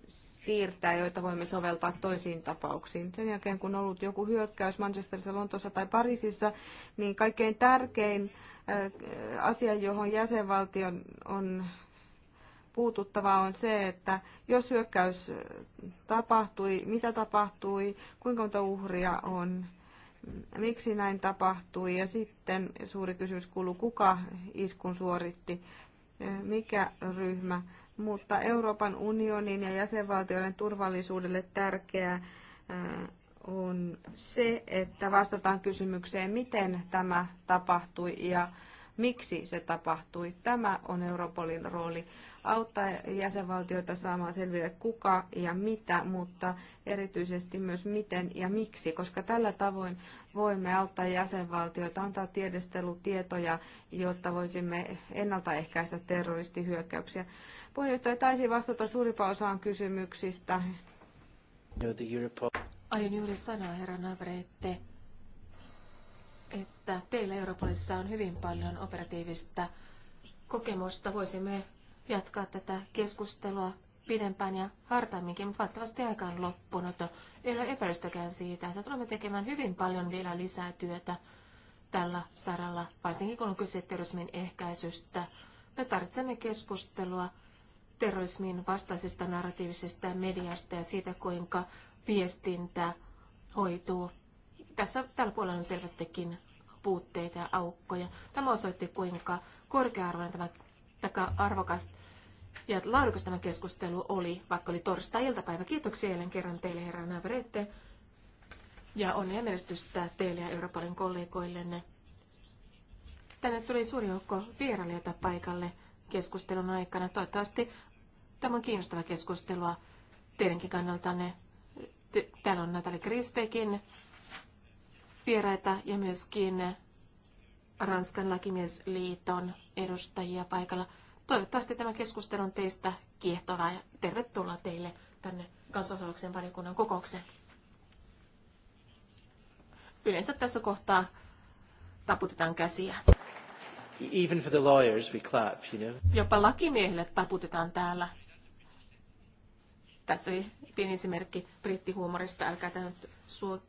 siirtää, joita voimme soveltaa toisiin tapauksiin. Sen jälkeen, kun on ollut joku hyökkäys Manchesterissa, Lontoossa tai Pariisissa, niin kaikkein tärkein äh, asia, johon jäsenvaltion on puututtava, on se, että jos hyökkäys äh, tapahtui, mitä tapahtui, kuinka monta uhria on, miksi näin tapahtui ja sitten suuri kysymys kuuluu, kuka iskun suoritti, äh, mikä ryhmä mutta Euroopan unionin ja jäsenvaltioiden turvallisuudelle tärkeää äh, on se, että vastataan kysymykseen, miten tämä tapahtui ja miksi se tapahtui. Tämä on Europolin rooli auttaa jäsenvaltioita saamaan selville kuka ja mitä, mutta erityisesti myös miten ja miksi, koska tällä tavoin voimme auttaa jäsenvaltioita, antaa tiedustelutietoja, jotta voisimme ennaltaehkäistä terroristihyökkäyksiä. Puheenjohtaja taisi vastata suurimpaan osaan kysymyksistä. Aion juuri sanoa, herra Navrette, että, teillä Euroopassa on hyvin paljon operatiivista kokemusta. Voisimme jatkaa tätä keskustelua pidempään ja hartaamminkin, mutta valitettavasti aika on loppunut. Ei ole epäilystäkään siitä, että tulemme tekemään hyvin paljon vielä lisää työtä tällä saralla, varsinkin kun on kyse terrorismin ehkäisystä. Me tarvitsemme keskustelua terrorismin vastaisesta narratiivisesta mediasta ja siitä, kuinka viestintä hoituu. Tässä tällä puolella on selvästikin puutteita ja aukkoja. Tämä osoitti, kuinka korkea-arvoinen tämä taka arvokas ja laadukas tämä keskustelu oli, vaikka oli torstai-iltapäivä. Kiitoksia jälleen kerran teille, herra Navarrete. Ja onnea menestystä teille ja Euroopan kollegoillenne. Tänne tuli suuri joukko vierailijoita paikalle keskustelun aikana. Toivottavasti tämä on kiinnostava keskustelua teidänkin kannaltanne. Täällä on Natali Grisbekin vieraita ja myöskin Ranskan lakimiesliiton edustajia paikalla. Toivottavasti tämä keskustelu on teistä kiehtovaa ja tervetuloa teille tänne kansallisuuksien valiokunnan kokoukseen. Yleensä tässä kohtaa taputetaan käsiä. Even for the lawyers we clap, you know. Jopa lakimiehille taputetaan täällä. Tässä oli pieni esimerkki brittihuumorista, älkää tämä nyt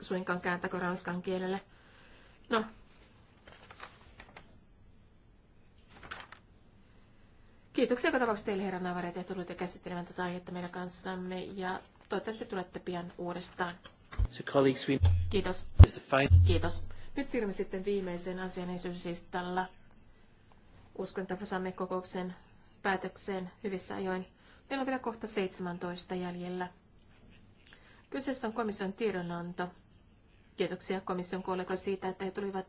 suinkaan kääntäkö ranskan kielelle. No, Kiitoksia joka tapauksessa teille herran Navari, että tulitte käsittelemään tätä aihetta meidän kanssamme ja toivottavasti tulette pian uudestaan. So colleagues, we... Kiitos. Kiitos. Nyt siirrymme sitten viimeiseen asian esityslistalla. Uskon, että saamme kokouksen päätökseen hyvissä ajoin. Meillä on vielä kohta 17 jäljellä. Kyseessä on komission tiedonanto. Kiitoksia komission kollegoille siitä, että he tulivat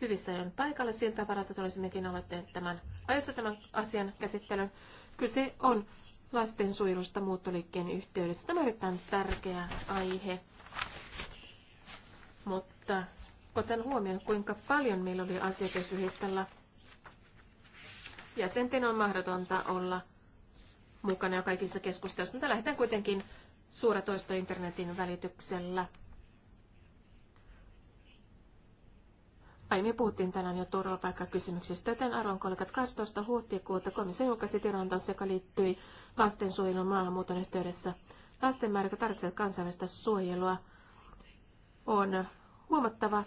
hyvissä ajoin paikalle siltä varalta, että olisimmekin aloittaneet tämän ajassa tämän asian käsittelyn. Kyse on lastensuojelusta muuttoliikkeen yhteydessä. Tämä on erittäin tärkeä aihe, mutta otan huomioon, kuinka paljon meillä oli asiakaslistalla. Jäsenten on mahdotonta olla mukana jo kaikissa keskusteluissa, mutta lähdetään kuitenkin suoratoisto internetin välityksellä. Aiemmin puhuttiin tänään jo turvapaikkakysymyksistä. Täten arvon kollegat 12. huhtikuuta komissio julkaisi tiedonantaus, joka liittyi lastensuojelun maahanmuuton yhteydessä. Lasten määrä, joka tarvitsee kansainvälistä suojelua, on huomattava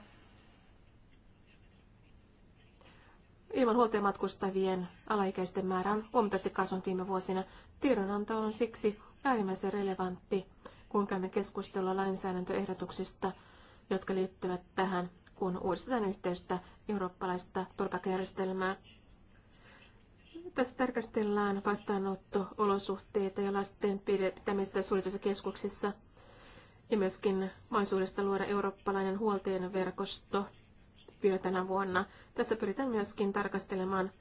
Ilman huoltaja matkustavien alaikäisten määrä on huomattavasti kasvanut viime vuosina. Tiedonanto on siksi äärimmäisen relevantti, kun käymme keskustelua lainsäädäntöehdotuksista, jotka liittyvät tähän kun uudistetaan yhteistä eurooppalaista turvapaikkajärjestelmää. Tässä tarkastellaan vastaanotto-olosuhteita ja lasten pitämistä suljetuissa keskuksissa ja myöskin mahdollisuudesta luoda eurooppalainen huoltajien verkosto vielä tänä vuonna. Tässä pyritään myöskin tarkastelemaan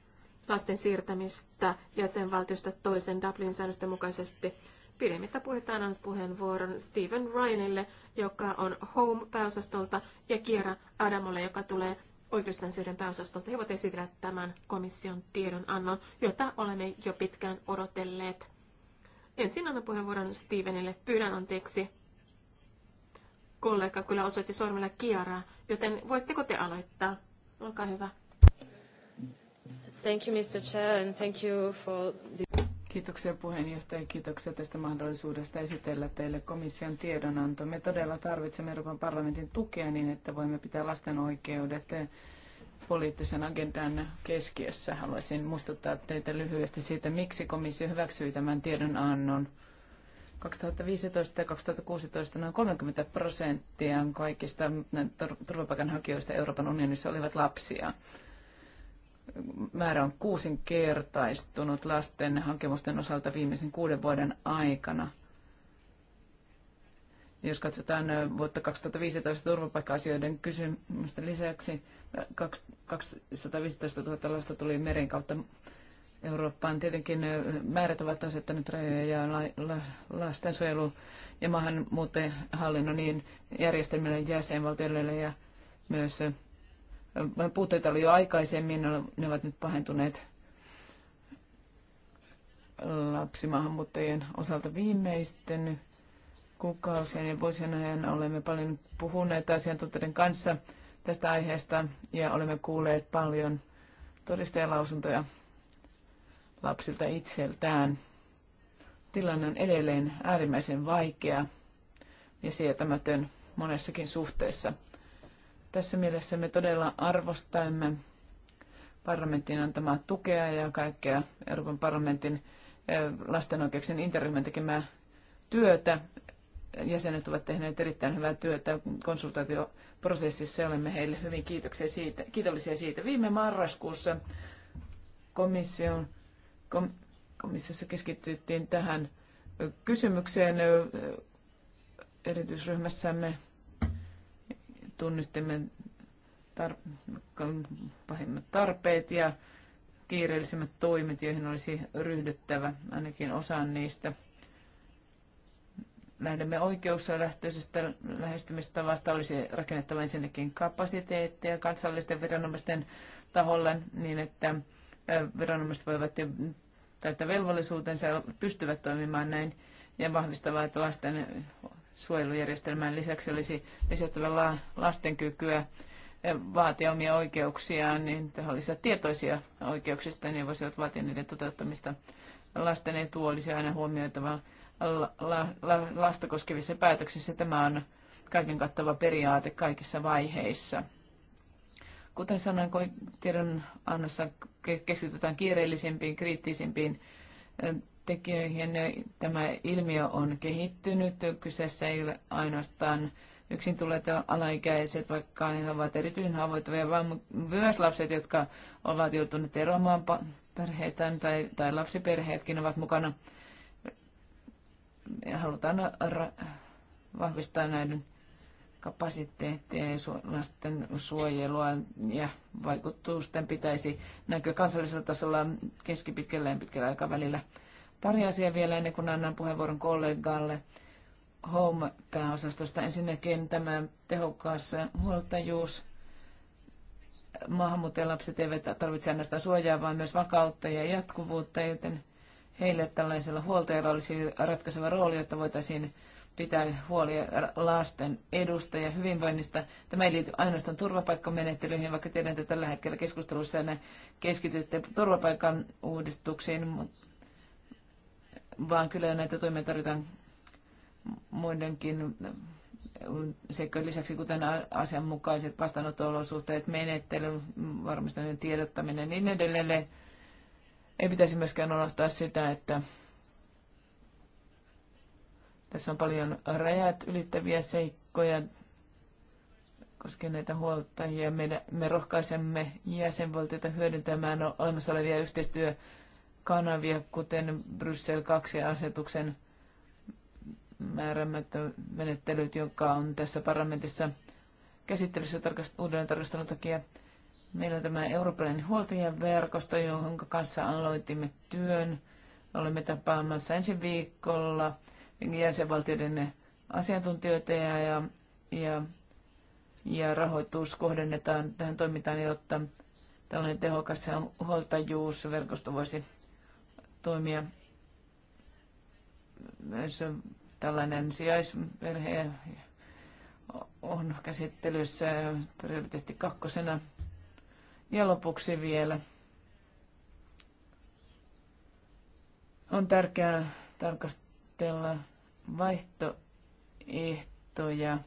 lasten siirtämistä jäsenvaltiosta toisen Dublin-säännösten mukaisesti. Pidemmittä puheita annan puheenvuoron Stephen Ryanille, joka on Home-pääosastolta, ja Kiera Adamolle, joka tulee oikeustansioiden pääosastolta. He voivat esitellä tämän komission tiedonannon, jota olemme jo pitkään odotelleet. Ensin annan puheenvuoron Stevenille. Pyydän anteeksi. Kollega kyllä osoitti sormella Kiaraa, joten voisitteko te aloittaa? Olkaa hyvä. Thank you, Mr. Chair, and thank you for the... Kiitoksia puheenjohtaja, kiitoksia tästä mahdollisuudesta esitellä teille komission tiedonanto. Me todella tarvitsemme Euroopan parlamentin tukea niin, että voimme pitää lasten oikeudet poliittisen agendan keskiössä. Haluaisin muistuttaa teitä lyhyesti siitä, miksi komissio hyväksyi tämän tiedonannon. 2015 ja 2016 noin 30 prosenttia kaikista turvapaikanhakijoista Euroopan unionissa olivat lapsia määrä on kuusinkertaistunut lasten hankemusten osalta viimeisen kuuden vuoden aikana. Jos katsotaan äh, vuotta 2015 turvapaikka-asioiden kysymystä lisäksi, 215 äh, 000 lasta tuli meren kautta Eurooppaan. Tietenkin äh, määrät ovat asettaneet rajoja ja lastensuojelu ja maahanmuuttajahallinnon niin järjestelmille, jäsenvaltioille ja myös puutteita oli jo aikaisemmin, ne ovat nyt pahentuneet lapsimaahanmuuttajien osalta viimeisten kuukausien ja vuosien ajan olemme paljon puhuneet asiantuntijoiden kanssa tästä aiheesta ja olemme kuulleet paljon todistajalausuntoja lapsilta itseltään. Tilanne on edelleen äärimmäisen vaikea ja sietämätön monessakin suhteessa. Tässä mielessä me todella arvostamme parlamentin antamaa tukea ja kaikkea Euroopan parlamentin eh, lasten oikeuksien interryhmän tekemää työtä. Jäsenet ovat tehneet erittäin hyvää työtä konsultaatioprosessissa ja olemme heille hyvin kiitoksia siitä, kiitollisia siitä. Viime marraskuussa komission, kom, komissiossa keskityttiin tähän kysymykseen eh, erityisryhmässämme tunnistimme tar- pahimmat tarpeet ja kiireellisimmät toimet, joihin olisi ryhdyttävä, ainakin osaan niistä. Lähdemme lähtöisestä lähestymistavasta. Olisi rakennettava ensinnäkin kapasiteettia kansallisten viranomaisten taholla niin, että viranomaiset voivat täyttää velvollisuutensa ja pystyvät toimimaan näin ja vahvistavat lasten suojelujärjestelmän lisäksi olisi lisättävä lasten kykyä eh, vaatia omia oikeuksiaan, niin olisi tietoisia oikeuksista, niin voisivat vaatia niiden toteuttamista. Lasten etu olisi aina huomioitava la, la, la, lasta koskevissa päätöksissä. Tämä on kaiken kattava periaate kaikissa vaiheissa. Kuten sanoin, kun tiedon annossa keskitytään kiireellisimpiin, kriittisimpiin eh, tekijöihin. Tämä ilmiö on kehittynyt. Kyseessä ei ole ainoastaan yksin tulleet alaikäiset, vaikka he ovat erityisen haavoittuvia, vaan myös lapset, jotka ovat joutuneet eroamaan perheestään tai, tai lapsiperheetkin ovat mukana. Halutaan vahvistaa näiden kapasiteettia ja lasten suojelua ja vaikutusten pitäisi näkyä kansallisella tasolla keskipitkällä ja pitkällä aikavälillä. Pari asiaa vielä ennen kuin annan puheenvuoron kollegalle Home-pääosastosta. Ensinnäkin tämä tehokas huoltajuus. lapset eivät tarvitse ainoastaan suojaa, vaan myös vakautta ja jatkuvuutta, joten heille tällaisella huoltajalla olisi ratkaiseva rooli, jotta voitaisiin pitää huoli lasten edusta ja hyvinvoinnista. Tämä ei liity ainoastaan turvapaikkamenettelyihin, vaikka tiedän, että tällä hetkellä keskustelussa keskitytte turvapaikan uudistuksiin, mutta vaan kyllä näitä toimia tarvitaan muidenkin sekä lisäksi, kuten asianmukaiset vastaanotto-olosuhteet, menettely, varmistaminen, tiedottaminen niin edelleen. Ei pitäisi myöskään unohtaa sitä, että tässä on paljon rajat ylittäviä seikkoja koskien näitä huoltajia. Me, me rohkaisemme jäsenvaltioita hyödyntämään olemassa olevia yhteistyö- kanavia, kuten Bryssel 2-asetuksen määrämät menettelyt, joka on tässä parlamentissa käsittelyssä tarkast- uudelleen tarkastelun takia. Meillä on tämä eurooppalainen huoltajien verkosto, jonka kanssa aloitimme työn. Olemme tapaamassa ensi viikolla jäsenvaltioiden asiantuntijoita ja, ja, ja, ja rahoitus kohdennetaan tähän toimintaan, jotta tällainen tehokas huoltajuusverkosto voisi toimia myös tällainen sijaisperhe on käsittelyssä prioriteetti kakkosena. Ja lopuksi vielä on tärkeää tarkastella vaihtoehtoja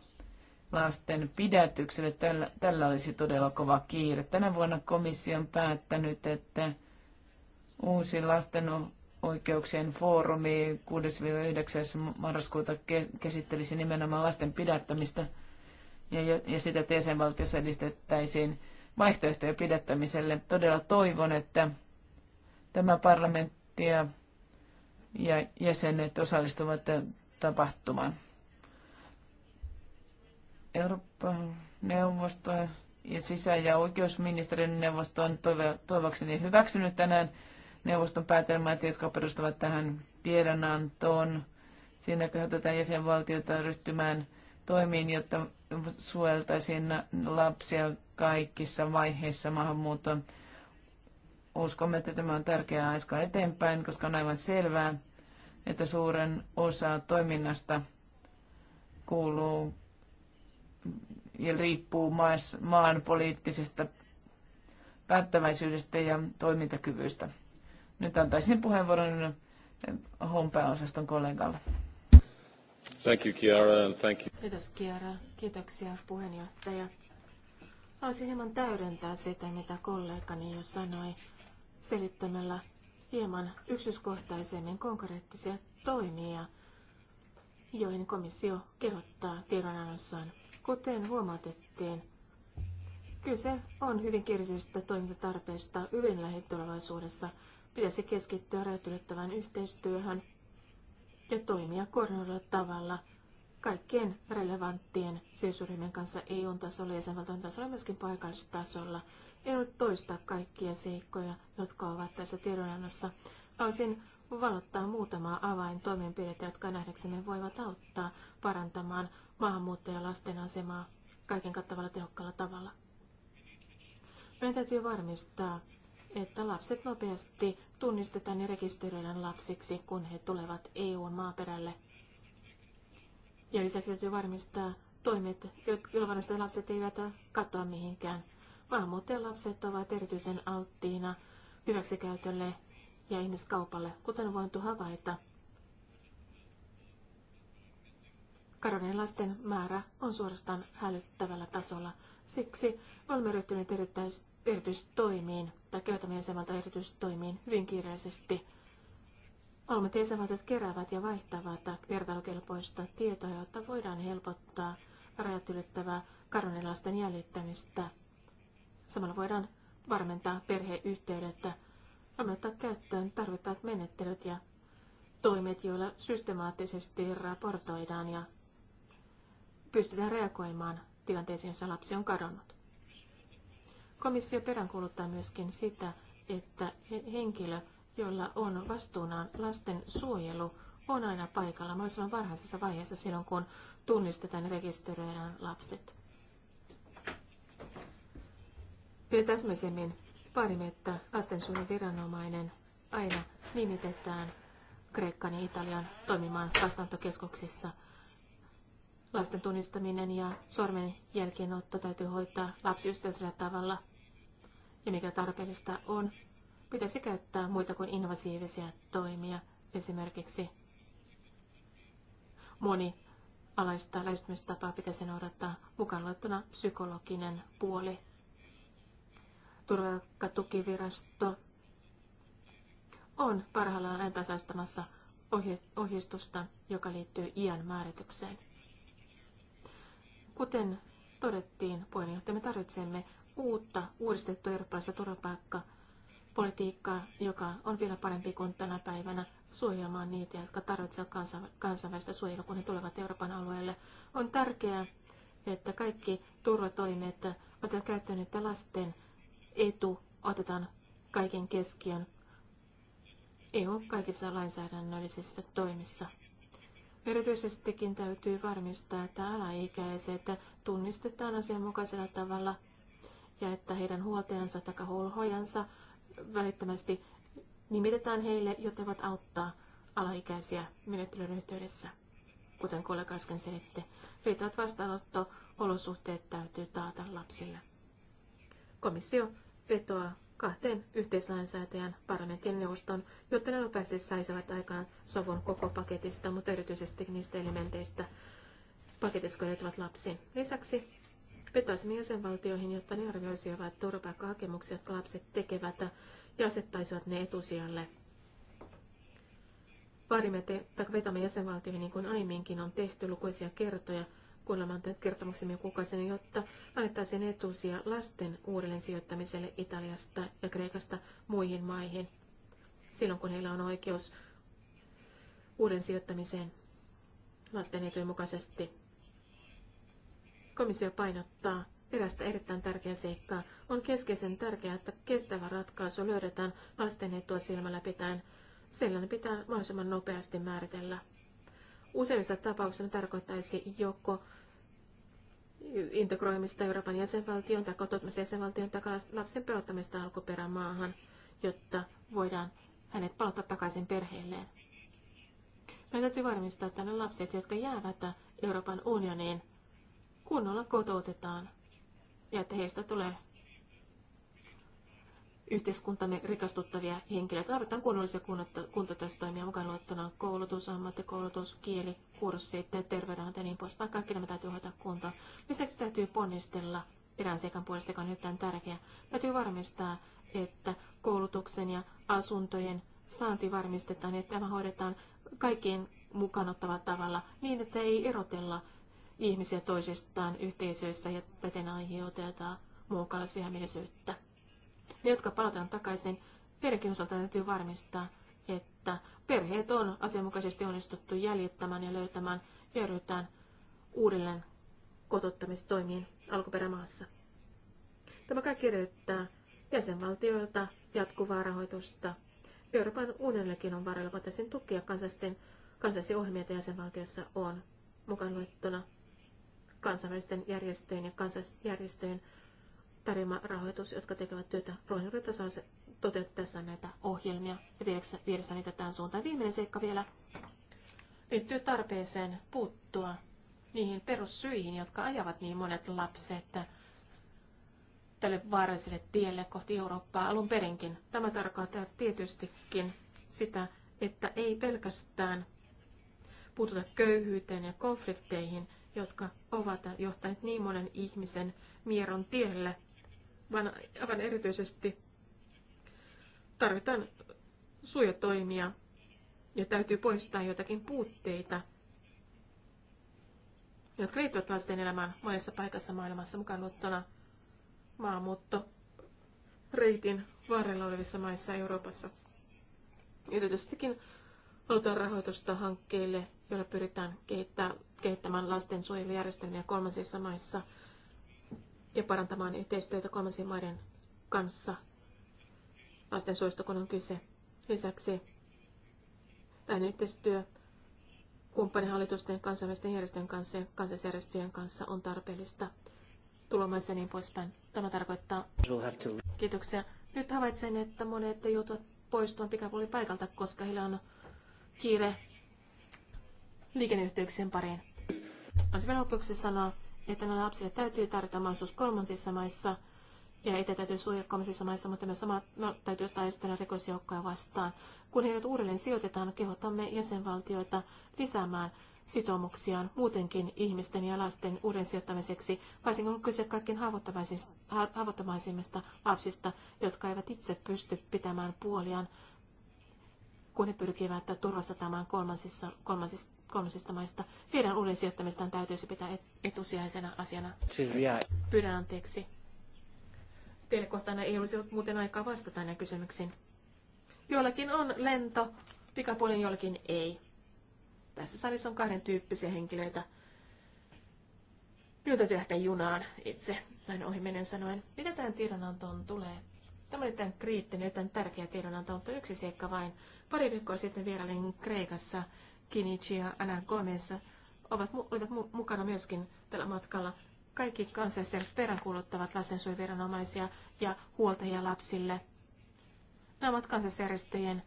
lasten pidätykselle. Tällä, tällä olisi todella kova kiire. Tänä vuonna komissio on päättänyt, että uusi lasten oikeuksien foorumi 6-9. marraskuuta käsittelisi nimenomaan lasten pidättämistä ja, ja sitä, että jäsenvaltiossa edistettäisiin vaihtoehtoja pidättämiselle. Todella toivon, että tämä parlamentti ja, ja jäsenet osallistuvat tapahtumaan. Euroopan neuvosto ja sisä- ja oikeusministerin neuvosto on toivakseni hyväksynyt tänään neuvoston päätelmät, jotka perustuvat tähän tiedonantoon. Siinä kehotetaan jäsenvaltiota ryhtymään toimiin, jotta suojeltaisiin lapsia kaikissa vaiheissa maahanmuuton. Uskomme, että tämä on tärkeä askel eteenpäin, koska on aivan selvää, että suuren osa toiminnasta kuuluu ja riippuu maan poliittisesta päättäväisyydestä ja toimintakyvystä. Nyt antaisin puheenvuoron eh, Home pääosaston kollegalle. Thank you, Kiara, and thank you. Kiitos Kiara. Kiitoksia puheenjohtaja. Haluaisin hieman täydentää sitä, mitä kollegani jo sanoi, selittämällä hieman yksityiskohtaisemmin konkreettisia toimia, joihin komissio kehottaa tiedonannossaan. Kuten huomautettiin, kyse on hyvin kirjallisesta toimintatarpeesta hyvin lähitulevaisuudessa, Pitäisi keskittyä räätylöttävään yhteistyöhön ja toimia koordinoidulla tavalla kaikkien relevanttien sensuuriryhmien kanssa EU-tasolla, jäsenvaltion tasolla ja myöskin paikallistasolla. En nyt toista kaikkia seikkoja, jotka ovat tässä tiedonannossa. Olisin valottaa muutamaa toimenpidettä, jotka nähdäksemme voivat auttaa parantamaan maahanmuuttajalasten asemaa kaiken kattavalla tehokkaalla tavalla. Meidän täytyy varmistaa, että lapset nopeasti tunnistetaan ja rekisteröidään lapsiksi, kun he tulevat EUn maaperälle. Ja lisäksi täytyy varmistaa toimet, joilla varmistetaan lapset eivät katoa mihinkään. Maahanmuuttajan lapset ovat erityisen alttiina hyväksikäytölle ja ihmiskaupalle, kuten vointu havaita. Kadonneen lasten määrä on suorastaan hälyttävällä tasolla. Siksi olemme ryhtyneet erityistoimiin tai käytämme jäsenvalta erityistoimiin hyvin kiireisesti. Olemme jäsenvaltiot keräävät ja vaihtavat vertailukelpoista tietoa, jotta voidaan helpottaa rajat ylittävää karonilaisten jäljittämistä. Samalla voidaan varmentaa perheyhteydet, ottaa käyttöön tarvittavat menettelyt ja toimet, joilla systemaattisesti raportoidaan ja pystytään reagoimaan tilanteeseen, jossa lapsi on kadonnut. Komissio peräänkuuluttaa myöskin sitä, että henkilö, jolla on vastuunaan lasten suojelu, on aina paikalla mahdollisimman varhaisessa vaiheessa silloin, kun tunnistetaan ja rekisteröidään lapset. Vielä täsmäisemmin parimme, että lastensuojeluviranomainen aina nimitetään Kreikkaan ja Italian toimimaan vastaanottokeskuksissa. Lasten tunnistaminen ja sormenjälkienotto täytyy hoitaa lapsiystävällisellä tavalla ja mikä tarpeellista on, pitäisi käyttää muita kuin invasiivisia toimia, esimerkiksi moni alaista lähestymistapaa pitäisi noudattaa mukaan luettuna psykologinen puoli. Turvatukivirasto on parhaillaan ajantasaistamassa ohjeistusta, joka liittyy iän määritykseen. Kuten todettiin, puheenjohtaja, me tarvitsemme uutta, uudistettua eurooppalaista turvapaikkapolitiikkaa, joka on vielä parempi kuin tänä päivänä suojaamaan niitä, jotka tarvitsevat kansainvälistä suojelua, kun he tulevat Euroopan alueelle. On tärkeää, että kaikki turvatoimet otetaan käyttöön, että lasten etu otetaan kaiken keskiön EU kaikissa lainsäädännöllisissä toimissa. Erityisestikin täytyy varmistaa, että alaikäiset tunnistetaan asianmukaisella tavalla ja että heidän huoltajansa tai holhojansa välittömästi nimitetään heille, jotta voivat auttaa alaikäisiä menettelyn yhteydessä. Kuten kollega äsken selitti, riittävät vastaanotto-olosuhteet täytyy taata lapsille. Komissio vetoaa kahteen yhteislainsäätäjän parlamentin neuvoston, jotta ne nopeasti saisivat aikaan sovun koko paketista, mutta erityisesti niistä elementeistä paketissa, lapsiin. Lisäksi vetoisimme jäsenvaltioihin, jotta ne arvioisivat turvapaikkahakemuksia, jotka lapset tekevät ja asettaisivat ne etusijalle. Vaadimme että tai vetomme jäsenvaltioihin, niin kuin aiemminkin on tehty lukuisia kertoja, kuulemaan tämän kertomuksemme kukaisen, jotta annettaisiin etusia lasten uudelleen sijoittamiselle Italiasta ja Kreikasta muihin maihin, silloin kun heillä on oikeus uuden sijoittamiseen lasten etujen mukaisesti. Komissio painottaa erästä erittäin tärkeää seikkaa. On keskeisen tärkeää, että kestävä ratkaisu löydetään lasten etua silmällä pitäen. Sellainen pitää mahdollisimman nopeasti määritellä. Useimmissa tapauksissa tarkoittaisi joko integroimista Euroopan jäsenvaltion tai kotoutumisen jäsenvaltion tai lapsen pelottamista alkuperämaahan, jotta voidaan hänet palata takaisin perheelleen. Meidän täytyy varmistaa, että ne lapset, jotka jäävät Euroopan unioniin, kunnolla kotoutetaan ja että heistä tulee yhteiskuntamme rikastuttavia henkilöitä. Tarvitaan kunnollisia kuntotestoimia mukaan luettuna koulutus, ammattikoulutus, kieli, kurssit, terveydenhoito ja niin poispäin. Kaikki nämä täytyy hoitaa kuntoon. Lisäksi täytyy ponnistella erään seikan puolesta, joka on erittäin tärkeä. Täytyy varmistaa, että koulutuksen ja asuntojen saanti varmistetaan, että tämä hoidetaan kaikkien mukaan tavalla niin, että ei erotella ihmisiä toisistaan yhteisöissä ja täten aiheutetaan muukalaisvihamielisyyttä. Ne, jotka palataan takaisin, perheen osalta täytyy varmistaa, että perheet on asianmukaisesti onnistuttu jäljittämään ja löytämään ja ryhdytään uudelleen kotottamistoimiin alkuperämaassa. Tämä kaikki edellyttää jäsenvaltioilta jatkuvaa rahoitusta. Euroopan unionillekin on mutta sen tukia kansallisten kansallisia ohjelmia, jäsenvaltiossa on mukaan luettuna kansainvälisten järjestöjen ja kansallisjärjestöjen tarjoama rahoitus, jotka tekevät työtä ruohonjuuritasolla toteuttaessa näitä ohjelmia ja viedessä, viedessä niitä tähän suuntaan. Viimeinen seikka vielä liittyy tarpeeseen puuttua niihin perussyihin, jotka ajavat niin monet lapset tälle vaaralliselle tielle kohti Eurooppaa alun perinkin. Tämä tarkoittaa tietystikin sitä, että ei pelkästään puututa köyhyyteen ja konflikteihin jotka ovat johtaneet niin monen ihmisen mieron tielle, vaan aivan erityisesti tarvitaan suojatoimia ja täytyy poistaa jotakin puutteita, jotka liittyvät lasten elämään monessa paikassa maailmassa mukaan ottona maamutto, reitin varrella olevissa maissa Euroopassa. Erityisestikin halutaan rahoitusta hankkeille, joilla pyritään kehittää, kehittämään lastensuojelujärjestelmiä kolmansissa maissa ja parantamaan yhteistyötä kolmansien maiden kanssa lastensuojelusta, kun on kyse. Lisäksi yhteistyö kumppanihallitusten, kansainvälisten järjestöjen kanssa ja kansallisjärjestöjen kanssa on tarpeellista tulomaissa ja niin poispäin. Tämä tarkoittaa... Kiitoksia. Nyt havaitsen, että monet joutuvat poistumaan pikapuoli paikalta, koska heillä on kiire liikenneyhteyksien pariin. On vielä lopuksi sanoa, että nämä lapsille täytyy tarjota mahdollisuus kolmansissa maissa ja itse täytyy suojella kolmansissa maissa, mutta myös sama, no, täytyy taistella rikosjoukkoja vastaan. Kun heidät uudelleen sijoitetaan, kehotamme jäsenvaltioita lisäämään sitoumuksiaan muutenkin ihmisten ja lasten uuden sijoittamiseksi, varsinkin kun kyse kaikkein haavoittuvaisimmista lapsista, jotka eivät itse pysty pitämään puoliaan, kun he pyrkivät turvasatamaan kolmansissa, kolmansissa kolmesista maista. Heidän uuden sijoittamistaan täytyisi pitää etusijaisena asiana. Silvia. Pyydän anteeksi. Teille kohtaan ei olisi ollut muuten aikaa vastata näihin kysymyksiin. Jollakin on lento, pikapuolin jollakin ei. Tässä salissa on kahden tyyppisiä henkilöitä. Minun täytyy lähteä junaan itse, näin ohi menen sanoen. Mitä tähän tiedonantoon tulee? Tämä oli tämän kriittinen, tämän tärkeä tiedonanto, mutta yksi seikka vain. Pari viikkoa sitten vierailin Kreikassa Kinichi ja Ana Gomez ovat, olivat mukana myöskin tällä matkalla. Kaikki kansalaiset peräänkuuluttavat lastensuojeluviranomaisia ja huoltajia lapsille. Nämä ovat kansalaisjärjestöjen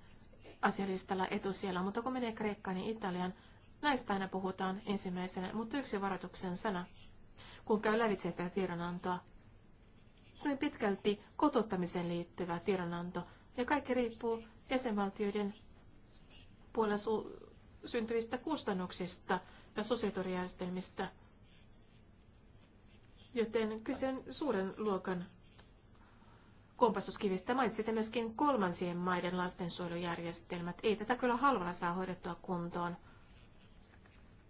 asialistalla etusijalla, mutta kun menee Kreikkaan ja niin Italian, näistä aina puhutaan ensimmäisenä, mutta yksi varoituksen sana, kun käy lävitse tätä tiedonantoa. Se on pitkälti kotottamiseen liittyvä tiedonanto, ja kaikki riippuu jäsenvaltioiden puolella syntyvistä kustannuksista ja sosiaaliturjärjestelmistä. Joten kyse on suuren luokan kompastuskivistä. Mainitsitte myöskin kolmansien maiden lastensuojelujärjestelmät. Ei tätä kyllä halvalla saa hoidettua kuntoon,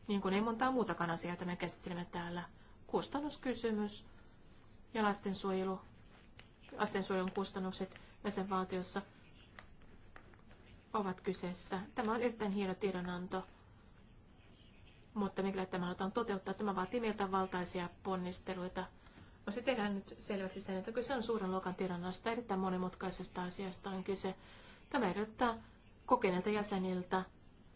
niin kuin ei montaa muutakaan asiaa, jota me käsittelemme täällä. Kustannuskysymys ja lastensuojelu, lastensuojelun kustannukset jäsenvaltiossa ovat kyseessä. Tämä on erittäin hieno tiedonanto, mutta mikä tämä halutaan toteuttaa, tämä vaatii meiltä valtaisia ponnisteluita. No se tehdään nyt selväksi sen, että kyse on suuren luokan tiedonannosta, erittäin monimutkaisesta asiasta on kyse. Tämä edellyttää kokeneilta jäseniltä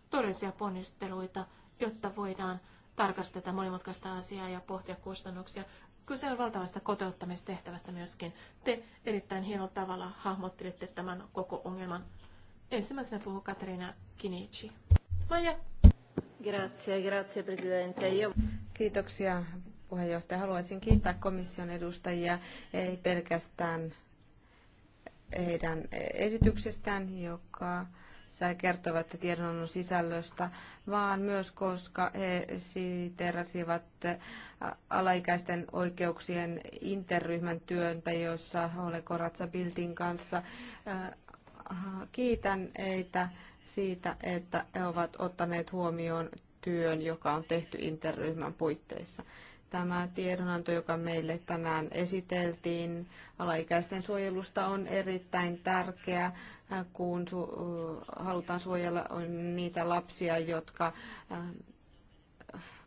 todellisia ponnisteluita, jotta voidaan tarkastaa tätä monimutkaista asiaa ja pohtia kustannuksia. Kyse on valtavasta kotouttamistehtävästä myöskin. Te erittäin hienolla tavalla hahmottelitte tämän koko ongelman Ensimmäisenä puhuu Katriina Kinici. Maija. Grazie, grazie presidente. Io... Kiitoksia puheenjohtaja. Haluaisin kiittää komission edustajia, ei pelkästään heidän esityksestään, joka sä kertovat tiedonannon sisällöstä, vaan myös koska he siterasivat alaikäisten oikeuksien interryhmän työntä, jossa Ole Koratsa Biltin kanssa kiitän heitä siitä, että he ovat ottaneet huomioon työn, joka on tehty interryhmän puitteissa. Tämä tiedonanto, joka meille tänään esiteltiin alaikäisten suojelusta, on erittäin tärkeä, äh, kun äh, halutaan suojella niitä lapsia, jotka äh,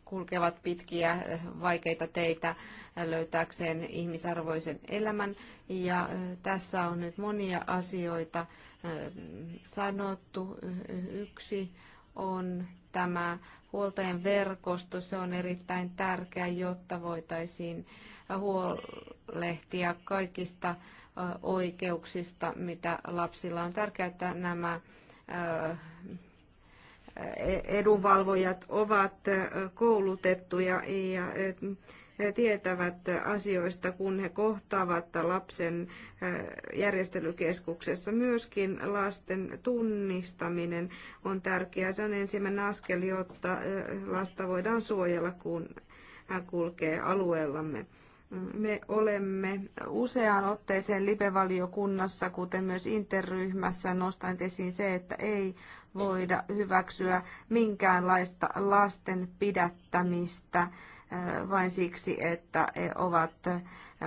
kulkevat pitkiä vaikeita teitä löytääkseen ihmisarvoisen elämän. Ja tässä on nyt monia asioita sanottu. Yksi on tämä huoltajan verkosto. Se on erittäin tärkeä, jotta voitaisiin huolehtia kaikista oikeuksista, mitä lapsilla on. Tärkeää, että nämä edunvalvojat ovat koulutettuja ja eh, tietävät asioista, kun he kohtaavat lapsen eh, järjestelykeskuksessa. Myöskin lasten tunnistaminen on tärkeää. Se on ensimmäinen askel, jotta eh, lasta voidaan suojella, kun hän kulkee alueellamme. Me olemme useaan otteeseen lipevaliokunnassa, kuten myös interryhmässä, nostan esiin se, että ei voida hyväksyä minkäänlaista lasten pidättämistä äh, vain siksi, että he ovat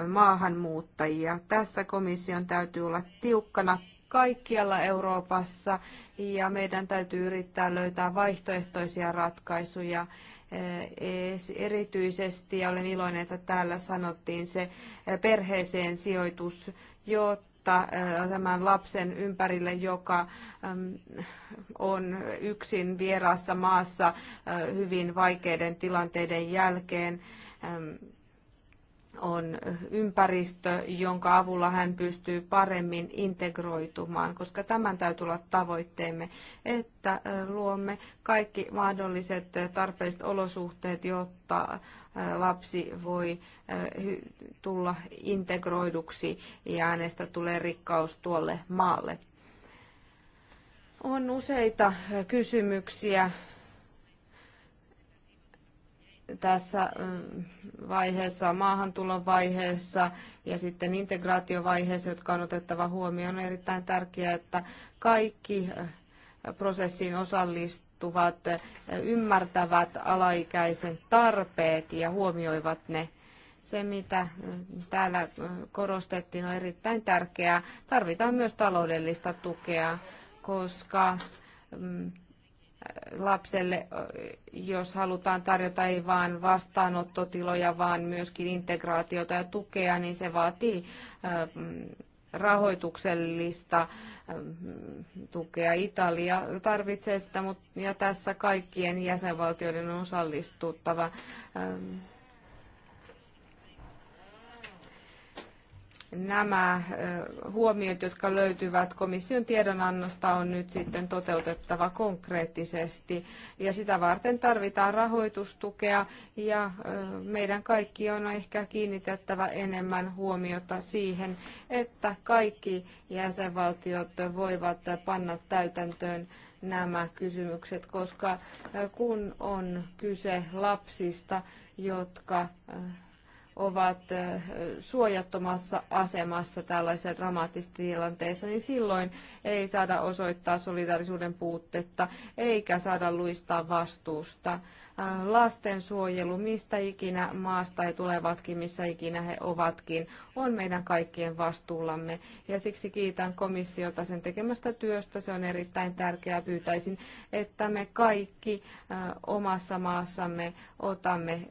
maahanmuuttajia. Tässä komission täytyy olla tiukkana kaikkialla Euroopassa ja meidän täytyy yrittää löytää vaihtoehtoisia ratkaisuja Eh, erityisesti, ja olen iloinen, että täällä sanottiin se eh, perheeseen sijoitus, jotta eh, tämän lapsen ympärille, joka mm, on yksin vieraassa maassa hyvin vaikeiden tilanteiden jälkeen, mm, on ympäristö, jonka avulla hän pystyy paremmin integroitumaan, koska tämän täytyy olla tavoitteemme, että luomme kaikki mahdolliset tarpeelliset olosuhteet, jotta lapsi voi tulla integroiduksi ja hänestä tulee rikkaus tuolle maalle. On useita kysymyksiä, tässä mm, vaiheessa, maahantulon vaiheessa ja sitten integraatiovaiheessa, jotka on otettava huomioon, on erittäin tärkeää, että kaikki eh, prosessiin osallistuvat eh, ymmärtävät alaikäisen tarpeet ja huomioivat ne. Se, mitä mm, täällä eh, korostettiin, on erittäin tärkeää. Tarvitaan myös taloudellista tukea, koska mm, lapselle, jos halutaan tarjota ei vain vastaanottotiloja, vaan myöskin integraatiota ja tukea, niin se vaatii rahoituksellista tukea. Italia tarvitsee sitä, ja tässä kaikkien jäsenvaltioiden on osallistuttava. nämä huomiot, jotka löytyvät komission tiedonannosta, on nyt sitten toteutettava konkreettisesti. Ja sitä varten tarvitaan rahoitustukea ja meidän kaikki on ehkä kiinnitettävä enemmän huomiota siihen, että kaikki jäsenvaltiot voivat panna täytäntöön nämä kysymykset, koska kun on kyse lapsista, jotka ovat eh, suojattomassa asemassa tällaisessa dramaattisessa tilanteessa, niin silloin ei saada osoittaa solidaarisuuden puutetta eikä saada luistaa vastuusta. Eh, lastensuojelu, mistä ikinä maasta he tulevatkin, missä ikinä he ovatkin, on meidän kaikkien vastuullamme. Ja siksi kiitän komissiota sen tekemästä työstä. Se on erittäin tärkeää. Pyytäisin, että me kaikki eh, omassa maassamme otamme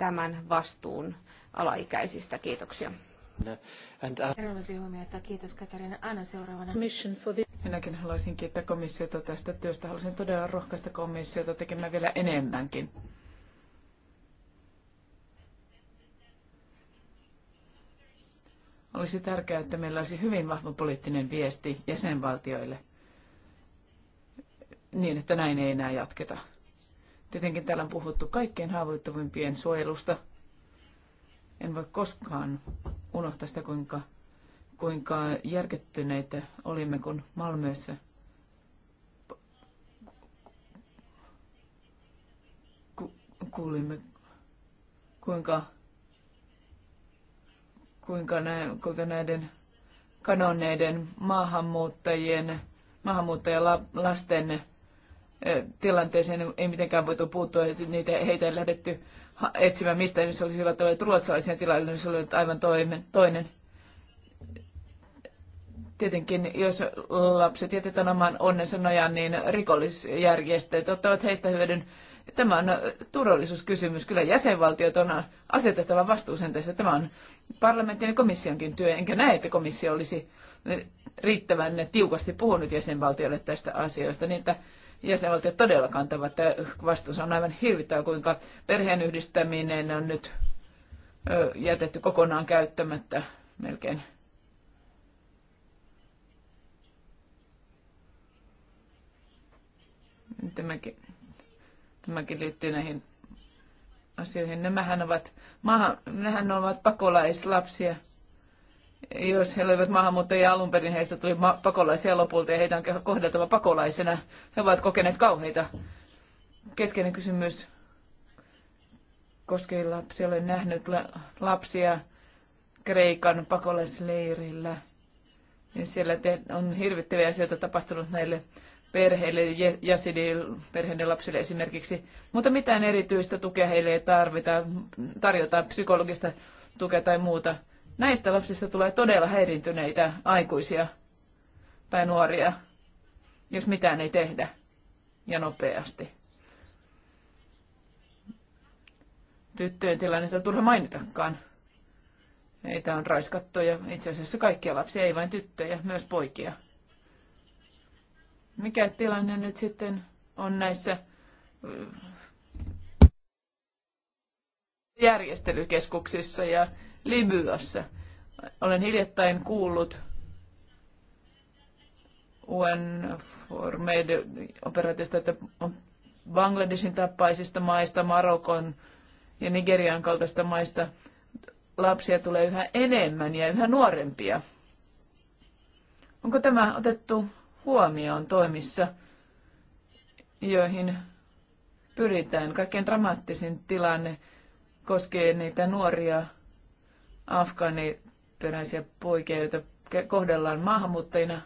tämän vastuun alaikäisistä. Kiitoksia. Uh, Kiitos Katarina. Anna seuraavana. Minäkin haluaisin kiittää komissiota tästä työstä. Haluaisin todella rohkaista komissiota tekemään vielä enemmänkin. Olisi tärkeää, että meillä olisi hyvin vahva poliittinen viesti jäsenvaltioille niin, että näin ei enää jatketa. Tietenkin täällä on puhuttu kaikkein haavoittuvimpien suojelusta. En voi koskaan unohtaa sitä, kuinka, kuinka järkyttyneitä olimme, kun Malmössä kuulimme, kuinka, kuinka, nä, kuinka näiden kanonneiden maahanmuuttajien, maahanmuuttajalasten lasten tilanteeseen ei mitenkään voitu puuttua, ja niitä, heitä ei lähdetty etsimään mistä, jos olisi hyvä tullut ruotsalaisia tilanne, niin se oli aivan toinen. toinen. Tietenkin, jos lapset jätetään oman onnensa nojaan, niin rikollisjärjestöt ottavat heistä hyödyn. Tämä on turvallisuuskysymys. Kyllä jäsenvaltiot on asetettava vastuuseen tässä. Tämä on parlamentin ja komissionkin työ. Enkä näe, että komissio olisi riittävän tiukasti puhunut jäsenvaltiolle tästä asioista, niin että jäsenvaltiot todella kantavat vastuunsa. On aivan hirvittävää, kuinka perheen yhdistäminen on nyt jätetty kokonaan käyttämättä melkein. Tämäkin, tämäkin liittyy näihin asioihin. Nämähän ovat, maahan, nämähän ovat pakolaislapsia – jos he olivat maahanmuuttajia alun perin, heistä tuli pakolaisia lopulta ja heidän on kohdeltava pakolaisena. He ovat kokeneet kauheita. Keskeinen kysymys koskee lapsia. Olen nähnyt lapsia Kreikan pakolaisleirillä. Ja siellä on hirvittäviä asioita tapahtunut näille perheille, Jasidi-perheiden lapsille esimerkiksi. Mutta mitään erityistä tukea heille ei tarvita, tarjotaan psykologista tukea tai muuta. Näistä lapsista tulee todella häirintyneitä aikuisia tai nuoria, jos mitään ei tehdä ja nopeasti. Tyttöjen tilannetta on turha mainitakaan. Heitä on raiskattu ja itse asiassa kaikkia lapsia, ei vain tyttöjä, myös poikia. Mikä tilanne nyt sitten on näissä äh, järjestelykeskuksissa ja Libyassa. Olen hiljattain kuullut UNFORMED-operaatiosta, että Bangladesin tapaisista maista, Marokon ja Nigerian kaltaista maista lapsia tulee yhä enemmän ja yhä nuorempia. Onko tämä otettu huomioon toimissa, joihin pyritään? Kaikkein dramaattisin tilanne koskee niitä nuoria afgaaniperäisiä poikia, joita kohdellaan maahanmuuttajina.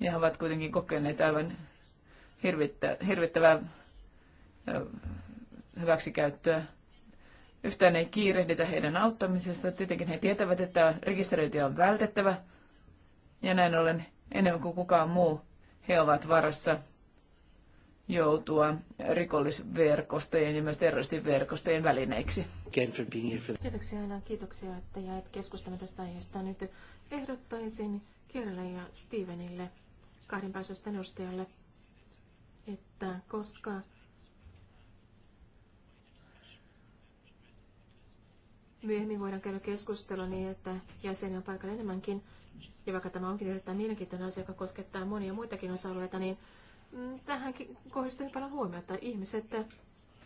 Ja he ovat kuitenkin kokeneet aivan hirvittä, hirvittävää hyväksikäyttöä. Yhtään ei kiirehditä heidän auttamisesta. Tietenkin he tietävät, että rekisteröintiä on vältettävä. Ja näin ollen enemmän kuin kukaan muu he ovat varassa joutua rikollisverkostojen ja myös terroristiverkostojen välineiksi. Kiitoksia Anna, kiitoksia, että jäit keskustelemaan tästä aiheesta. Nyt ehdottaisin Kerle ja Stevenille, kahden päästöstä edustajalle, että koska myöhemmin voidaan käydä keskustelua niin, että jäseniä on paikalla enemmänkin, ja vaikka tämä onkin erittäin mielenkiintoinen asia, joka koskettaa monia muitakin osa-alueita, niin Tähänkin kohdistuu paljon huomiota. Ihmiset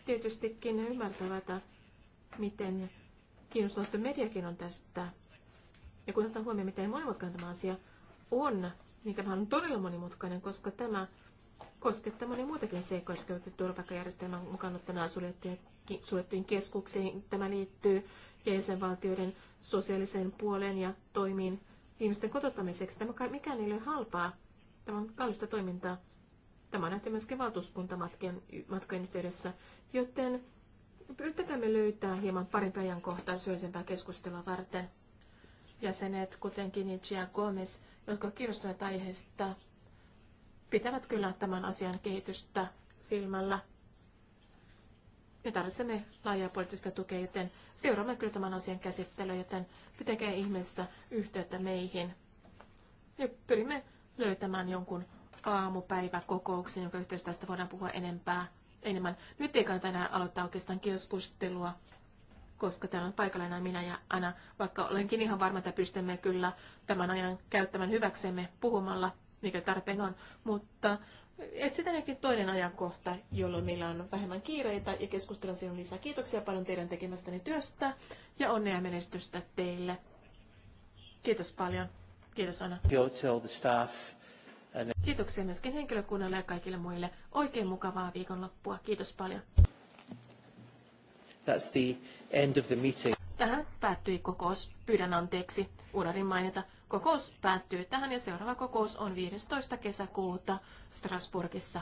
tietystikin ymmärtävät, miten kiinnostunut mediakin on tästä. Ja kun otetaan huomioon, miten monimutkainen tämä asia on, niin tämä on todella monimutkainen, koska tämä koskettaa monia muitakin seikkoja, jotka ovat turvapaikkajärjestelmän mukaan ottamaan suljettuihin keskuksiin. Tämä liittyy jäsenvaltioiden sosiaaliseen puoleen ja toimiin ihmisten kotottamiseksi. Tämä mikään ei ole halpaa. Tämä on kallista toimintaa. Tämä nähtiin myöskin valtuuskuntamatkojen yhteydessä, joten yrittäkäämme löytää hieman parempi ajankohtaa syöisempää keskustelua varten. Jäsenet, kuten Kinichi ja Gomez, jotka kiinnostuneet aiheesta, pitävät kyllä tämän asian kehitystä silmällä. Me tarvitsemme laajaa poliittista tukea, joten seuraamme kyllä tämän asian käsittelyä, joten pitäkää ihmeessä yhteyttä meihin. Me pyrimme löytämään jonkun aamupäiväkokouksen, jonka yhteydessä tästä voidaan puhua enempää, enemmän. Nyt ei kannata enää aloittaa oikeastaan keskustelua, koska täällä on paikalla enää minä ja Anna. vaikka olenkin ihan varma, että pystymme kyllä tämän ajan käyttämään hyväksemme puhumalla, mikä tarpeen on, mutta etsitään jokin toinen ajankohta, jolloin meillä on vähemmän kiireitä ja keskustellaan sinun lisää. Kiitoksia paljon teidän tekemästäni työstä ja onnea ja menestystä teille. Kiitos paljon. Kiitos Anna. Go the staff Kiitoksia myöskin henkilökunnalle ja kaikille muille. Oikein mukavaa viikonloppua. Kiitos paljon. That's the end of the meeting. Tähän päättyi kokous. Pyydän anteeksi. Unohdin mainita. Kokous päättyy tähän ja seuraava kokous on 15. kesäkuuta Strasbourgissa.